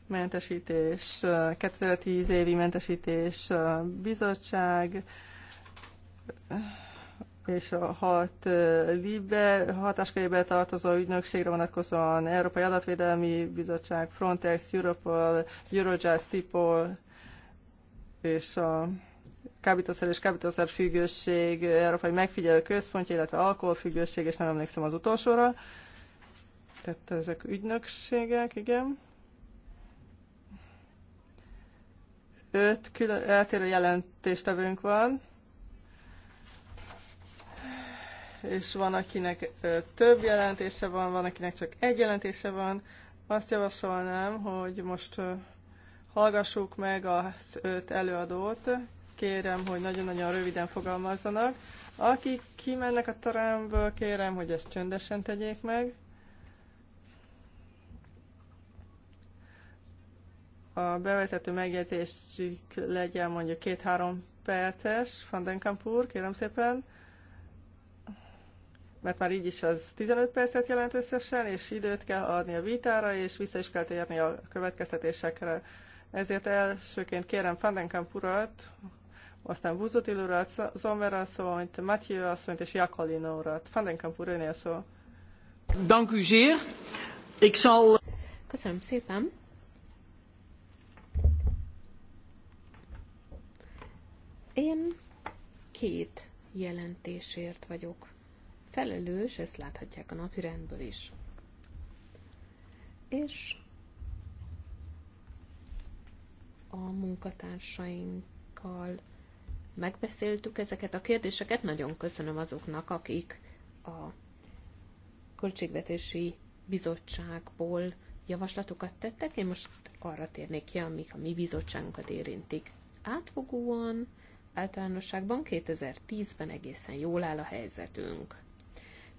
Mentesítés, 2010 évi mentesítés, bizottság, és a hat LIBE hatáskörébe tartozó ügynökségre vonatkozóan Európai Adatvédelmi Bizottság, Frontex, Europol, Eurojust, CIPOL és a kábítószer és kábítószer függőség Európai Megfigyelő Központja, illetve alkoholfüggőség, és nem emlékszem az utolsóra. Tehát ezek ügynökségek, igen. Öt külön, eltérő jelentéstevőnk van, és van, akinek több jelentése van, van, akinek csak egy jelentése van. Azt javasolnám, hogy most hallgassuk meg az öt előadót, kérem, hogy nagyon-nagyon röviden fogalmazzanak. Akik kimennek a teremből, kérem, hogy ezt csöndesen tegyék meg. A bevezető megjegyzésük legyen mondjuk két-három perces, Fandenkamp úr, kérem szépen mert már így is az 15 percet jelent összesen, és időt kell adni a vitára, és vissza is kell térni a következtetésekre. Ezért elsőként kérem Fandenkamp urat, aztán Buzotil urat, Zomber asszonyt, Mathieu asszonyt és Jakalina urat. Fandenkamp úr, önél szó. Dank u zeer. Ik zal... Köszönöm szépen. Én két jelentésért vagyok felelős, ezt láthatják a napi rendből is. És a munkatársainkkal megbeszéltük ezeket a kérdéseket. Nagyon köszönöm azoknak, akik a Költségvetési Bizottságból javaslatokat tettek. Én most arra térnék ki, amik a mi bizottságunkat érintik. Átfogóan, általánosságban 2010-ben egészen jól áll a helyzetünk.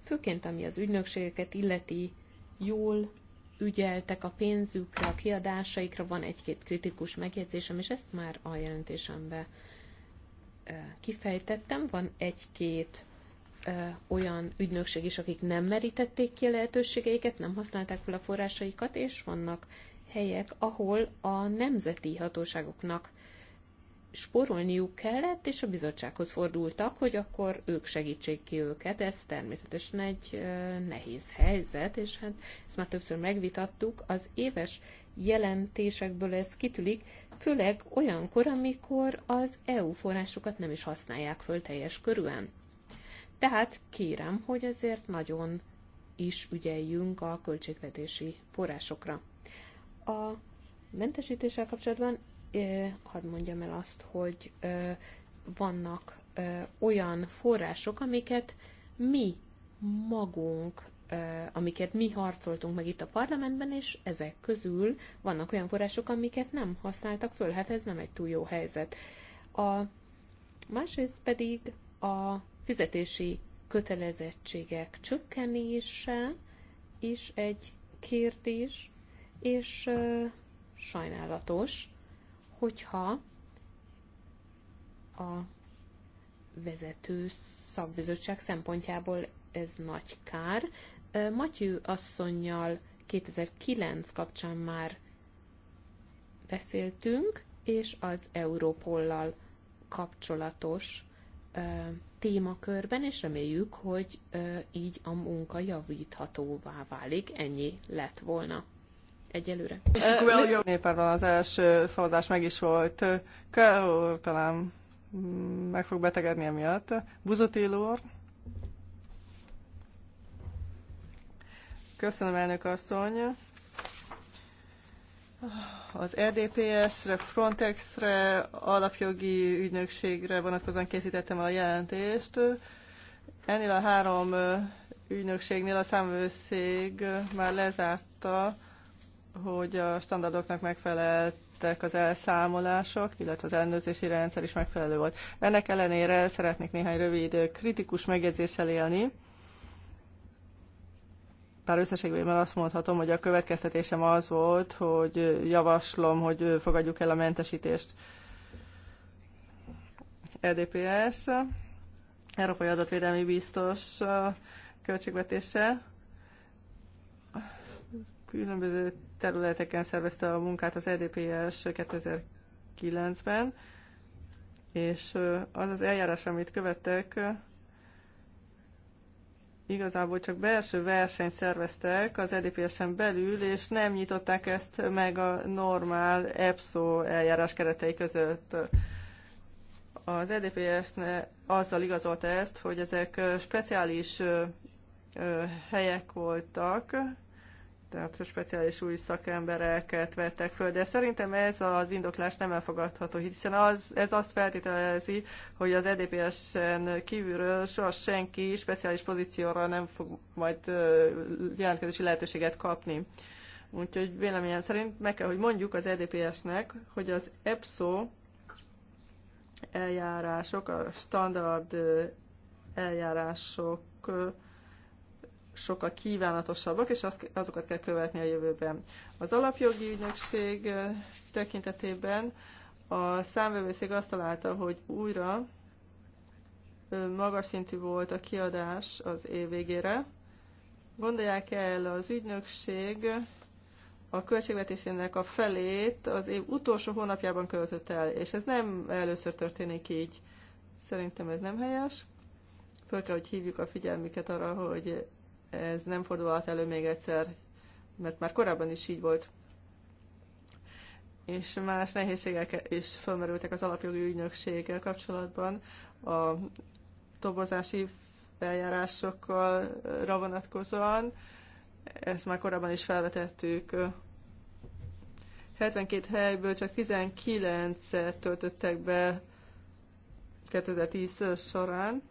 Főként ami az ügynökségeket illeti, jól ügyeltek a pénzükre, a kiadásaikra, van egy-két kritikus megjegyzésem, és ezt már a jelentésembe kifejtettem, van egy-két olyan ügynökség is, akik nem merítették ki a lehetőségeiket, nem használták fel a forrásaikat, és vannak helyek, ahol a nemzeti hatóságoknak sporolniuk kellett, és a bizottsághoz fordultak, hogy akkor ők segítsék ki őket. Ez természetesen egy nehéz helyzet, és hát ezt már többször megvitattuk. Az éves jelentésekből ez kitűlik, főleg olyankor, amikor az EU forrásokat nem is használják föl teljes körülön. Tehát kérem, hogy ezért nagyon is ügyeljünk a költségvetési forrásokra. A mentesítéssel kapcsolatban eh, hadd mondjam el azt, hogy eh, vannak eh, olyan források, amiket mi magunk amiket mi harcoltunk meg itt a parlamentben, és ezek közül vannak olyan források, amiket nem használtak föl. Hát ez nem egy túl jó helyzet. A másrészt pedig a fizetési kötelezettségek csökkenése is egy kérdés, és sajnálatos, hogyha a vezető szakbizottság szempontjából ez nagy kár, Matyű asszonynal 2009 kapcsán már beszéltünk, és az Európollal kapcsolatos témakörben, és reméljük, hogy így a munka javíthatóvá válik. Ennyi lett volna egyelőre. Népárban az első szavazás meg is volt. Kell, talán meg fog betegedni emiatt. Buzotélor. úr. Köszönöm, elnök asszony. Az RDPS-re, Frontex-re, alapjogi ügynökségre vonatkozóan készítettem a jelentést. Ennél a három ügynökségnél a számvőszég már lezárta, hogy a standardoknak megfeleltek az elszámolások, illetve az ellenőrzési rendszer is megfelelő volt. Ennek ellenére szeretnék néhány rövid kritikus megjegyzéssel élni Pár összességében azt mondhatom, hogy a következtetésem az volt, hogy javaslom, hogy fogadjuk el a mentesítést. EDPS, Európai Adatvédelmi Biztos uh, költségvetése különböző területeken szervezte a munkát az EDPS 2009-ben, és uh, az az eljárás, amit követtek, uh, igazából csak belső versenyt szerveztek az EDPS-en belül, és nem nyitották ezt meg a normál EPSO eljárás keretei között. Az EDPS azzal igazolta ezt, hogy ezek speciális helyek voltak, tehát speciális új szakembereket vettek föl, de szerintem ez az indoklás nem elfogadható, hiszen az, ez azt feltételezi, hogy az EDPS-en kívülről soha senki speciális pozícióra nem fog majd jelentkezési lehetőséget kapni. Úgyhogy véleményem szerint meg kell, hogy mondjuk az EDPS-nek, hogy az EPSO eljárások, a standard eljárások sokkal kívánatosabbak, és azokat kell követni a jövőben. Az alapjogi ügynökség tekintetében a számvevőszék azt találta, hogy újra magas szintű volt a kiadás az év végére. Gondolják el, az ügynökség a költségvetésének a felét az év utolsó hónapjában költött el, és ez nem először történik így. Szerintem ez nem helyes. Föl kell, hogy hívjuk a figyelmüket arra, hogy ez nem fordulhat elő még egyszer, mert már korábban is így volt. És más nehézségek is felmerültek az alapjogi ügynökséggel kapcsolatban. A tobozási eljárásokra vonatkozóan, ezt már korábban is felvetettük, 72 helyből csak 19-et töltöttek be 2010 során,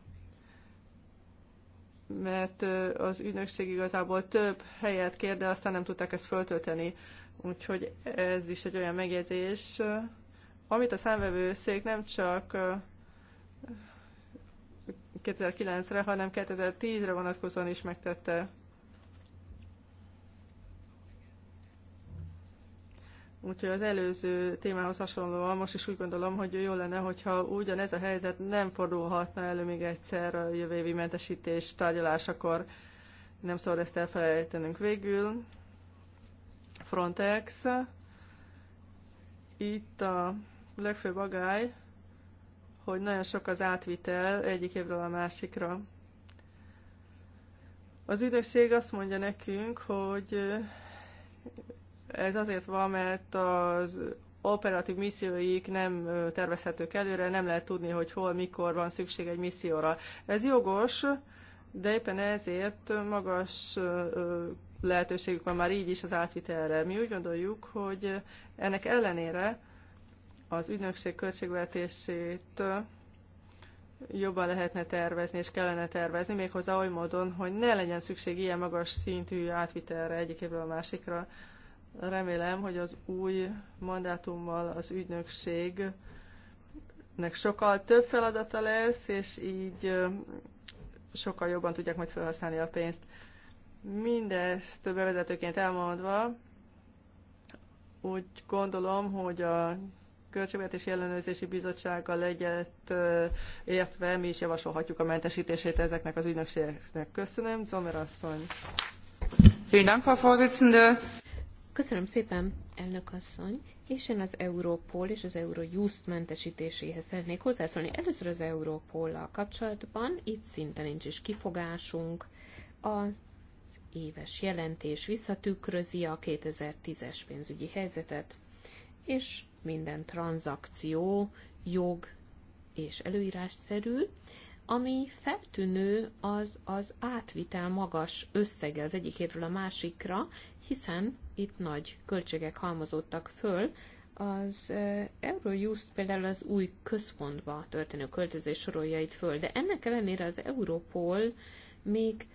mert az ügynökség igazából több helyet kér, de aztán nem tudták ezt föltölteni. Úgyhogy ez is egy olyan megjegyzés, amit a számvevőszék nem csak 2009-re, hanem 2010-re vonatkozóan is megtette. Úgyhogy az előző témához hasonlóan most is úgy gondolom, hogy jó lenne, hogyha ugyanez a helyzet nem fordulhatna elő még egyszer a jövő évi mentesítés tárgyalásakor. Nem szabad ezt elfelejtenünk végül. Frontex. Itt a legfőbb agály, hogy nagyon sok az átvitel egyik évről a másikra. Az ügynökség azt mondja nekünk, hogy ez azért van, mert az operatív misszióik nem tervezhetők előre, nem lehet tudni, hogy hol, mikor van szükség egy misszióra. Ez jogos, de éppen ezért magas lehetőségük van már így is az átvitelre. Mi úgy gondoljuk, hogy ennek ellenére az ügynökség költségvetését jobban lehetne tervezni, és kellene tervezni, méghozzá oly módon, hogy ne legyen szükség ilyen magas szintű átvitelre egyik évről a másikra. Remélem, hogy az új mandátummal az ügynökségnek sokkal több feladata lesz, és így sokkal jobban tudják majd felhasználni a pénzt. Mindezt bevezetőként elmondva, úgy gondolom, hogy a Költségvetési Ellenőrzési Bizottsággal egyet értve mi is javasolhatjuk a mentesítését ezeknek az ügynökségeknek. Köszönöm, Zomer asszony. Vielen Dank, Frau Vorsitzende. Köszönöm szépen, elnök asszony, és én az Európol és az Eurojust mentesítéséhez szeretnék hozzászólni. Először az Európollal kapcsolatban, itt szinte nincs is kifogásunk. Az éves jelentés visszatükrözi a 2010-es pénzügyi helyzetet, és minden tranzakció jog és előírás szerű, ami feltűnő az az átvitel magas összege az egyik évről a másikra, hiszen itt nagy költségek halmozódtak föl, az Eurojust például az új központba történő költözés sorolja itt föl, de ennek ellenére az Europol még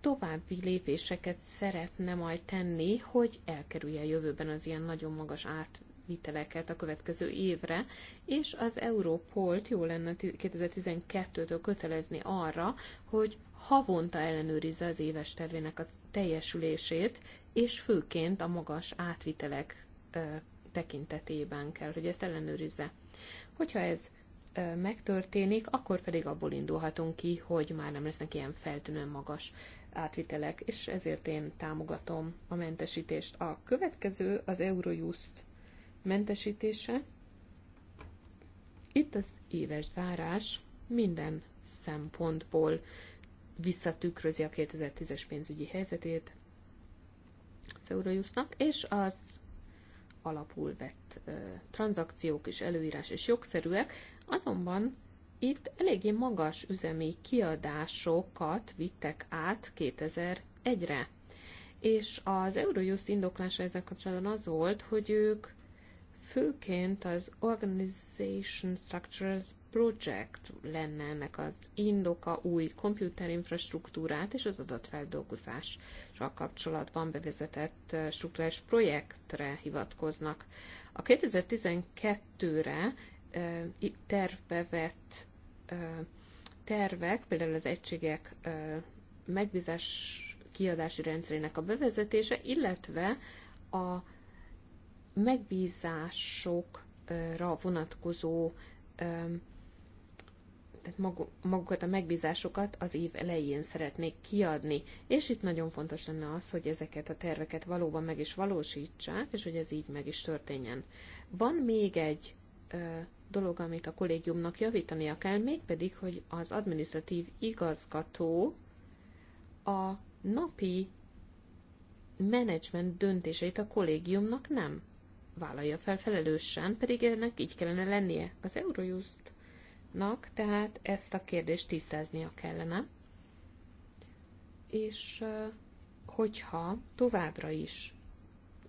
további lépéseket szeretne majd tenni, hogy elkerülje a jövőben az ilyen nagyon magas átviteleket a következő évre, és az Európolt jó lenne 2012-től kötelezni arra, hogy havonta ellenőrizze az éves tervének a teljesülését, és főként a magas átvitelek tekintetében kell, hogy ezt ellenőrizze. Hogyha ez megtörténik, akkor pedig abból indulhatunk ki, hogy már nem lesznek ilyen feltűnően magas átvitelek, és ezért én támogatom a mentesítést. A következő az Eurojust mentesítése. Itt az éves zárás minden szempontból visszatükrözi a 2010-es pénzügyi helyzetét, az Eurojustnak, és az alapul vett ö, tranzakciók és előírás és jogszerűek, azonban itt eléggé magas üzemi kiadásokat vittek át 2001-re. És az Eurojust indoklása ezzel kapcsolatban az volt, hogy ők főként az Organization Structures Project lenne ennek az indoka új kompjúterinfrastruktúrát és az adatfeldolgozással kapcsolatban bevezetett struktúrás projektre hivatkoznak. A 2012-re tervbe vett tervek, például az egységek megbízás kiadási rendszerének a bevezetése, illetve a megbízásokra vonatkozó tehát magukat a megbízásokat az év elején szeretnék kiadni. És itt nagyon fontos lenne az, hogy ezeket a terveket valóban meg is valósítsák, és hogy ez így meg is történjen. Van még egy ö, dolog, amit a kollégiumnak javítania kell, mégpedig, hogy az administratív igazgató a napi menedzsment döntéseit a kollégiumnak nem vállalja fel felelősen, pedig ennek így kellene lennie. Az Eurojust nak, tehát ezt a kérdést tisztáznia kellene. És hogyha továbbra is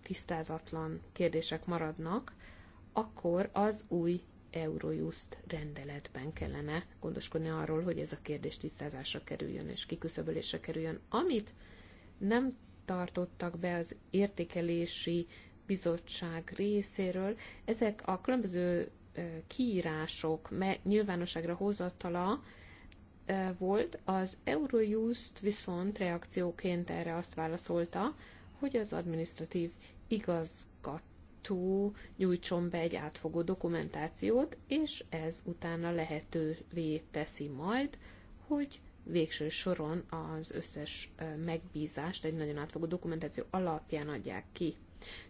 tisztázatlan kérdések maradnak, akkor az új Eurojust rendeletben kellene gondoskodni arról, hogy ez a kérdés tisztázásra kerüljön és kiküszöbölésre kerüljön. Amit nem tartottak be az értékelési bizottság részéről, ezek a különböző kiírások nyilvánosságra hozatala volt, az Eurojust viszont reakcióként erre azt válaszolta, hogy az administratív igazgató nyújtson be egy átfogó dokumentációt, és ez utána lehetővé teszi majd, hogy végső soron az összes megbízást egy nagyon átfogó dokumentáció alapján adják ki.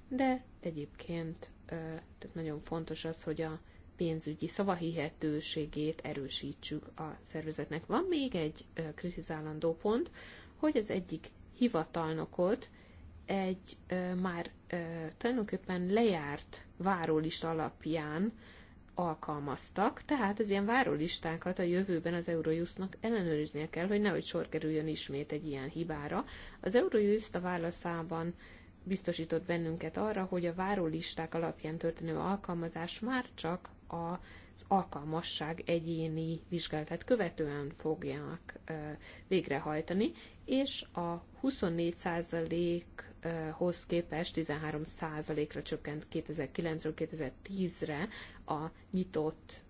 De egyébként tehát nagyon fontos az, hogy a pénzügyi szavahihetőségét erősítsük a szervezetnek. Van még egy kritizálandó pont, hogy az egyik hivatalnokot egy már tulajdonképpen lejárt várólista alapján alkalmaztak, tehát az ilyen várólistákat a jövőben az Eurojustnak ellenőriznie kell, hogy nehogy sor kerüljön ismét egy ilyen hibára. Az Eurojust a válaszában biztosított bennünket arra, hogy a várólisták alapján történő alkalmazás már csak az alkalmasság egyéni vizsgálatát követően fogják végrehajtani, és a 24%-hoz képest 13%-ra csökkent 2009-ről 2010-re a nyitott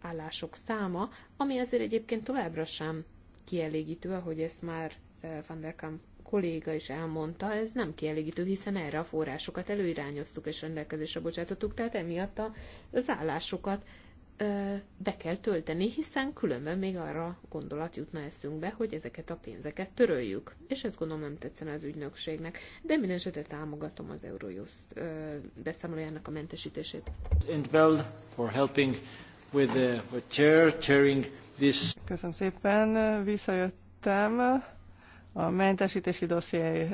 állások száma, ami azért egyébként továbbra sem kielégítő, ahogy ezt már Van der Kamp kolléga is elmondta, ez nem kielégítő, hiszen erre a forrásokat előirányoztuk és rendelkezésre bocsátottuk, tehát emiatt az állásokat be kell tölteni, hiszen különben még arra gondolat jutna eszünkbe, hogy ezeket a pénzeket töröljük. És ezt gondolom nem tetszene az ügynökségnek, de minden esetre támogatom az Eurojust beszámolójának a mentesítését. And well for helping with the chair, chairing this. Köszönöm szépen, visszajöttem a mentesítési dosszié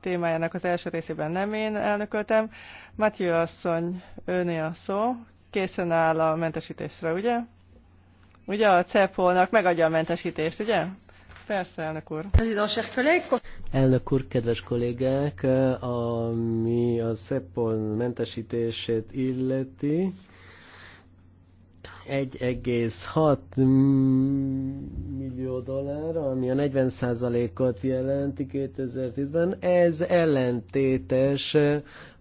témájának az első részében nem én elnököltem. Matthew asszony, őné a szó. Készen áll a mentesítésre, ugye? Ugye a CEPOL-nak megadja a mentesítést, ugye? Persze, elnök úr. Elnök úr, kedves kollégák, ami a CEPOL mentesítését illeti, 1,6 millió dollár, ami a 40%-ot jelenti 2010-ben. Ez ellentétes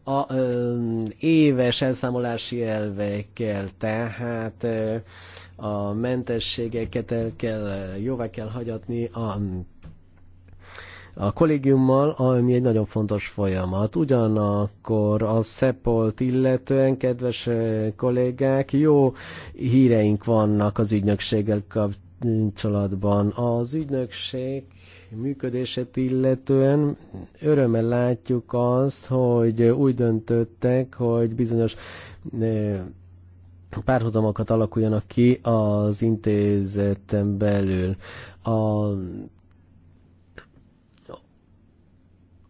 a ö, éves elszámolási elvekkel, tehát ö, a mentességeket el kell, jóvá kell hagyatni a a kollégiummal, ami egy nagyon fontos folyamat. Ugyanakkor a Szepolt illetően, kedves kollégák, jó híreink vannak az ügynökséggel kapcsolatban. Az ügynökség működését illetően örömmel látjuk azt, hogy úgy döntöttek, hogy bizonyos párhuzamokat alakuljanak ki az intézeten belül. A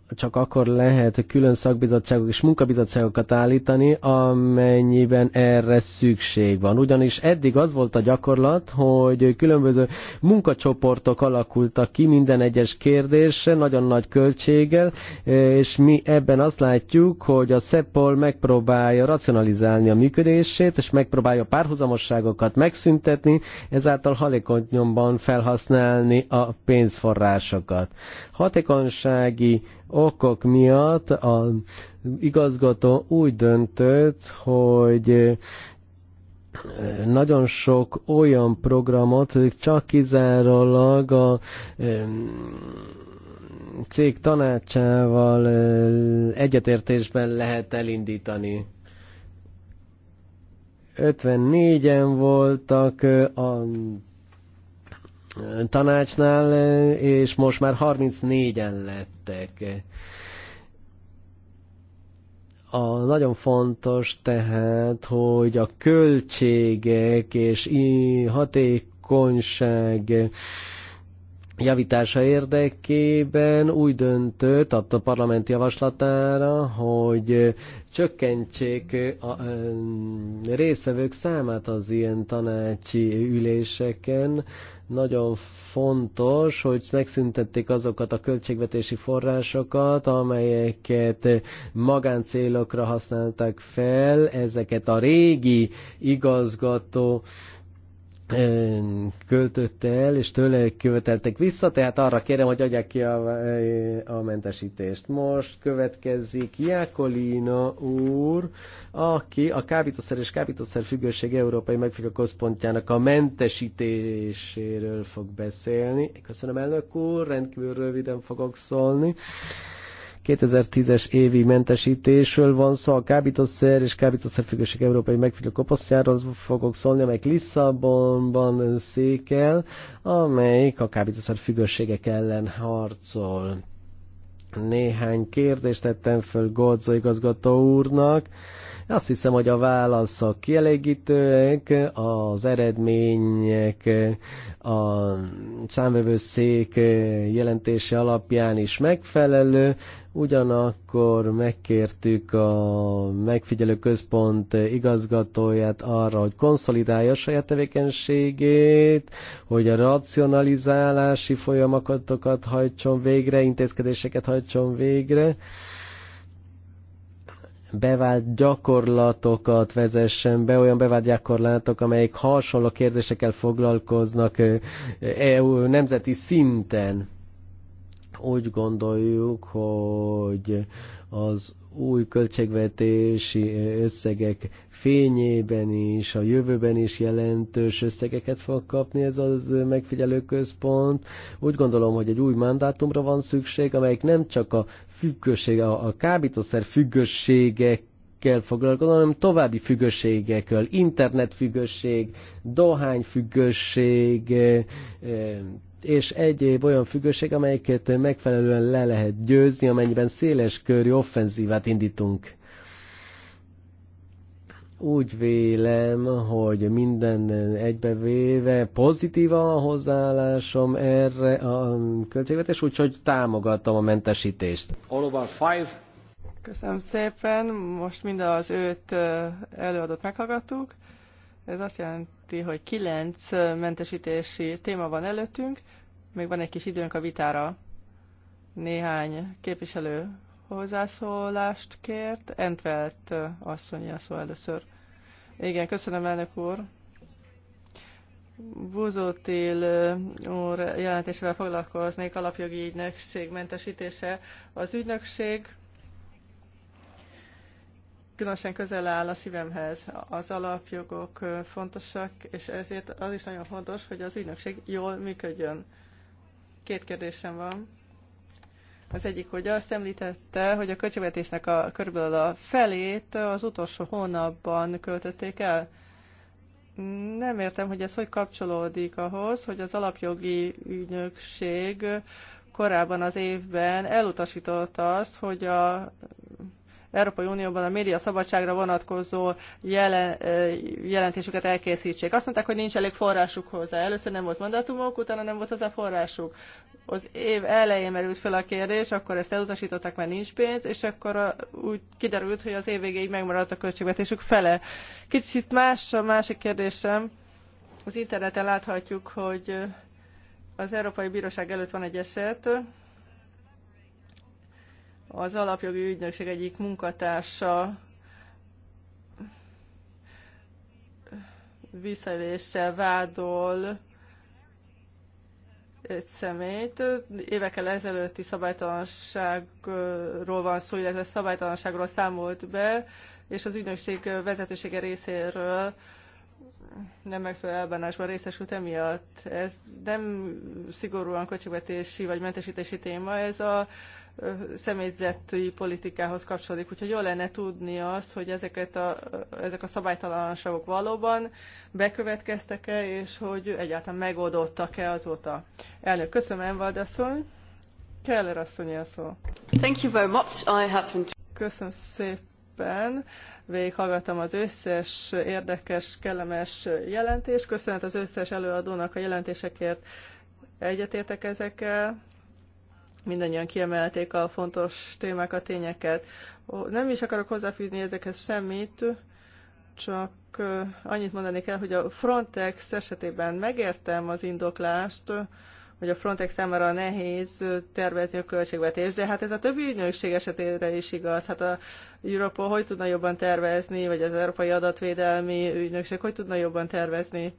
csak akkor lehet külön szakbizottságok és munkabizottságokat állítani, amennyiben erre szükség van. Ugyanis eddig az volt a gyakorlat, hogy különböző munkacsoportok alakultak ki minden egyes kérdésre, nagyon nagy költséggel, és mi ebben azt látjuk, hogy a SEPOL megpróbálja racionalizálni a működését, és megpróbálja párhuzamosságokat megszüntetni, ezáltal halékonyomban felhasználni a pénzforrásokat. Hatékonysági okok miatt az igazgató úgy döntött, hogy eh, nagyon sok olyan programot, hogy csak kizárólag a cég tanácsával eh, egyetértésben lehet elindítani. 54-en voltak eh, a tanácsnál, és most már 34-en lett tettek. A nagyon fontos tehát, hogy a költségek és hatékonyság javítása érdekében úgy döntött a parlament javaslatára, hogy csökkentsék a részvevők számát az ilyen tanácsi üléseken, nagyon fontos, hogy megszüntették azokat a költségvetési forrásokat, amelyeket magáncélokra használtak fel, ezeket a régi igazgató költötte el, és tőle követeltek vissza, tehát arra kérem, hogy adják ki a, a mentesítést. Most következik Jákolina úr, aki a kábítószer és kábítószer függőség Európai Megfigyelő Központjának a mentesítéséről fog beszélni. Köszönöm, elnök úr, rendkívül röviden fogok szólni. 2010-es évi mentesítésről van szó, a kábítószer és kábítószerfüggőség európai megfigyelő kopaszjáról fogok szólni, amelyik Lisszabonban székel, amelyik a kábítószerfüggőségek ellen harcol. Néhány kérdést tettem föl Godzó igazgató úrnak, azt hiszem, hogy a válaszok kielégítőek, az eredmények a számvevőszék jelentése alapján is megfelelő, ugyanakkor megkértük a megfigyelő központ igazgatóját arra, hogy konszolidálja a saját tevékenységét, hogy a racionalizálási folyamatokat hajtson végre, intézkedéseket hajtson végre, bevált gyakorlatokat vezessen be, olyan bevált gyakorlatok, amelyek hasonló kérdésekkel foglalkoznak EU nemzeti szinten. Úgy gondoljuk, hogy az új költségvetési összegek fényében is, a jövőben is jelentős összegeket fog kapni ez az megfigyelő központ. Úgy gondolom, hogy egy új mandátumra van szükség, amelyik nem csak a függőség, a, a kábítószer függőségek kell foglalkozni, hanem további függőségekről, internetfüggőség, dohányfüggőség, e, e, és egyéb olyan függőség, amelyeket megfelelően le lehet győzni, amennyiben széles körű offenzívát indítunk úgy vélem, hogy minden egybevéve pozitív a hozzáállásom erre a költségvetés, úgyhogy támogatom a mentesítést. Köszönöm szépen, most mind az öt előadót meghallgattuk. Ez azt jelenti, hogy kilenc mentesítési téma van előttünk, még van egy kis időnk a vitára. Néhány képviselő hozzászólást kért. Entvelt asszonyi a szó először. Igen, köszönöm, elnök úr. Búzótél úr jelentésével foglalkoznék, alapjogi ügynökség mentesítése. Az ügynökség különösen közel áll a szívemhez. Az alapjogok fontosak, és ezért az is nagyon fontos, hogy az ügynökség jól működjön. Két kérdésem van az egyik, hogy azt említette, hogy a költségvetésnek a körülbelül a felét az utolsó hónapban költötték el. Nem értem, hogy ez hogy kapcsolódik ahhoz, hogy az alapjogi ügynökség korábban az évben elutasította azt, hogy a Európai Unióban a média szabadságra vonatkozó jelen, jelentésüket elkészítsék. Azt mondták, hogy nincs elég forrásuk hozzá. Először nem volt mandátumok, utána nem volt hozzá forrásuk. Az év elején merült fel a kérdés, akkor ezt elutasították, mert nincs pénz, és akkor úgy kiderült, hogy az év végéig megmaradt a költségvetésük fele. Kicsit más a másik kérdésem. Az interneten láthatjuk, hogy az Európai Bíróság előtt van egy eset, az alapjogi ügynökség egyik munkatársa visszaéléssel vádol egy személyt. Évekkel ezelőtti szabálytalanságról van szó, illetve szabálytalanságról számolt be, és az ügynökség vezetősége részéről nem megfelelő elbánásban részesült emiatt. Ez nem szigorúan költségvetési vagy mentesítési téma, ez a személyzeti politikához kapcsolódik. Úgyhogy jól lenne tudni azt, hogy ezeket a, ezek a szabálytalanságok valóban bekövetkeztek-e, és hogy egyáltalán megoldottak-e azóta. Elnök, köszönöm, Envald Keller asszony a szó. Thank you very much. I happen to... Köszönöm szépen. Végighallgattam az összes érdekes, kellemes jelentést. Köszönet az összes előadónak a jelentésekért. Egyetértek ezekkel mindannyian kiemelték a fontos témákat, tényeket. Nem is akarok hozzáfűzni ezekhez semmit, csak annyit mondani kell, hogy a Frontex esetében megértem az indoklást, hogy a Frontex számára nehéz tervezni a költségvetést, de hát ez a többi ügynökség esetére is igaz. Hát a Európa hogy tudna jobban tervezni, vagy az Európai Adatvédelmi Ügynökség hogy tudna jobban tervezni?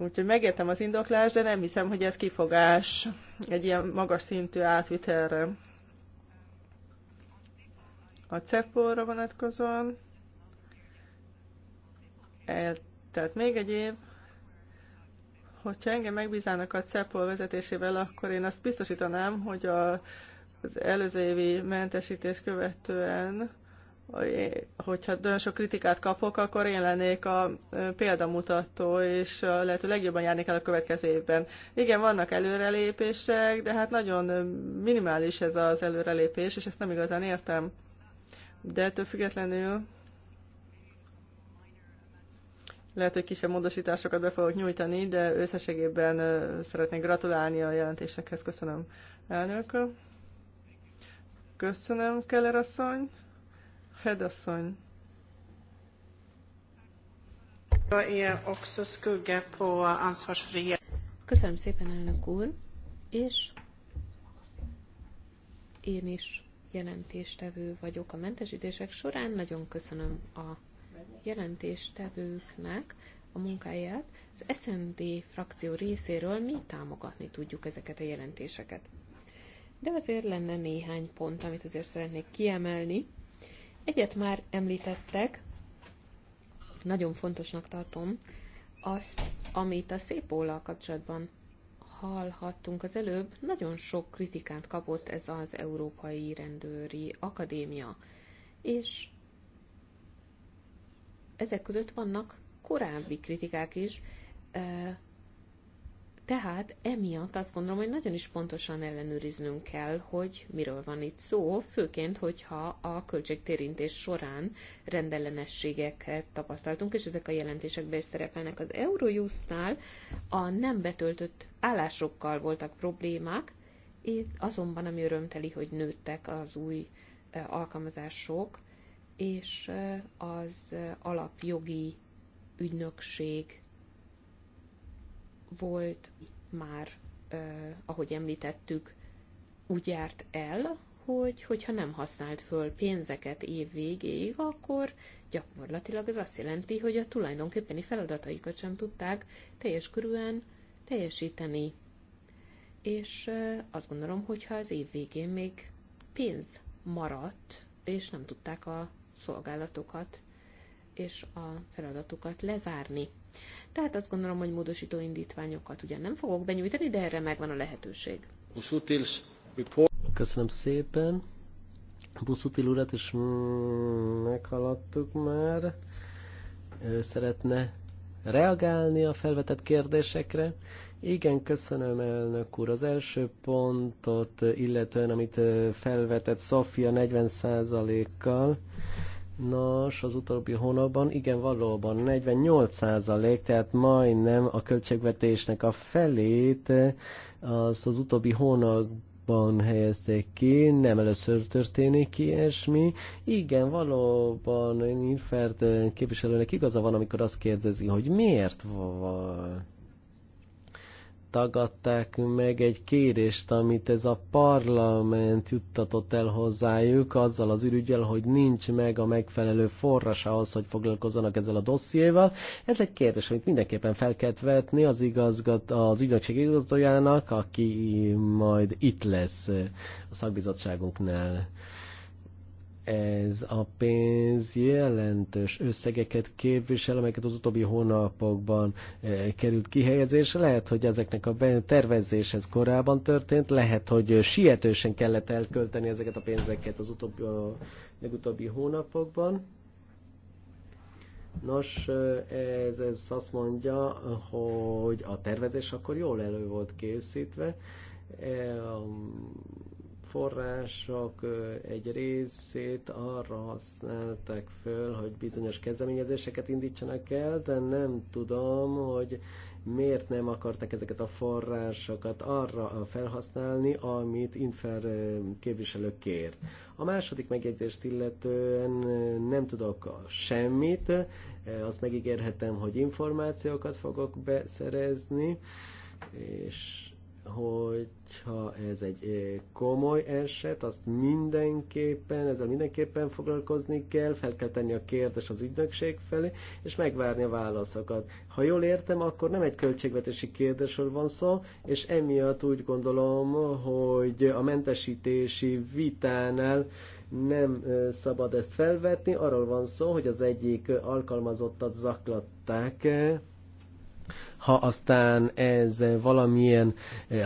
Úgyhogy megértem az indoklást, de nem hiszem, hogy ez kifogás egy ilyen magas szintű átvitelre. A CEPO-ra vonatkozóan Tehát még egy év, hogyha engem megbízának a CEPOL vezetésével, akkor én azt biztosítanám, hogy a, az előző évi mentesítés követően hogyha nagyon sok kritikát kapok, akkor én lennék a példamutató, és lehető legjobban járnék el a következő évben. Igen, vannak előrelépések, de hát nagyon minimális ez az előrelépés, és ezt nem igazán értem. De ettől függetlenül lehet, hogy kisebb módosításokat be fogok nyújtani, de összességében szeretnék gratulálni a jelentésekhez. Köszönöm, elnök. Köszönöm, Keller asszony. Hedasszony. Köszönöm szépen, elnök úr, és én is jelentéstevő vagyok a mentesítések során. Nagyon köszönöm a jelentéstevőknek a munkáját. Az SND frakció részéről mi támogatni tudjuk ezeket a jelentéseket. De azért lenne néhány pont, amit azért szeretnék kiemelni, Egyet már említettek, nagyon fontosnak tartom azt, amit a szép szépóllal kapcsolatban hallhattunk az előbb, nagyon sok kritikát kapott ez az Európai Rendőri Akadémia, és ezek között vannak korábbi kritikák is, tehát emiatt azt gondolom, hogy nagyon is pontosan ellenőriznünk kell, hogy miről van itt szó, főként, hogyha a költségtérintés során rendellenességeket tapasztaltunk, és ezek a jelentésekben is szerepelnek. Az Eurojust-nál, a nem betöltött állásokkal voltak problémák, és azonban ami örömteli, hogy nőttek az új e, alkalmazások, és e, az e, alapjogi ügynökség volt már, eh, ahogy említettük, úgy járt el, hogy hogyha nem használt föl pénzeket év végéig, akkor gyakorlatilag ez azt jelenti, hogy a tulajdonképpeni feladataikat sem tudták teljes körűen teljesíteni. És azt gondolom, hogyha az év végén még pénz maradt, és nem tudták a szolgálatokat és a feladatukat lezárni. Tehát azt gondolom, hogy módosító indítványokat ugyan nem fogok benyújtani, de erre megvan a lehetőség. Köszönöm szépen. Buszutil urat is meghaladtuk már. Ő szeretne reagálni a felvetett kérdésekre. Igen, köszönöm elnök úr. Az első pontot, illetően amit felvetett Sofia 40%-kal, Nos, az utóbbi hónapban igen, valóban 48 tehát majdnem a költségvetésnek a felét eh, azt az utóbbi hónapban helyezték ki, nem először történik ilyesmi. Igen, valóban Infert eh, képviselőnek igaza van, amikor azt kérdezi, hogy miért van tagadták meg egy kérést, amit ez a parlament juttatott el hozzájuk, azzal az ürügyel, hogy nincs meg a megfelelő forrás ahhoz, hogy foglalkozzanak ezzel a dossziéval. Ez egy kérdés, amit mindenképpen fel kell vetni az, igazgat, az ügynökség igazgatójának, aki majd itt lesz a szakbizottságunknál ez a pénz jelentős összegeket képvisel, amelyeket az utóbbi hónapokban e, került kihelyezésre. Lehet, hogy ezeknek a tervezéshez korábban történt, lehet, hogy sietősen kellett elkölteni ezeket a pénzeket az utóbbi, a legutóbbi hónapokban. Nos, eh, ez, ez azt mondja, hogy a tervezés akkor jól elő volt készítve. E, a, források egy részét arra használták föl, hogy bizonyos kezdeményezéseket indítsanak el, de nem tudom, hogy miért nem akartak ezeket a forrásokat arra felhasználni, amit Infer képviselő kért. A második megjegyzést illetően nem tudok semmit, azt megígérhetem, hogy információkat fogok beszerezni, és hogyha ez egy komoly eset, azt mindenképpen, ezzel mindenképpen foglalkozni kell, fel kell tenni a kérdés az ügynökség felé, és megvárni a válaszokat. Ha jól értem, akkor nem egy költségvetési kérdésről van szó, és emiatt úgy gondolom, hogy a mentesítési vitánál nem szabad ezt felvetni, arról van szó, hogy az egyik alkalmazottat zaklatták, ha aztán ez valamilyen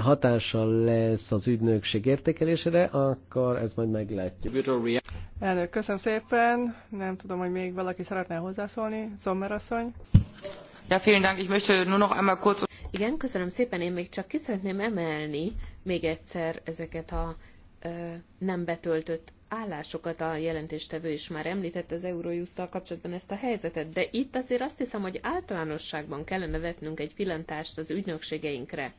hatással lesz az ügynökség értékelésére, akkor ez majd meglátjuk. Elnök, köszönöm szépen. Nem tudom, hogy még valaki szeretne hozzászólni. Zommer asszony. Ja, vielen Dank. Ich möchte nur noch einmal kurz... Igen, köszönöm szépen. Én még csak ki szeretném emelni még egyszer ezeket a ö, nem betöltött állásokat a jelentéstevő is már említett az eurojust kapcsolatban ezt a helyzetet, de itt azért azt hiszem, hogy általánosságban kellene vetnünk egy pillantást az ügynökségeinkre,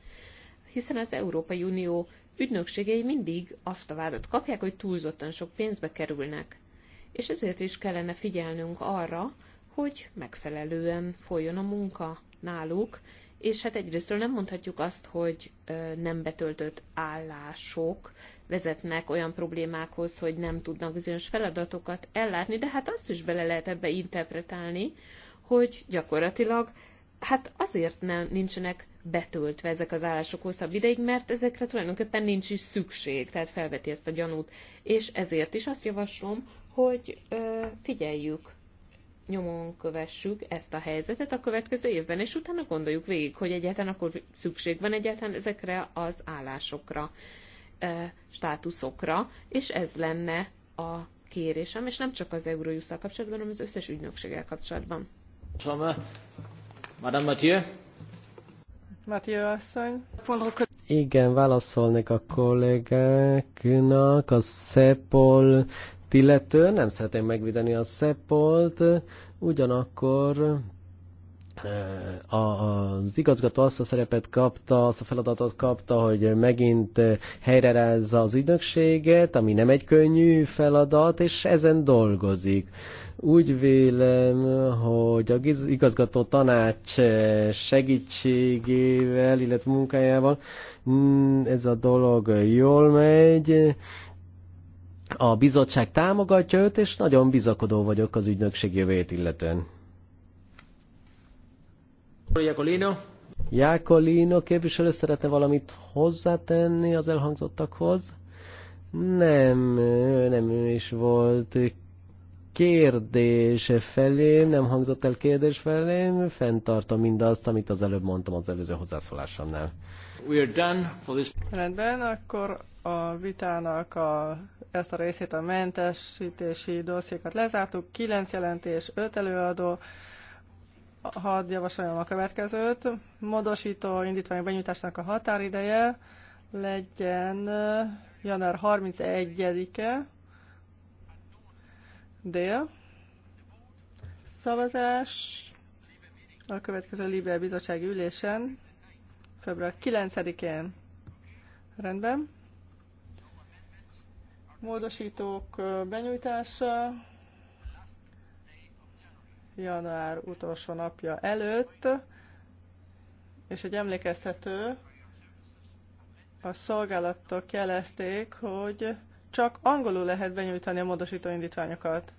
hiszen az Európai Unió ügynökségei mindig azt a vádat kapják, hogy túlzottan sok pénzbe kerülnek. És ezért is kellene figyelnünk arra, hogy megfelelően folyjon a munka náluk, és hát egyrésztről nem mondhatjuk azt, hogy nem betöltött állások vezetnek olyan problémákhoz, hogy nem tudnak bizonyos feladatokat ellátni, de hát azt is bele lehet ebbe interpretálni, hogy gyakorlatilag hát azért nem, nincsenek betöltve ezek az állások hosszabb ideig, mert ezekre tulajdonképpen nincs is szükség, tehát felveti ezt a gyanút. És ezért is azt javaslom, hogy ö, figyeljük nyomon kövessük ezt a helyzetet a következő évben, és utána gondoljuk végig, hogy egyáltalán akkor szükség van egyáltalán ezekre az állásokra, státuszokra, és ez lenne a kérésem, és nem csak az eurojust kapcsolatban, hanem az összes ügynökséggel kapcsolatban. Madame Mathieu. Mathieu asszony. Igen, válaszolnék a kollégáknak a SZEPOL illetően, nem szeretném megvideni a Szepolt, ugyanakkor eh, a, az igazgató azt a szerepet kapta, azt a feladatot kapta, hogy megint eh, helyrerázza az ügynökséget, ami nem egy könnyű feladat, és ezen dolgozik. Úgy vélem, hogy a igazgató tanács eh, segítségével, illetve munkájával mm, ez a dolog jól megy, a bizottság támogatja őt, és nagyon bizakodó vagyok az ügynökség jövőjét illetően. Jákolino. Jákolino képviselő szeretne valamit hozzátenni az elhangzottakhoz? Nem, nem ő is volt kérdése felé, nem hangzott el kérdés felé, fenntartom mindazt, amit az előbb mondtam az előző hozzászólásomnál. We are done for this. Rendben, akkor a vitának a, ezt a részét, a mentesítési dossziékat lezártuk. Kilenc jelentés, öt előadó. Hadd javasoljam a következőt. Módosító indítvány benyújtásnak a határideje legyen január 31-e dél. Szavazás a következő Libia Bizottsági ülésen február 9-én. Rendben. Módosítók benyújtása január utolsó napja előtt, és egy emlékeztető, a szolgálattól jelezték, hogy csak angolul lehet benyújtani a módosító indítványokat.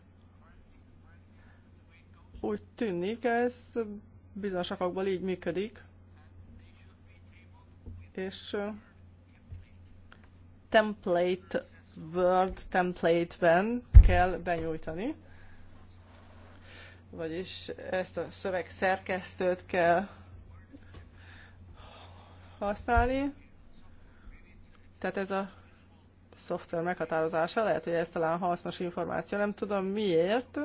Úgy tűnik, ez bizonyos akakból így működik. És template Word template-ben kell benyújtani, vagyis ezt a szöveg szerkesztőt kell használni. Tehát ez a szoftver meghatározása, lehet, hogy ez talán hasznos információ, nem tudom miért,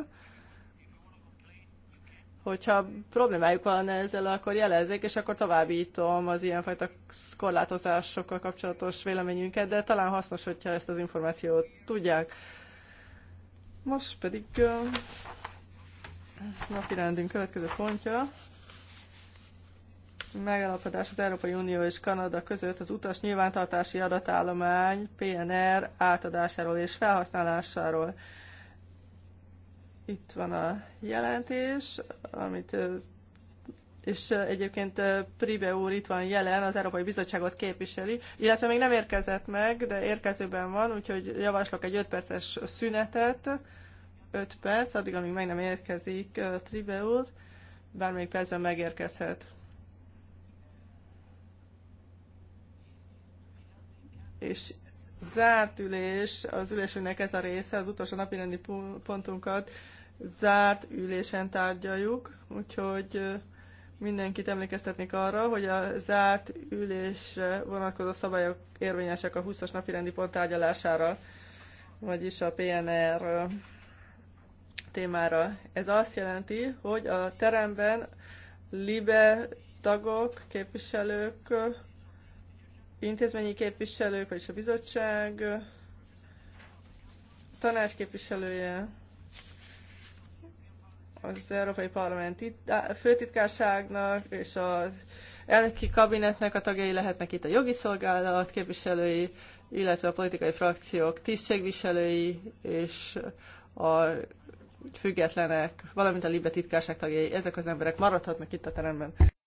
Hogyha problémájuk van ezzel, akkor jelezzék, és akkor továbbítom az ilyenfajta korlátozásokkal kapcsolatos véleményünket, de talán hasznos, hogyha ezt az információt tudják. Most pedig rendünk következő pontja megállapodás az Európai Unió és Kanada között az utas nyilvántartási adatállomány PNR átadásáról és felhasználásáról. Itt van a jelentés, amit és egyébként Pribe úr itt van jelen, az Európai Bizottságot képviseli, illetve még nem érkezett meg, de érkezőben van, úgyhogy javaslok egy 5 perces szünetet, 5 perc, addig, amíg meg nem érkezik Pribe úr, bármelyik percben megérkezhet. És zárt ülés, az ülésünknek ez a része, az utolsó napi rendi pontunkat zárt ülésen tárgyaljuk, úgyhogy mindenkit emlékeztetnék arra, hogy a zárt ülésre vonatkozó szabályok érvényesek a 20-as napi rendi pont tárgyalására, vagyis a PNR témára. Ez azt jelenti, hogy a teremben libe tagok, képviselők, intézményi képviselők, vagyis a bizottság, tanács képviselője, az Európai Parlament itt, főtitkárságnak és az elnöki kabinetnek a tagjai lehetnek itt a jogi szolgálat képviselői, illetve a politikai frakciók tisztségviselői és a függetlenek, valamint a Libe titkárság tagjai, ezek az emberek maradhatnak itt a teremben.